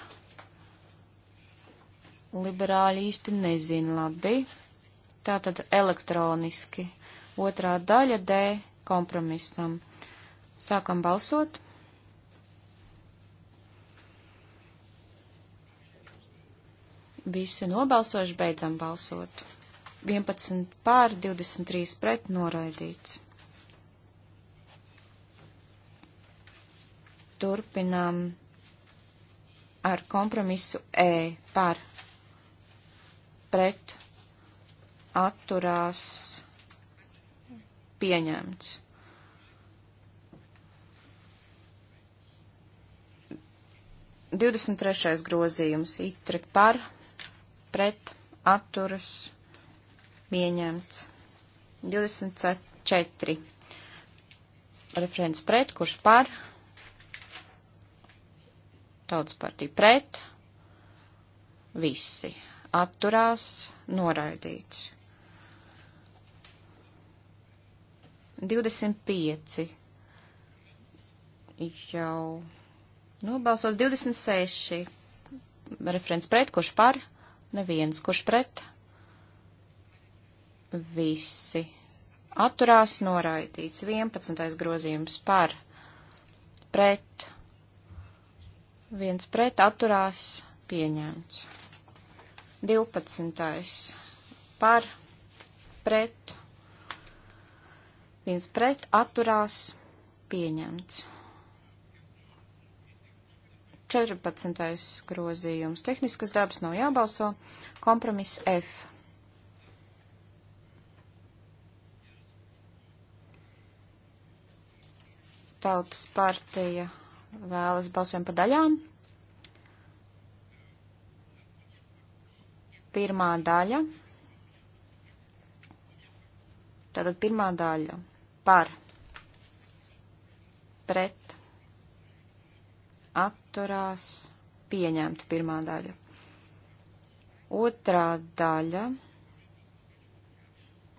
Liberāļi īsti nezina labi. Tātad elektroniski. Otrā daļa D kompromisam. Sākam balsot. Visi nobalsojuši beidzam balsot. 11 pār 23 pret noraidīts. Turpinām ar kompromisu E par pret atturās pieņemts. Divdesmit trešais grozījums itri par pret atturas pieņemts. 24. Referents pret, kurš par? Tautas partija pret. Visi atturās, noraidīts. 25 jau nobalsos 26 referents pret, kurš par? Neviens, kurš pret? Visi. Atturās noraidīts. 11. grozījums par. Pret. Viens pret atturās pieņemts. 12. par. Pret. Viens pret atturās pieņemts. 14. grozījums. Tehniskas dabas nav jābalso. Kompromiss F. Tautas partija vēlas balsojumu pa daļām. Pirmā daļa. Tātad pirmā daļa par pret atturās pieņemta pirmā daļa. Otrā daļa.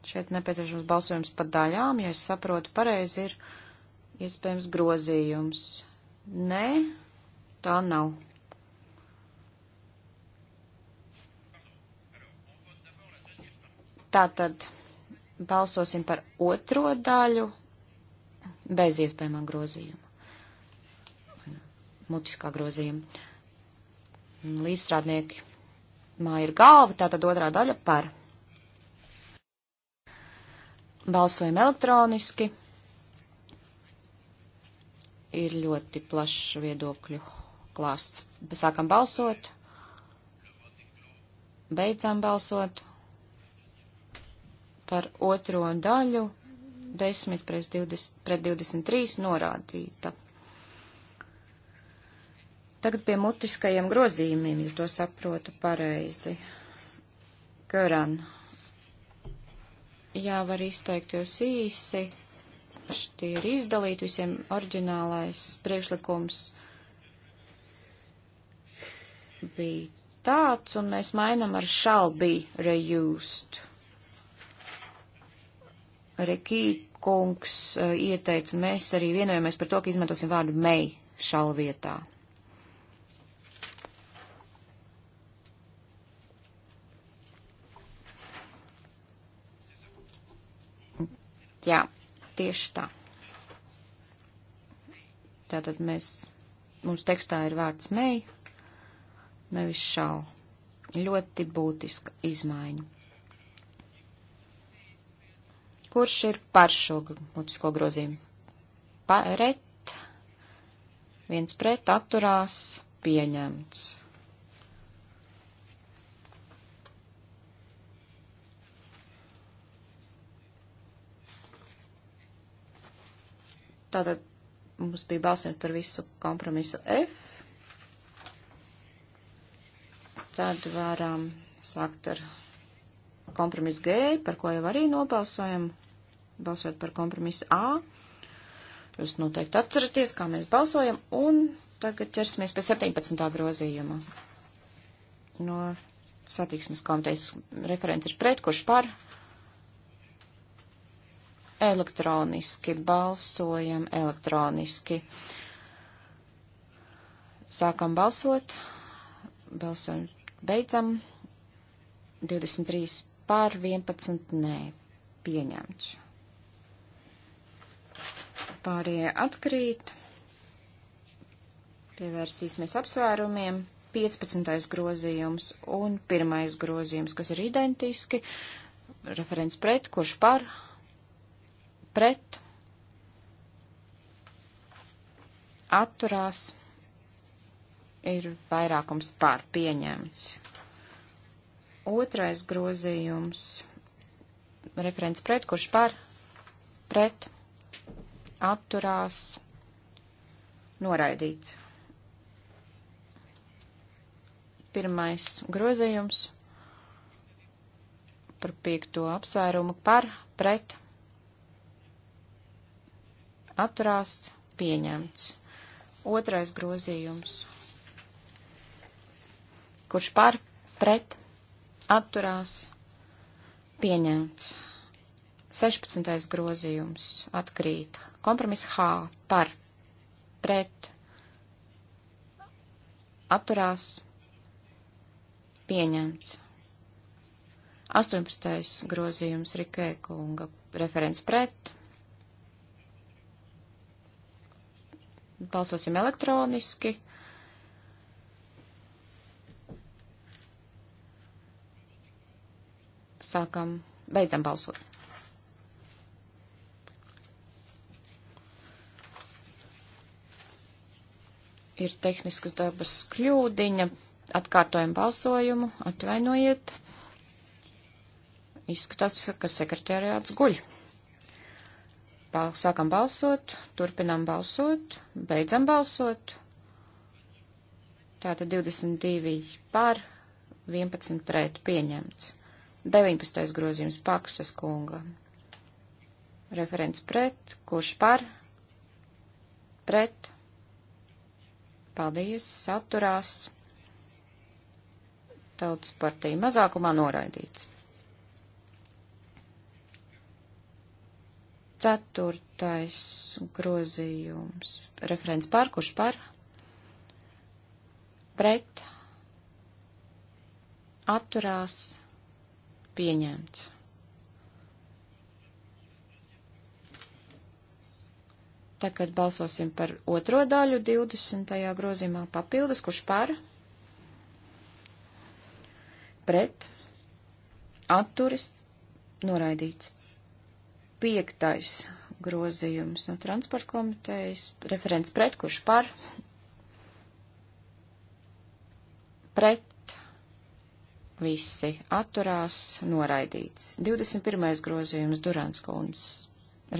Šeit nepieciešams balsojums pa daļām, ja es saprotu pareizi, ir iespējams grozījums. Nē, tā nav. Tātad balsosim par otro daļu bez iespējamā grozījuma mutiskā grozījuma. Līdzstrādnieki māja ir galva, tātad otrā daļa par. Balsojam elektroniski. Ir ļoti plašs viedokļu klāsts. Sākam balsot. Beidzam balsot par otro daļu 10 pret 23 norādīta. Tagad pie mutiskajiem grozījumiem, ja to saprotu pareizi. Göran. Jā, var izteikt jūs īsi. Tie ir izdalīti visiem oriģinālais priekšlikums. Bija tāds, un mēs mainam ar shall be reused. Rekī kungs uh, ieteica, un mēs arī vienojamies par to, ka izmantosim vārdu may shall vietā. Jā, tieši tā. Tātad mēs, mums tekstā ir vārds mei, nevis šau. Ļoti būtiska izmaiņa. Kurš ir par šo mutisko grozījumu? Paret, viens pret atturās, pieņemts. Tātad mums bija balsojums par visu kompromisu F. Tad varam sākt ar kompromisu G, par ko jau arī nobalsojam, balsot par kompromisu A. Jūs noteikti atceraties, kā mēs balsojam, un tagad ķersimies pie 17. grozījuma. No satiksmes komitejas referents ir pret, kurš par, elektroniski, balsojam elektroniski. Sākam balsot, balsojam, beidzam. 23 pār 11 nē, pieņemts. Pārējie atkrīt. Pievērsīsimies apsvērumiem. 15. grozījums un 1. grozījums, kas ir identiski. Referents pret, kurš par, pret, atturās, ir vairākums pār pieņemts. Otrais grozījums, referents pret, kurš par, pret, atturās, noraidīts. Pirmais grozījums par piekto apsvērumu par, pret, atturās pieņemts. Otrais grozījums. Kurš par pret atturās pieņemts. 16. grozījums atkrīt. Kompromiss H par pret atturās pieņemts. 18. grozījums Rikē kunga referents pret balsosim elektroniski. Sākam, beidzam balsot. Ir tehniskas dabas kļūdiņa. Atkārtojam balsojumu, atvainojiet. Izskatās, ka sekretariāts guļ. Bal sākam balsot, turpinam balsot, beidzam balsot. Tātad 22 par, 11 pret pieņemts. 19. grozījums Paksas kunga. Referents pret, kurš par, pret, paldies, saturās, tautas partija mazākumā noraidīts. Ceturtais grozījums. Referents par, kurš par? Pret. Atturās. Pieņemts. Tagad balsosim par otro daļu 20. grozījumā papildus, kurš par, pret, atturis, noraidīts piektais grozījums no transporta komitejas, referents pret, kurš par, pret, visi atturās, noraidīts. 21. grozījums Durants Kunds,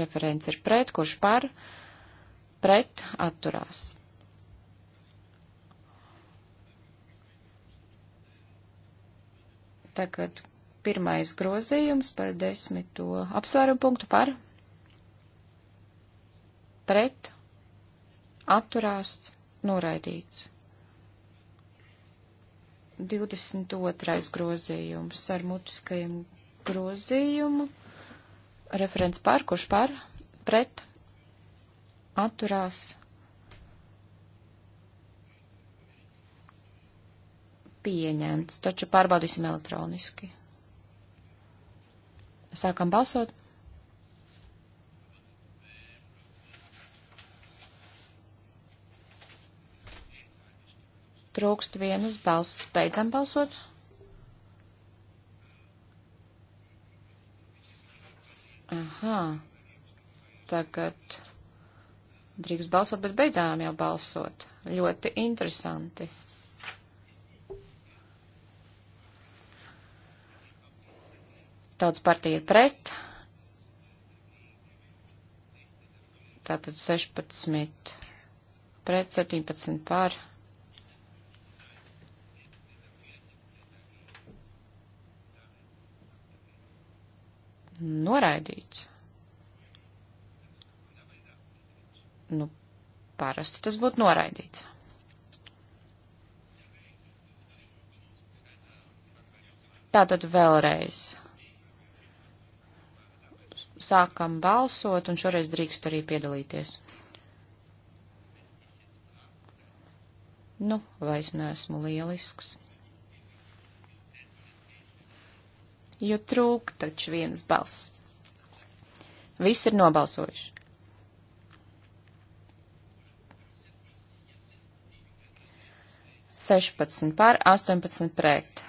referents ir pret, kurš par, pret, atturās. Tagad Pirmais grozījums par desmito apsvērumu punktu par pret atturās noraidīts. 22. grozījums ar mutiskajiem grozījumu. Referents par, kurš par, pret, atturās. Pieņemts, taču pārbaudīsim elektroniski. Sākam balsot. Trūkst vienas balss. Beidzam balsot. Aha. Tagad drīkst balsot, bet beidzām jau balsot. Ļoti interesanti. Tautas partija ir pret. Tātad 16 pret 17 pār. Noraidīts. Nu, parasti tas būtu noraidīts. Tātad vēlreiz sākam balsot, un šoreiz drīkst arī piedalīties. Nu, vai es neesmu lielisks? Jo trūk taču vienas balss. Viss ir nobalsojuši. Sešpadsmit pār, astoņpadsmit pret.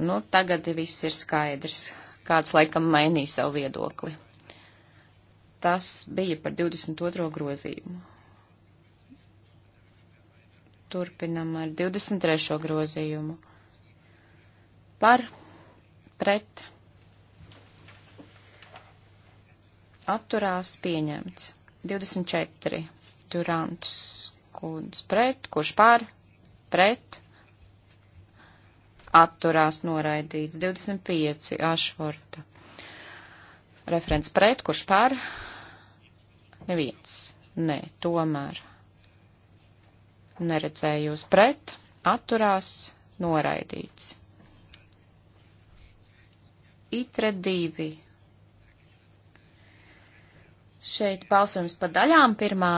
Nu, tagad viss ir skaidrs. Kāds laikam mainīja savu viedokli. Tas bija par 22. grozījumu. Turpinam ar 23. grozījumu. Par, pret, atturās pieņemts. 24. Durants kundz pret, kurš par, pret, atturās noraidīts. 25. Ašvorta. Referents pret, kurš par, klāt neviens. Nē, tomēr. Neredzēju jūs pret, atturās, noraidīts. Itre divi. Šeit balsojums pa daļām. Pirmā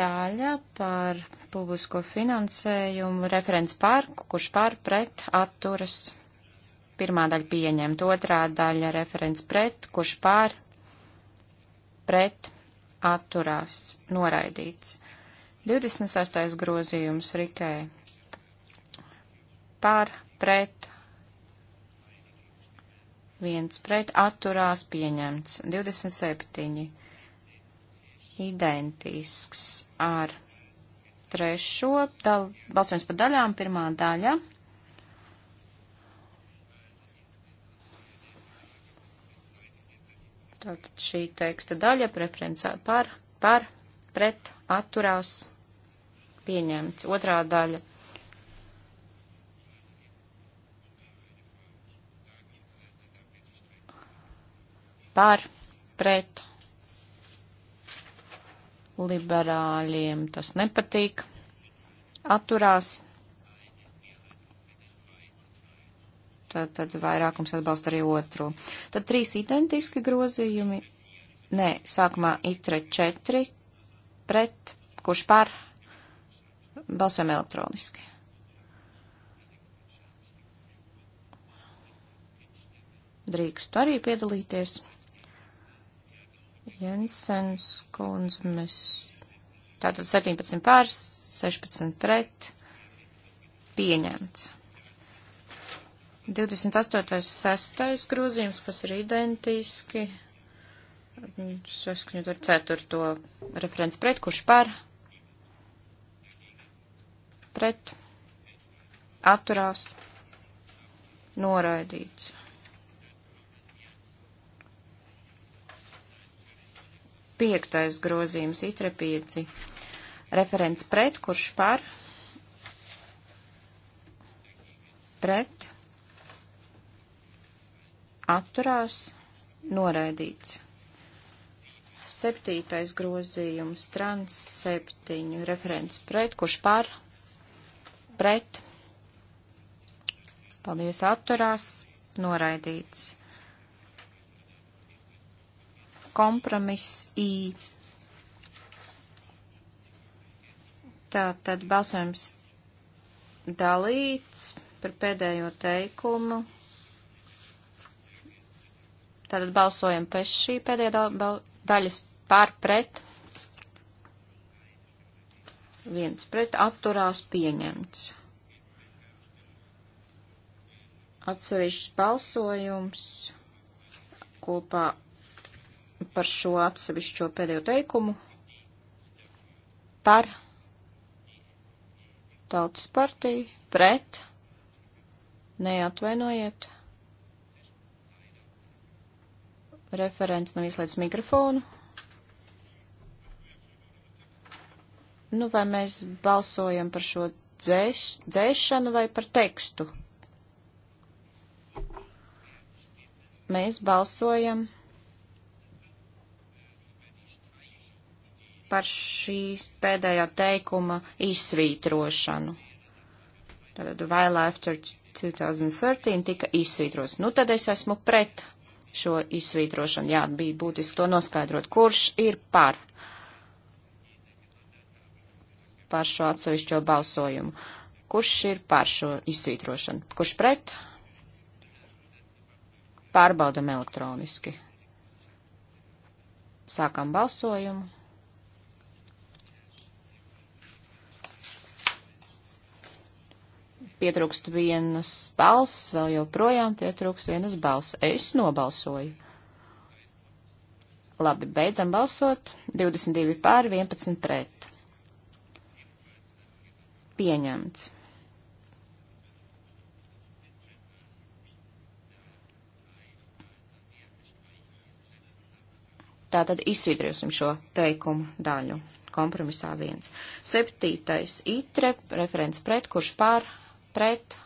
daļa par publisko finansējumu, referents par, kurš par pret atturas. Pirmā daļa pieņemt, otrā daļa referents pret, kurš par pret atturās, noraidīts. 26. grozījums Rikai par, pret, viens pret, atturās pieņemts. 27. Identisks ar trešo, dal, balsojums par daļām, pirmā daļa Tātad šī teksta daļa preferencē par, par, pret, atturās, pieņemts. Otrā daļa. Par, pret, liberāļiem tas nepatīk, atturās, pieņemts tad, tad vairākums atbalsta arī otru. Tad trīs identiski grozījumi. Nē, sākumā itre četri pret, kurš par balsojam elektroniski. Drīkstu arī piedalīties. Jensens kundze, mēs tātad 17 pār, 16 pret, pieņemts. 28.6. grozījums, kas ir identiski, saskaņot ar 4. referents pret, kurš par, pret, atturās, noraidīts. Piektais grozījums, itre 5. Referents pret, kurš par, pret, atturās, noraidīts. Septītais grozījums, trans septiņu, referents pret, kurš par, pret, paldies, atturās, noraidīts. Kompromiss I. Tātad balsojums dalīts par pēdējo teikumu Tātad balsojam pēc šī pēdējā daļas pār pret. Viens pret atturās pieņemts. Atsevišķs balsojums kopā par šo atsevišķo pēdējo teikumu par tautas partiju, pret, neatvainojiet, Referents nav nu ieslēdz mikrofonu. Nu, vai mēs balsojam par šo dzēš, dzēšanu vai par tekstu? Mēs balsojam par šīs pēdējā teikuma izsvītrošanu. Tātad, while after 2013 tika izsvītrots. Nu, tad es esmu pret šo izsvītrošanu. Jā, bija būtiski to noskaidrot, kurš ir par, par šo atsevišķo balsojumu. Kurš ir par šo izsvītrošanu? Kurš pret? Pārbaudam elektroniski. Sākam balsojumu. pietrūkst vienas balss, vēl joprojām pietrūkst vienas balss. Es nobalsoju. Labi, beidzam balsot. 22 pār, 11 pret. Pieņemts. Tātad izsvidrosim šo teikumu daļu. Kompromisā viens. Septītais itre, referents pret, kurš pār pret,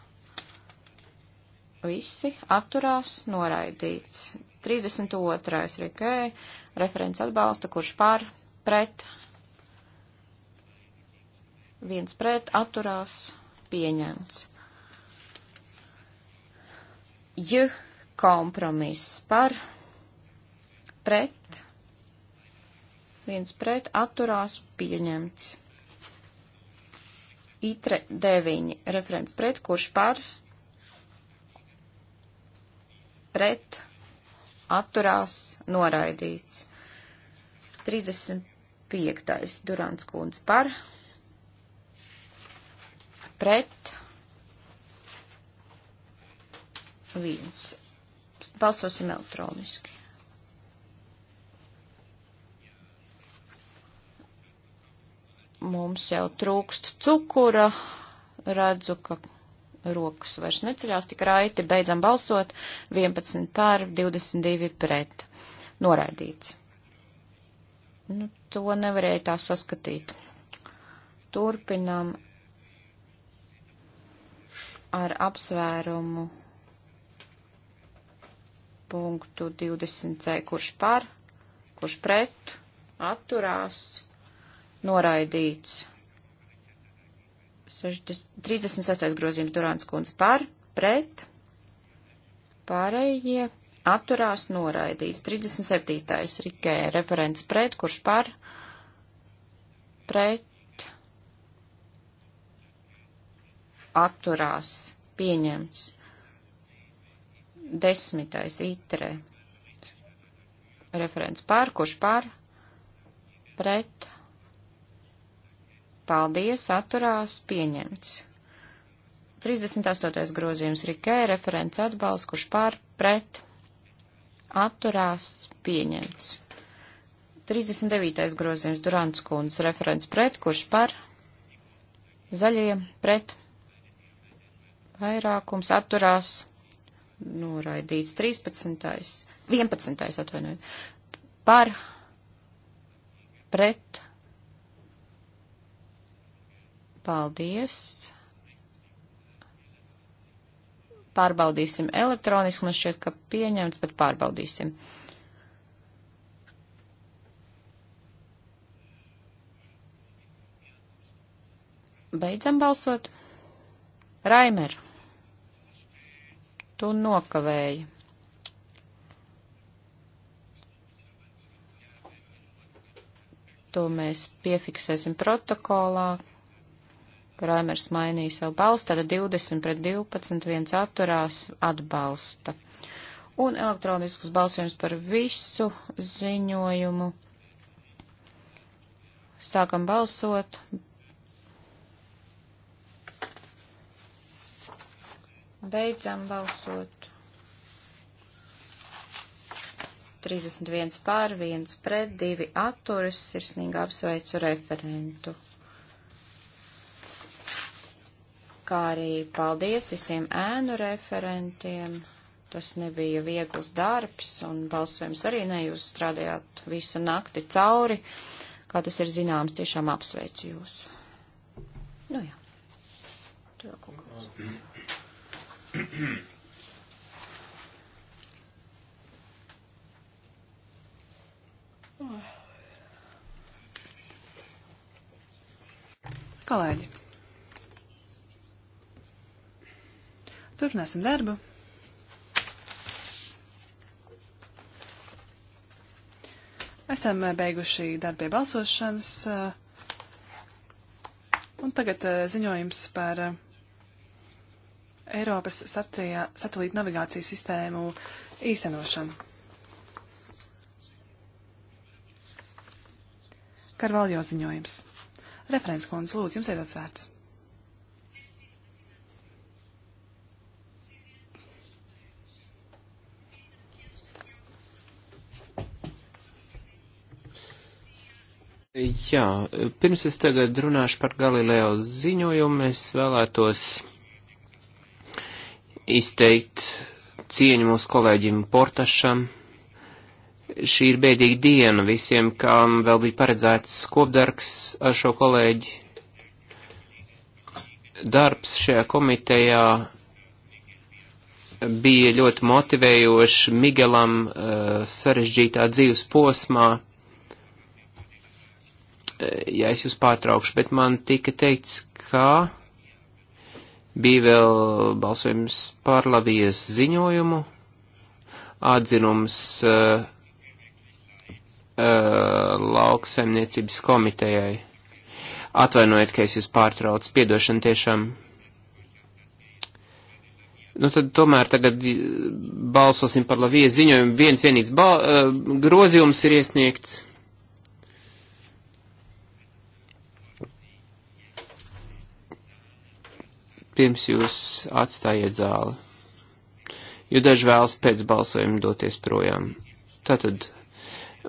visi atturās, noraidīts. 32. Rikē, referents atbalsta, kurš par, pret, viens pret, atturās, pieņemts. J kompromiss par, pret, viens pret, atturās, pieņemts. Itre 9 referents pret, kurš par, pret, atturās, noraidīts. 35. Durants Kūns par, pret, viens. Balsosim elektroniski. mums jau trūkst cukura, redzu, ka rokas vairs neceļās tik raiti, beidzam balsot, 11 pār, 22 pret, noraidīts. Nu, to nevarēja tā saskatīt. Turpinam ar apsvērumu punktu 20c, kurš par, kurš pret, atturās, noraidīts. 60, 36. grozījums Durāns kundze par, pret, pārējie atturās noraidīts. 37. Rikē referents pret, kurš par, pret, atturās, pieņemts. Desmitais itre referents par, kurš par, pret, Paldies, atturās, pieņemts. 38. grozījums Rikē, referents atbalsts, kurš pār, pret, atturās, pieņemts. 39. grozījums Durants Kūnas, referents pret, kurš par, zaļie, pret, vairākums atturās, noraidīts 13. 11. atvainojiet, par, pret, Paldies. Pārbaudīsim elektroniski, man šķiet, ka pieņemts, bet pārbaudīsim. Beidzam balsot. Raimer, tu nokavēji. To mēs piefiksēsim protokolā, Raimers mainīja savu balstu, tad 20 pret 12, viens atturās atbalsta. Un elektronisks balsojums par visu ziņojumu. Sākam balsot. Beidzam balsot. 31 pār, 1 pret, 2 atturis, sirsnīgi apsveicu referentu. kā arī paldies visiem ēnu referentiem. Tas nebija viegls darbs, un balsojums arī ne, jūs strādājāt visu nakti cauri. Kā tas ir zināms, tiešām apsveicu jūs. Nu jā. Tu jau kaut kas. Kolēģi, Turpināsim darbu. Esam eh, beiguši darbu pie balsošanas. Eh, un tagad eh, ziņojums par Eiropas satelīta navigācijas sistēmu īstenošanu. Karvaljo ziņojums. Referents kundze, lūdzu, jums iedod vērts. Jā, pirms es tagad runāšu par Galileo ziņojumu, es vēlētos izteikt cieņu mūsu kolēģim Portašam. Šī ir bēdīga diena visiem, kam vēl bija paredzēts skopdarbs ar šo kolēģi. Darbs šajā komitejā bija ļoti motivējošs Migelam uh, sarežģītā dzīves posmā ja es jūs pārtraukšu, bet man tika teikts, ka bija vēl balsojums par Lavijas ziņojumu, atzinums uh, uh, lauksaimniecības komitejai. Atvainojiet, ka es jūs pārtraucu, piedošana tiešām. Nu tad tomēr tagad eh, balsosim par Lavijas ziņojumu. Viens vienīgs bal, uh, grozījums ir iesniegts. pirms jūs atstājiet zāli, jo daži vēlas pēc balsojuma doties projām. Tātad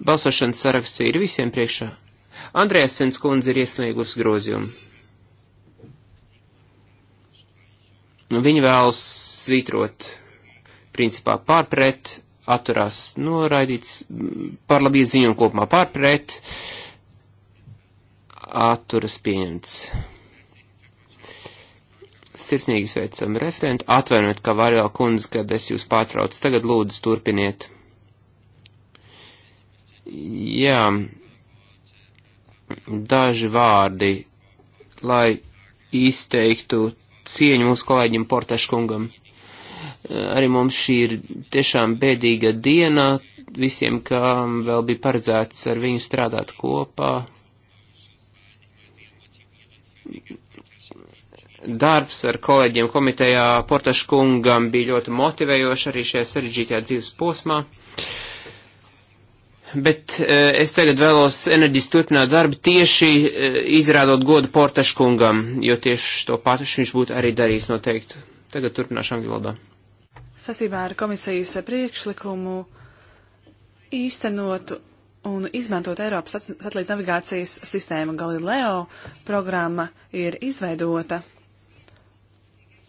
balsošanas saraksts ir visiem priekšā. Andrēsens kundze ir iesniegusi grozījumu. Nu, viņa vēlas svītrot, principā pārpret, atturās noraidīts, pārlabīt ziņu un kopumā pārpret, atturas pieņemts. Sirsnīgi sveicam referentu. Atvainojiet, ka Varjā kundze, kad es jūs pārtraucu. Tagad lūdzu turpiniet. Jā, daži vārdi, lai izteiktu cieņu mūsu kolēģim Portaškungam. Arī mums šī ir tiešām bēdīga diena visiem, kam vēl bija paredzēts ar viņu strādāt kopā darbs ar kolēģiem komitejā Portaškungam bija ļoti motivējoši arī šajā sarežģītajā dzīves posmā. Bet e, es tagad vēlos enerģiski turpināt darbu tieši e, izrādot godu Portaškungam, jo tieši to pašu viņš būtu arī darījis noteikti. Tagad turpināšu angļu valodā. Sasībā ar komisijas priekšlikumu īstenot un izmantot Eiropas satelīta navigācijas sistēmu Galileo programma ir izveidota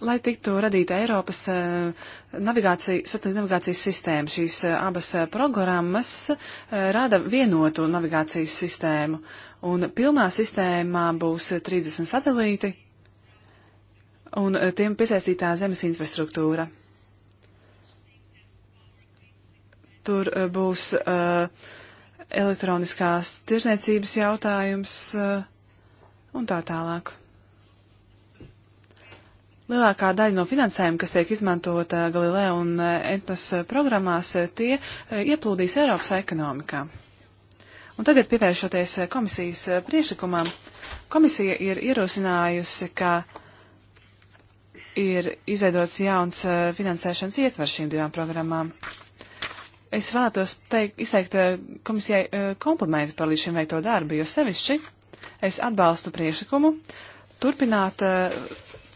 lai tiktu radīta Eiropas eh, navigācija, satelīta navigācijas sistēma. Šīs eh, abas eh, programmas rada vienotu navigācijas sistēmu, un pilnā sistēmā būs 30 satelīti un tiem piesaistītā zemes infrastruktūra. Tur būs elektroniskās tirzniecības jautājums un tā tālāk. Lielākā daļa no finansējuma, kas tiek izmantota eh, Galileo un eh, Etnos eh, programmās, tie ieplūdīs Eiropas ekonomikā. Un tagad pievēršoties komisijas priešlikumam, komisija ir ierosinājusi, ka ir izveidots jauns finansēšanas ietvars šīm divām programmām. Es vēlētos teikt, izteikt komisijai komplimentu par līdz šim veikto darbu, jo sevišķi es atbalstu priešlikumu turpināt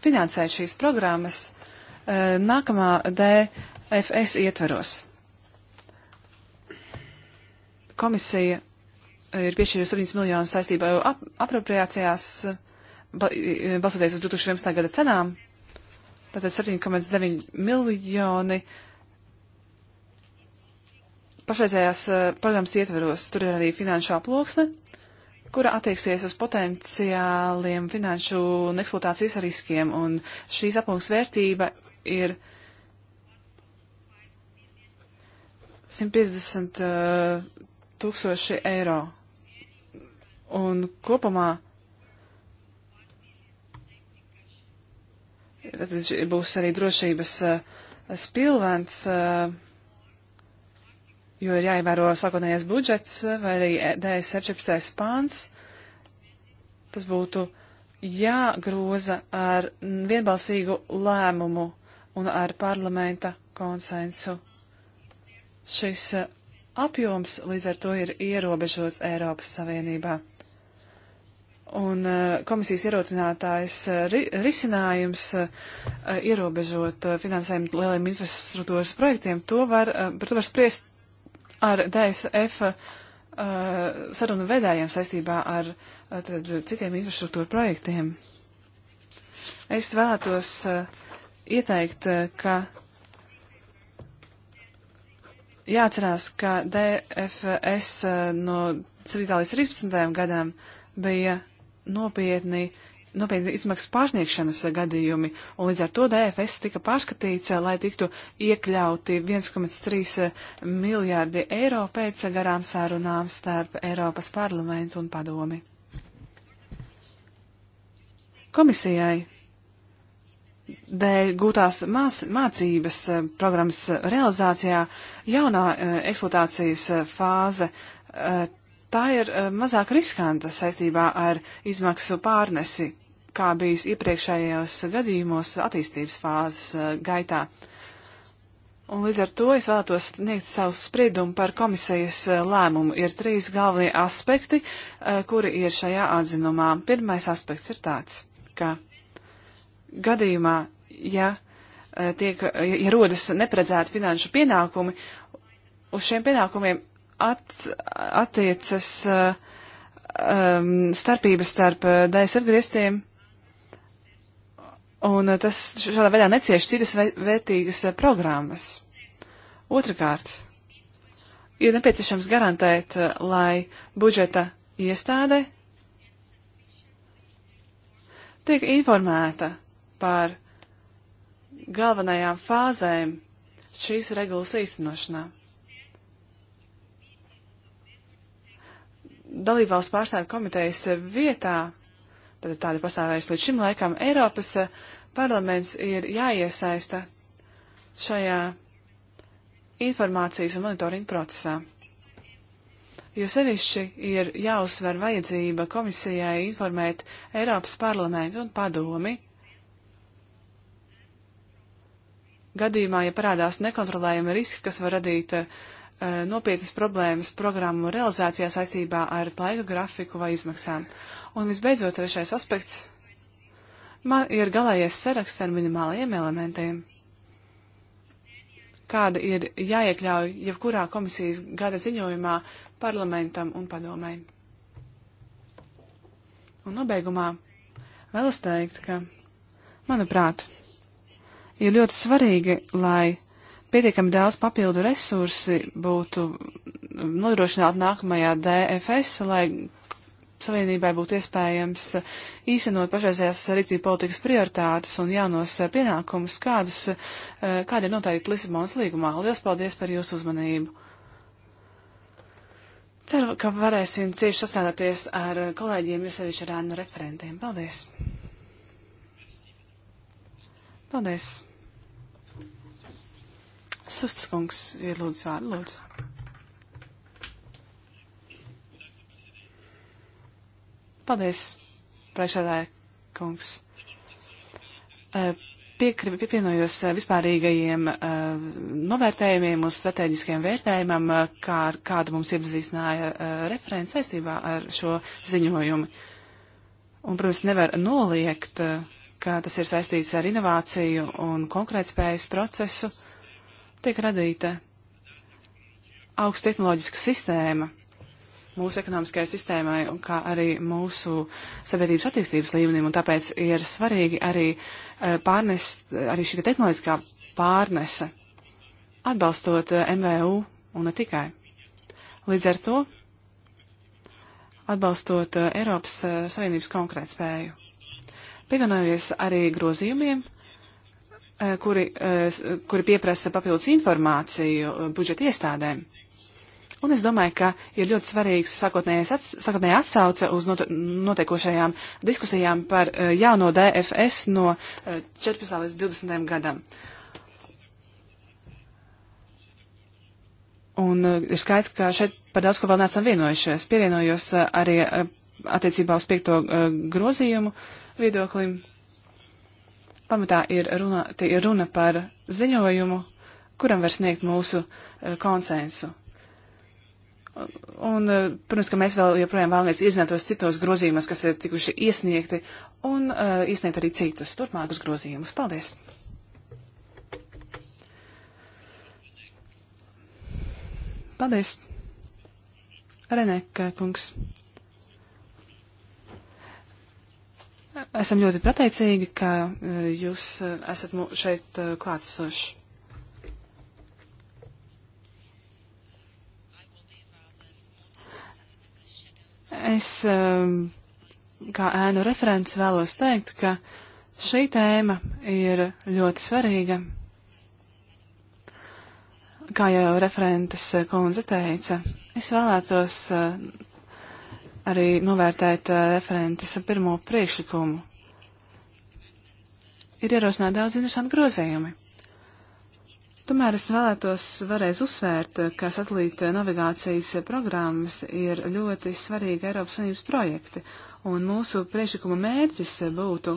finansēt šīs programmas eh, nākamā DFS ietveros. Komisija ir piešķīrusi 7 miljonus saistībā ap apropriācijās, balstoties uz 2011. gada cenām. Tātad 7,9 miljoni pašreizējās eh, programmas ietveros. Tur ir arī finanšu aploksne kura attieksies uz potenciāliem finanšu un eksploatācijas riskiem, un šīs apmūks vērtība ir 150 uh, eh, tūkstoši eiro. Un kopumā tad būs arī drošības uh, spilvens. Uh, jo ir jāievēro sākotnējais budžets vai arī DS 17. pāns. Tas būtu jāgroza ar vienbalsīgu lēmumu un ar parlamenta konsensu. Šis eh, apjoms līdz ar to ir ierobežots Eiropas Savienībā. Un eh, komisijas ierotinātājs eh, ri, risinājums ierobežot finansējumu lieliem infrastruktūras projektiem, to var, par to var spriest ar DSF uh, sarunu vedējiem saistībā ar uh, tad, uh, citiem infrastruktūra projektiem. Es vēlētos uh, ieteikt, uh, ka jāatcerās, ka DFS no 7. līdz 13. gadam bija nopietni uh, nopietni izmaksu pārsniegšanas gadījumi, un līdz ar to DFS tika pārskatīts, eh, lai tiktu iekļauti 1,3 eh, miljārdi eiro pēc garām sārunām starp Eiropas parlamentu un padomi. Komisijai dēļ gūtās mās, mācības eh, programmas realizācijā jaunā eksploatācijas fāze tā ir mazāk riskanta saistībā ar izmaksu pārnesi kā bijis iepriekšējos gadījumos attīstības fāzes eh, gaitā. Un līdz ar to es vēlētos sniegt savu spriedumu par komisijas eh, lēmumu. Ir trīs galvenie aspekti, eh, kuri ir šajā atzinumā. Pirmais aspekts ir tāds, ka gadījumā, ja, tiek, ja rodas neparedzēti finanšu pienākumi, uz šiem pienākumiem at, attiecas um, starpības starp DSF griestiem Un eh, tas šādā veidā necieš citas vērtīgas eh, programmas. Otrakārt, ir nepieciešams garantēt, eh, lai budžeta iestāde tiek informēta par galvenajām fāzēm šīs regulas īstenošanā. Dalībvalsts pārstāvju komitejas vietā tad tāda pastāvēs līdz šim laikam, Eiropas eh, parlaments ir jāiesaista šajā informācijas un monitoringa procesā. Jo sevišķi ir jāuzsver vajadzība komisijai informēt Eiropas parlamentu un padomi. Gadījumā, ja parādās nekontrolējami riski, kas var radīt uh, nopietnas problēmas programmu realizācijā saistībā ar laika grafiku vai izmaksām. Un visbeidzot, trešais aspekts man ir galējais saraksts ar minimālajiem elementiem. Kāda ir jāiekļauj jebkurā komisijas gada ziņojumā parlamentam un padomai. Un nobeigumā vēlos teikt, ka, manuprāt, ir ļoti svarīgi, lai pietiekami daudz papildu resursi būtu nodrošināti nākamajā DFS, lai Savienībai būtu iespējams īstenot pašreizējās rīcību politikas prioritātes un jaunos eh, pienākumus, kādus, eh, kādi ir noteikti Lisabonas līgumā. Lielas paldies par jūsu uzmanību! Ceru, ka varēsim cieši sastādāties ar kolēģiem, jo sevišķi ar ēnu referentiem. Paldies! Paldies! Sustas kungs ir lūdzu vārdu, lūdzu. Paldies, priekšsēdētāja kungs. Piekri, pievienojos vispārīgajiem novērtējumiem un strateģiskiem vērtējumam, kā, kādu mums iepazīstināja referents saistībā ar šo ziņojumu. Un, protams, nevar noliegt, ka tas ir saistīts ar inovāciju un konkrētspējas procesu. Tiek radīta augsta tehnoloģiska sistēma mūsu ekonomiskajai sistēmai, kā arī mūsu sabiedrības attīstības līmenim, un tāpēc ir svarīgi arī eh, pārnest, arī šī tehnoloģiskā pārnese, atbalstot eh, MVU un ne tikai. Līdz ar to atbalstot eh, Eiropas Savienības konkurētspēju. Pievienojoties arī grozījumiem, kuri, kuri pieprasa papildus informāciju budžeta iestādēm Un es domāju, ka ir ļoti svarīgs sākotnējais ats, sākotnējā atsauce uz not notiekošajām diskusijām par uh, jauno DFS no uh, eh, 14. līdz 20. gadam. Un uh, ir skaidrs, ka šeit par daudz ko vēl neesam vienojušies. Pievienojos uh, arī uh, attiecībā uz piekto uh, grozījumu viedoklim. Pamatā ir runa, ir runa par ziņojumu, kuram var sniegt mūsu uh, konsensu. Un, eh, protams, ka mēs vēl joprojām vēlamies iezināt tos citos grozījumus, kas ir tikuši iesniegti, un uh, iesniegt arī citus turpmākus grozījumus. Paldies! Paldies! Reneka kungs. Esam ļoti pateicīgi, ka eh, jūs esat šeit klātsoši. Es um, kā ēnu referents vēlos teikt, ka šī tēma ir ļoti svarīga. Kā jau referentes kundze teica, es vēlētos uh, arī novērtēt uh, referentes pirmo priekšlikumu. Ir ierosināti daudz interesanti grozījumi. Tomēr es vēlētos vēlreiz uzsvērt, ka satelīta navigācijas programmas ir ļoti svarīgi Eiropas Savienības projekti, un mūsu priekšlikuma mērķis būtu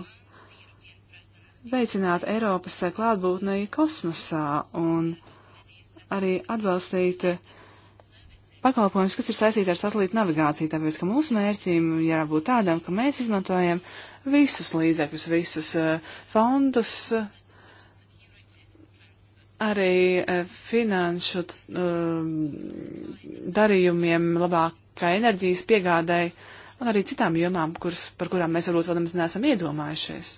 veicināt Eiropas klātbūtnei kosmosā un arī atbalstīt pakalpojumus, kas ir saistīti ar satelīta navigāciju, tāpēc, ka mūsu mērķim jābūt tādam, ka mēs izmantojam visus līdzekļus, visus eh, fondus, arī e, finanšu um, darījumiem, labākai enerģijas piegādai un arī citām jomām, kuras, par kurām mēs varbūt vēl nemaz neesam iedomājušies.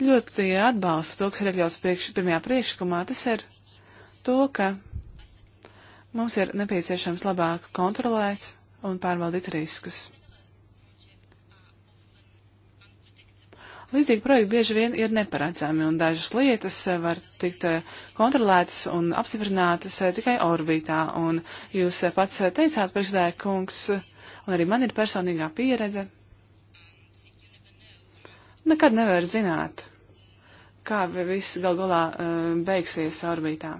Ļoti atbalstu to, kas ir iekļauts priekš, pirmajā priekšlikumā, tas ir to, ka mums ir nepieciešams labāk kontrolēt un pārvaldīt riskus. Līdzīgi projekti bieži vien ir neparedzami, un dažas lietas eh, var tikt eh, kontrolētas un apstiprinātas eh, tikai orbītā. Un jūs pats teicāt, priekšdēja kungs, un arī man ir personīgā pieredze. Nekad nevar zināt, kā viss gal galā beigsies orbītā.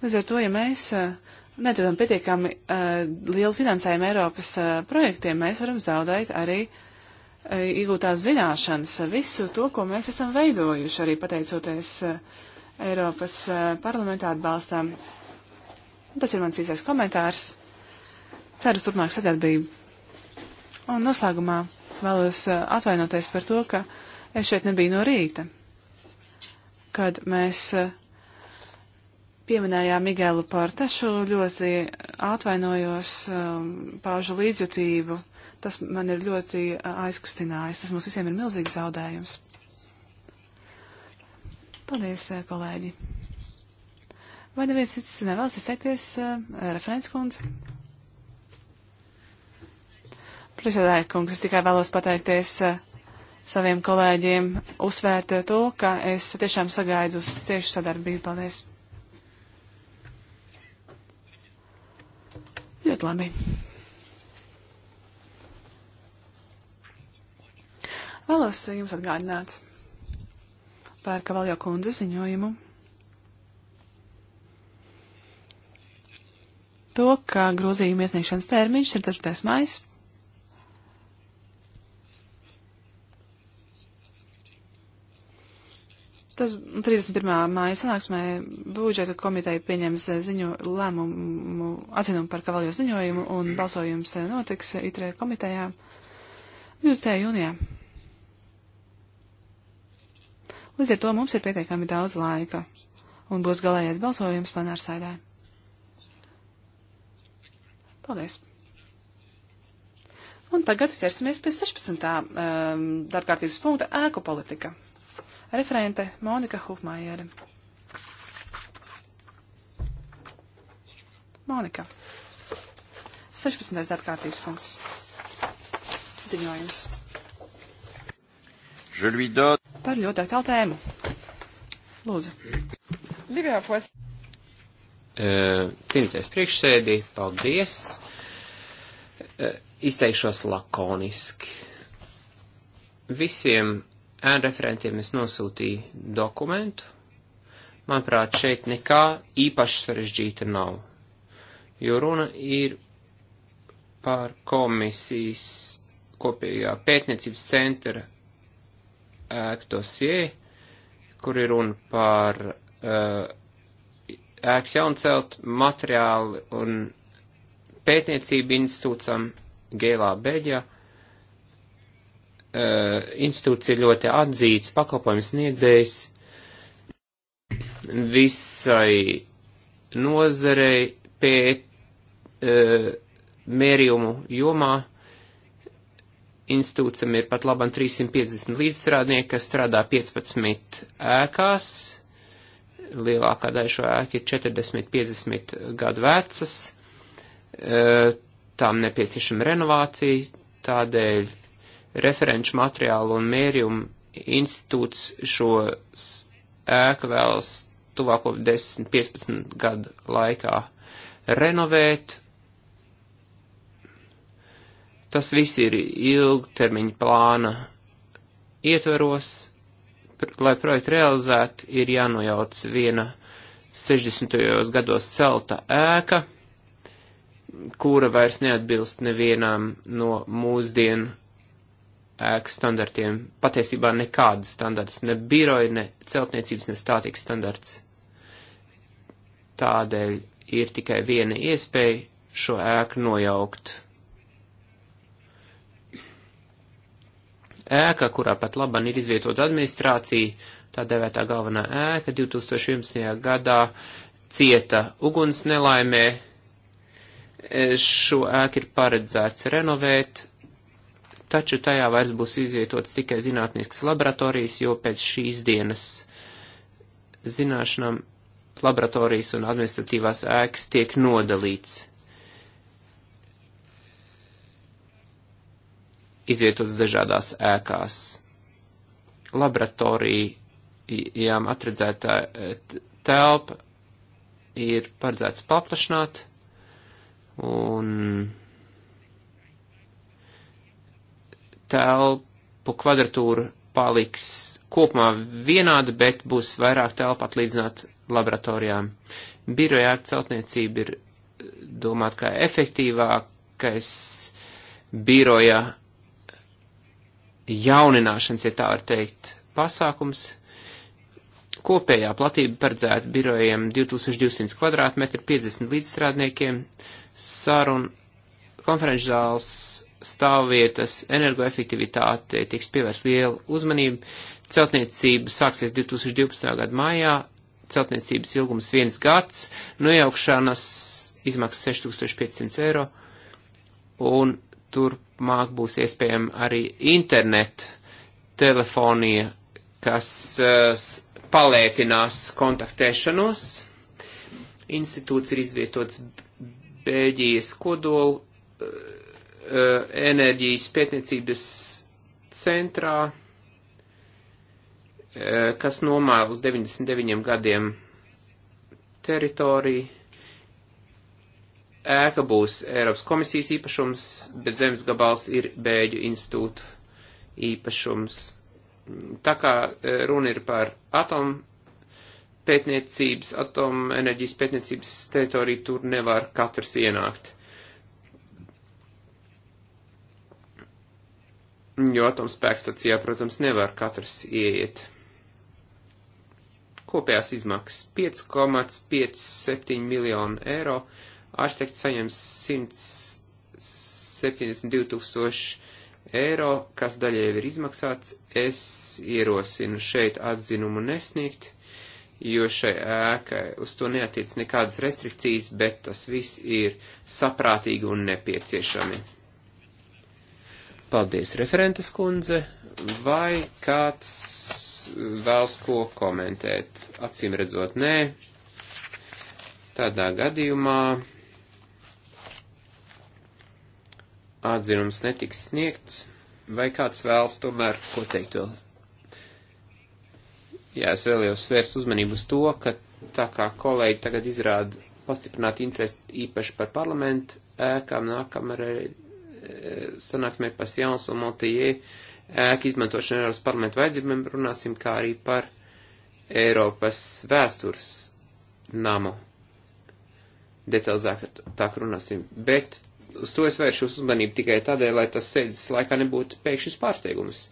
Līdz ar to, ja mēs uh, nedodam pietiekami uh, lielu finansējumu Eiropas uh, projektiem, mēs varam zaudēt arī uh, iegūtās zināšanas, visu to, ko mēs esam veidojuši, arī pateicoties uh, Eiropas uh, parlamentā atbalstām. Tas ir mans īsais komentārs. Ceru uz turpmāku sadarbību. Un noslēgumā vēlos uh, atvainoties par to, ka es šeit nebiju no rīta, kad mēs. Uh, pieminējām Migēlu Portašu, ļoti atvainojos, um, paužu līdzjutību. Tas man ir ļoti uh, aizkustinājis. Tas mums visiem ir milzīgs zaudējums. Paldies, uh, kolēģi. Vai neviens cits nevēlas izteikties, uh, referents kundze? Priekšsēdētāji kungs, es tikai vēlos pateikties uh, saviem kolēģiem, uzsvērt uh, to, ka es tiešām sagaidu uz ciešu sadarbību. Paldies! Ļoti labi. Vēlos jums atgādināt par Kavaljo kundze ziņojumu. To, ka grozījuma iesniegšanas termiņš ir 4. maijs Tas 31. māja sanāksmē budžeta komiteja pieņems eh, ziņu lēmumu atzinumu par kavaljo ziņojumu un balsojums eh, notiks eh, itrē komitejā 20. jūnijā. Līdz ar to mums ir pietiekami daudz laika un būs galējais balsojums plenārsēdē. Paldies! Un tagad ķersimies pie 16. Um, ehm, darbkārtības punkta ēku politika. Referente Monika Hufmajere. Monika. 16. atkārtības punkts. Ziņojums. Par ļoti aktuālu tēmu. Lūdzu. Libjāfos. E, cienītais priekšsēdī, paldies. E, izteikšos lakoniski. Visiem ēnu referentiem es nosūtīju dokumentu. Manuprāt, šeit nekā īpaši sarežģīta nav, jo runa ir par komisijas kopējā pētniecības centra ēku dosie, kur ir runa par uh, ēks jauncelt materiālu un pētniecību institūcam Gēlā Beļģijā. Eh, institūts ir ļoti atzīts pakalpojums sniedzējs visai nozarei pēt eh, mērījumu jomā. Institūcam ir pat labam 350 līdzstrādnieki, kas strādā 15 ēkās. Lielākā daļa šo ēku ir 40-50 gadu vecas. Eh, tām nepieciešama renovācija, tādēļ referenču materiālu un mērījumu institūts šo ēku vēlas tuvāko 10-15 gadu laikā renovēt. Tas viss ir ilgtermiņa plāna ietveros, lai projektu realizētu, ir jānojauc viena 60. gados celta ēka, kura vairs neatbilst nevienām no mūsdienu ēku standartiem. Patiesībā nekādas standarts, ne biroja, ne celtniecības, ne stātikas standarts. Tādēļ ir tikai viena iespēja šo ēku nojaukt. Ēka, kurā pat laban ir izvietota administrācija, tā devētā galvenā ēka 2011. gadā cieta uguns nelaimē. Šo ēku ir paredzēts renovēt taču tajā vairs būs izvietots tikai zinātniskas laboratorijas, jo pēc šīs dienas zināšanām laboratorijas un administratīvās ēkas tiek nodalīts. Izvietots dažādās ēkās. Laboratorijām atredzētā e, telpa ir paredzēts paplašināt un telpu kvadratūra paliks kopumā vienāda, bet būs vairāk telpa atlīdzināt laboratorijām. Birojā celtniecība ir domāt kā efektīvākais biroja jaunināšanas, ja tā var teikt, pasākums. Kopējā platība paredzēta birojiem 2200 kvadrātmetri, 50 līdzstrādniekiem, sarun konferenču zāles stāvvietas energoefektivitāte tiks pievērst lielu uzmanību. Celtniecība sāksies 2012. gada maijā, celtniecības ilgums viens gads, nojaukšanas izmaksas 6500 eiro, un turpmāk būs iespējama arī internet telefonija, kas uh, palētinās kontaktēšanos. Institūts ir izvietots Bēļģijas kodolu uh, Uh, enerģijas pētniecības centrā, uh, kas nomāja uz 99 gadiem teritoriju. Ēka būs Eiropas komisijas īpašums, bet zemes gabals ir Bēļu institūtu īpašums. Tā kā uh, runa ir par atomu pētniecības, atomu enerģijas pētniecības teritoriju, tur nevar katrs ienākt. jo atomspēkstacijā, protams, nevar katrs ieiet. Kopējās izmaksas 5,57 miljonu eiro, arhitekts saņems 172 tūkstoši eiro, kas daļai ir izmaksāts. Es ierosinu šeit atzinumu nesniegt, jo šai ēkai uz to neatiec nekādas restrikcijas, bet tas viss ir saprātīgi un nepieciešami. Paldies, referentes kundze. Vai kāds vēlas ko komentēt? Acīm redzot, nē. Tādā gadījumā atzinums netiks sniegts. Vai kāds vēlas tomēr ko teikt vēl? Jā, es vēlējos svērst uzmanību uz to, ka tā kā kolēģi tagad izrāda pastiprināt interesi īpaši par parlamentu ēkām, nākamreiz sanāksmē pas jauns un multijē ēku izmantošanu Eiropas parlamentu vajadzībām runāsim, kā arī par Eiropas vēstures namu. Detalizāk tā runāsim, bet uz to es vēršu uzmanību tikai tādēļ, lai tas sēdes laikā nebūtu pēkšņs pārsteigums.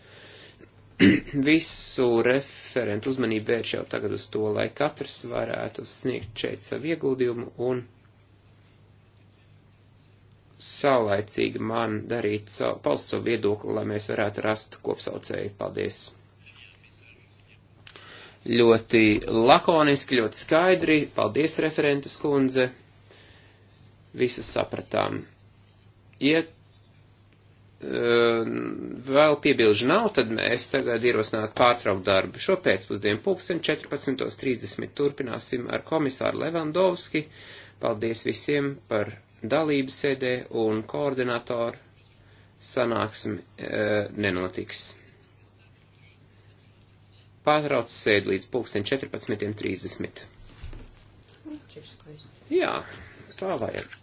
Visu referentu uzmanību vērš jau tagad uz to, lai katrs varētu sniegt šeit savu ieguldījumu un saulaicīgi man darīt savu, paust savu viedokli, lai mēs varētu rast kopsaucēju. Paldies! Ļoti lakoniski, ļoti skaidri. Paldies, referentes kundze. Visu sapratām. Iet eh, vēl piebilžu nav, tad mēs tagad ierosinātu pārtraukt darbu. Šo pēcpusdienu pulksten 14.30 turpināsim ar komisāru Levandovski. Paldies visiem par dalību sēdē un koordinatoru sanāksme e, nenotiks. Pārtrauc sēdi līdz pulksten 14.30. Jā, tā vajag.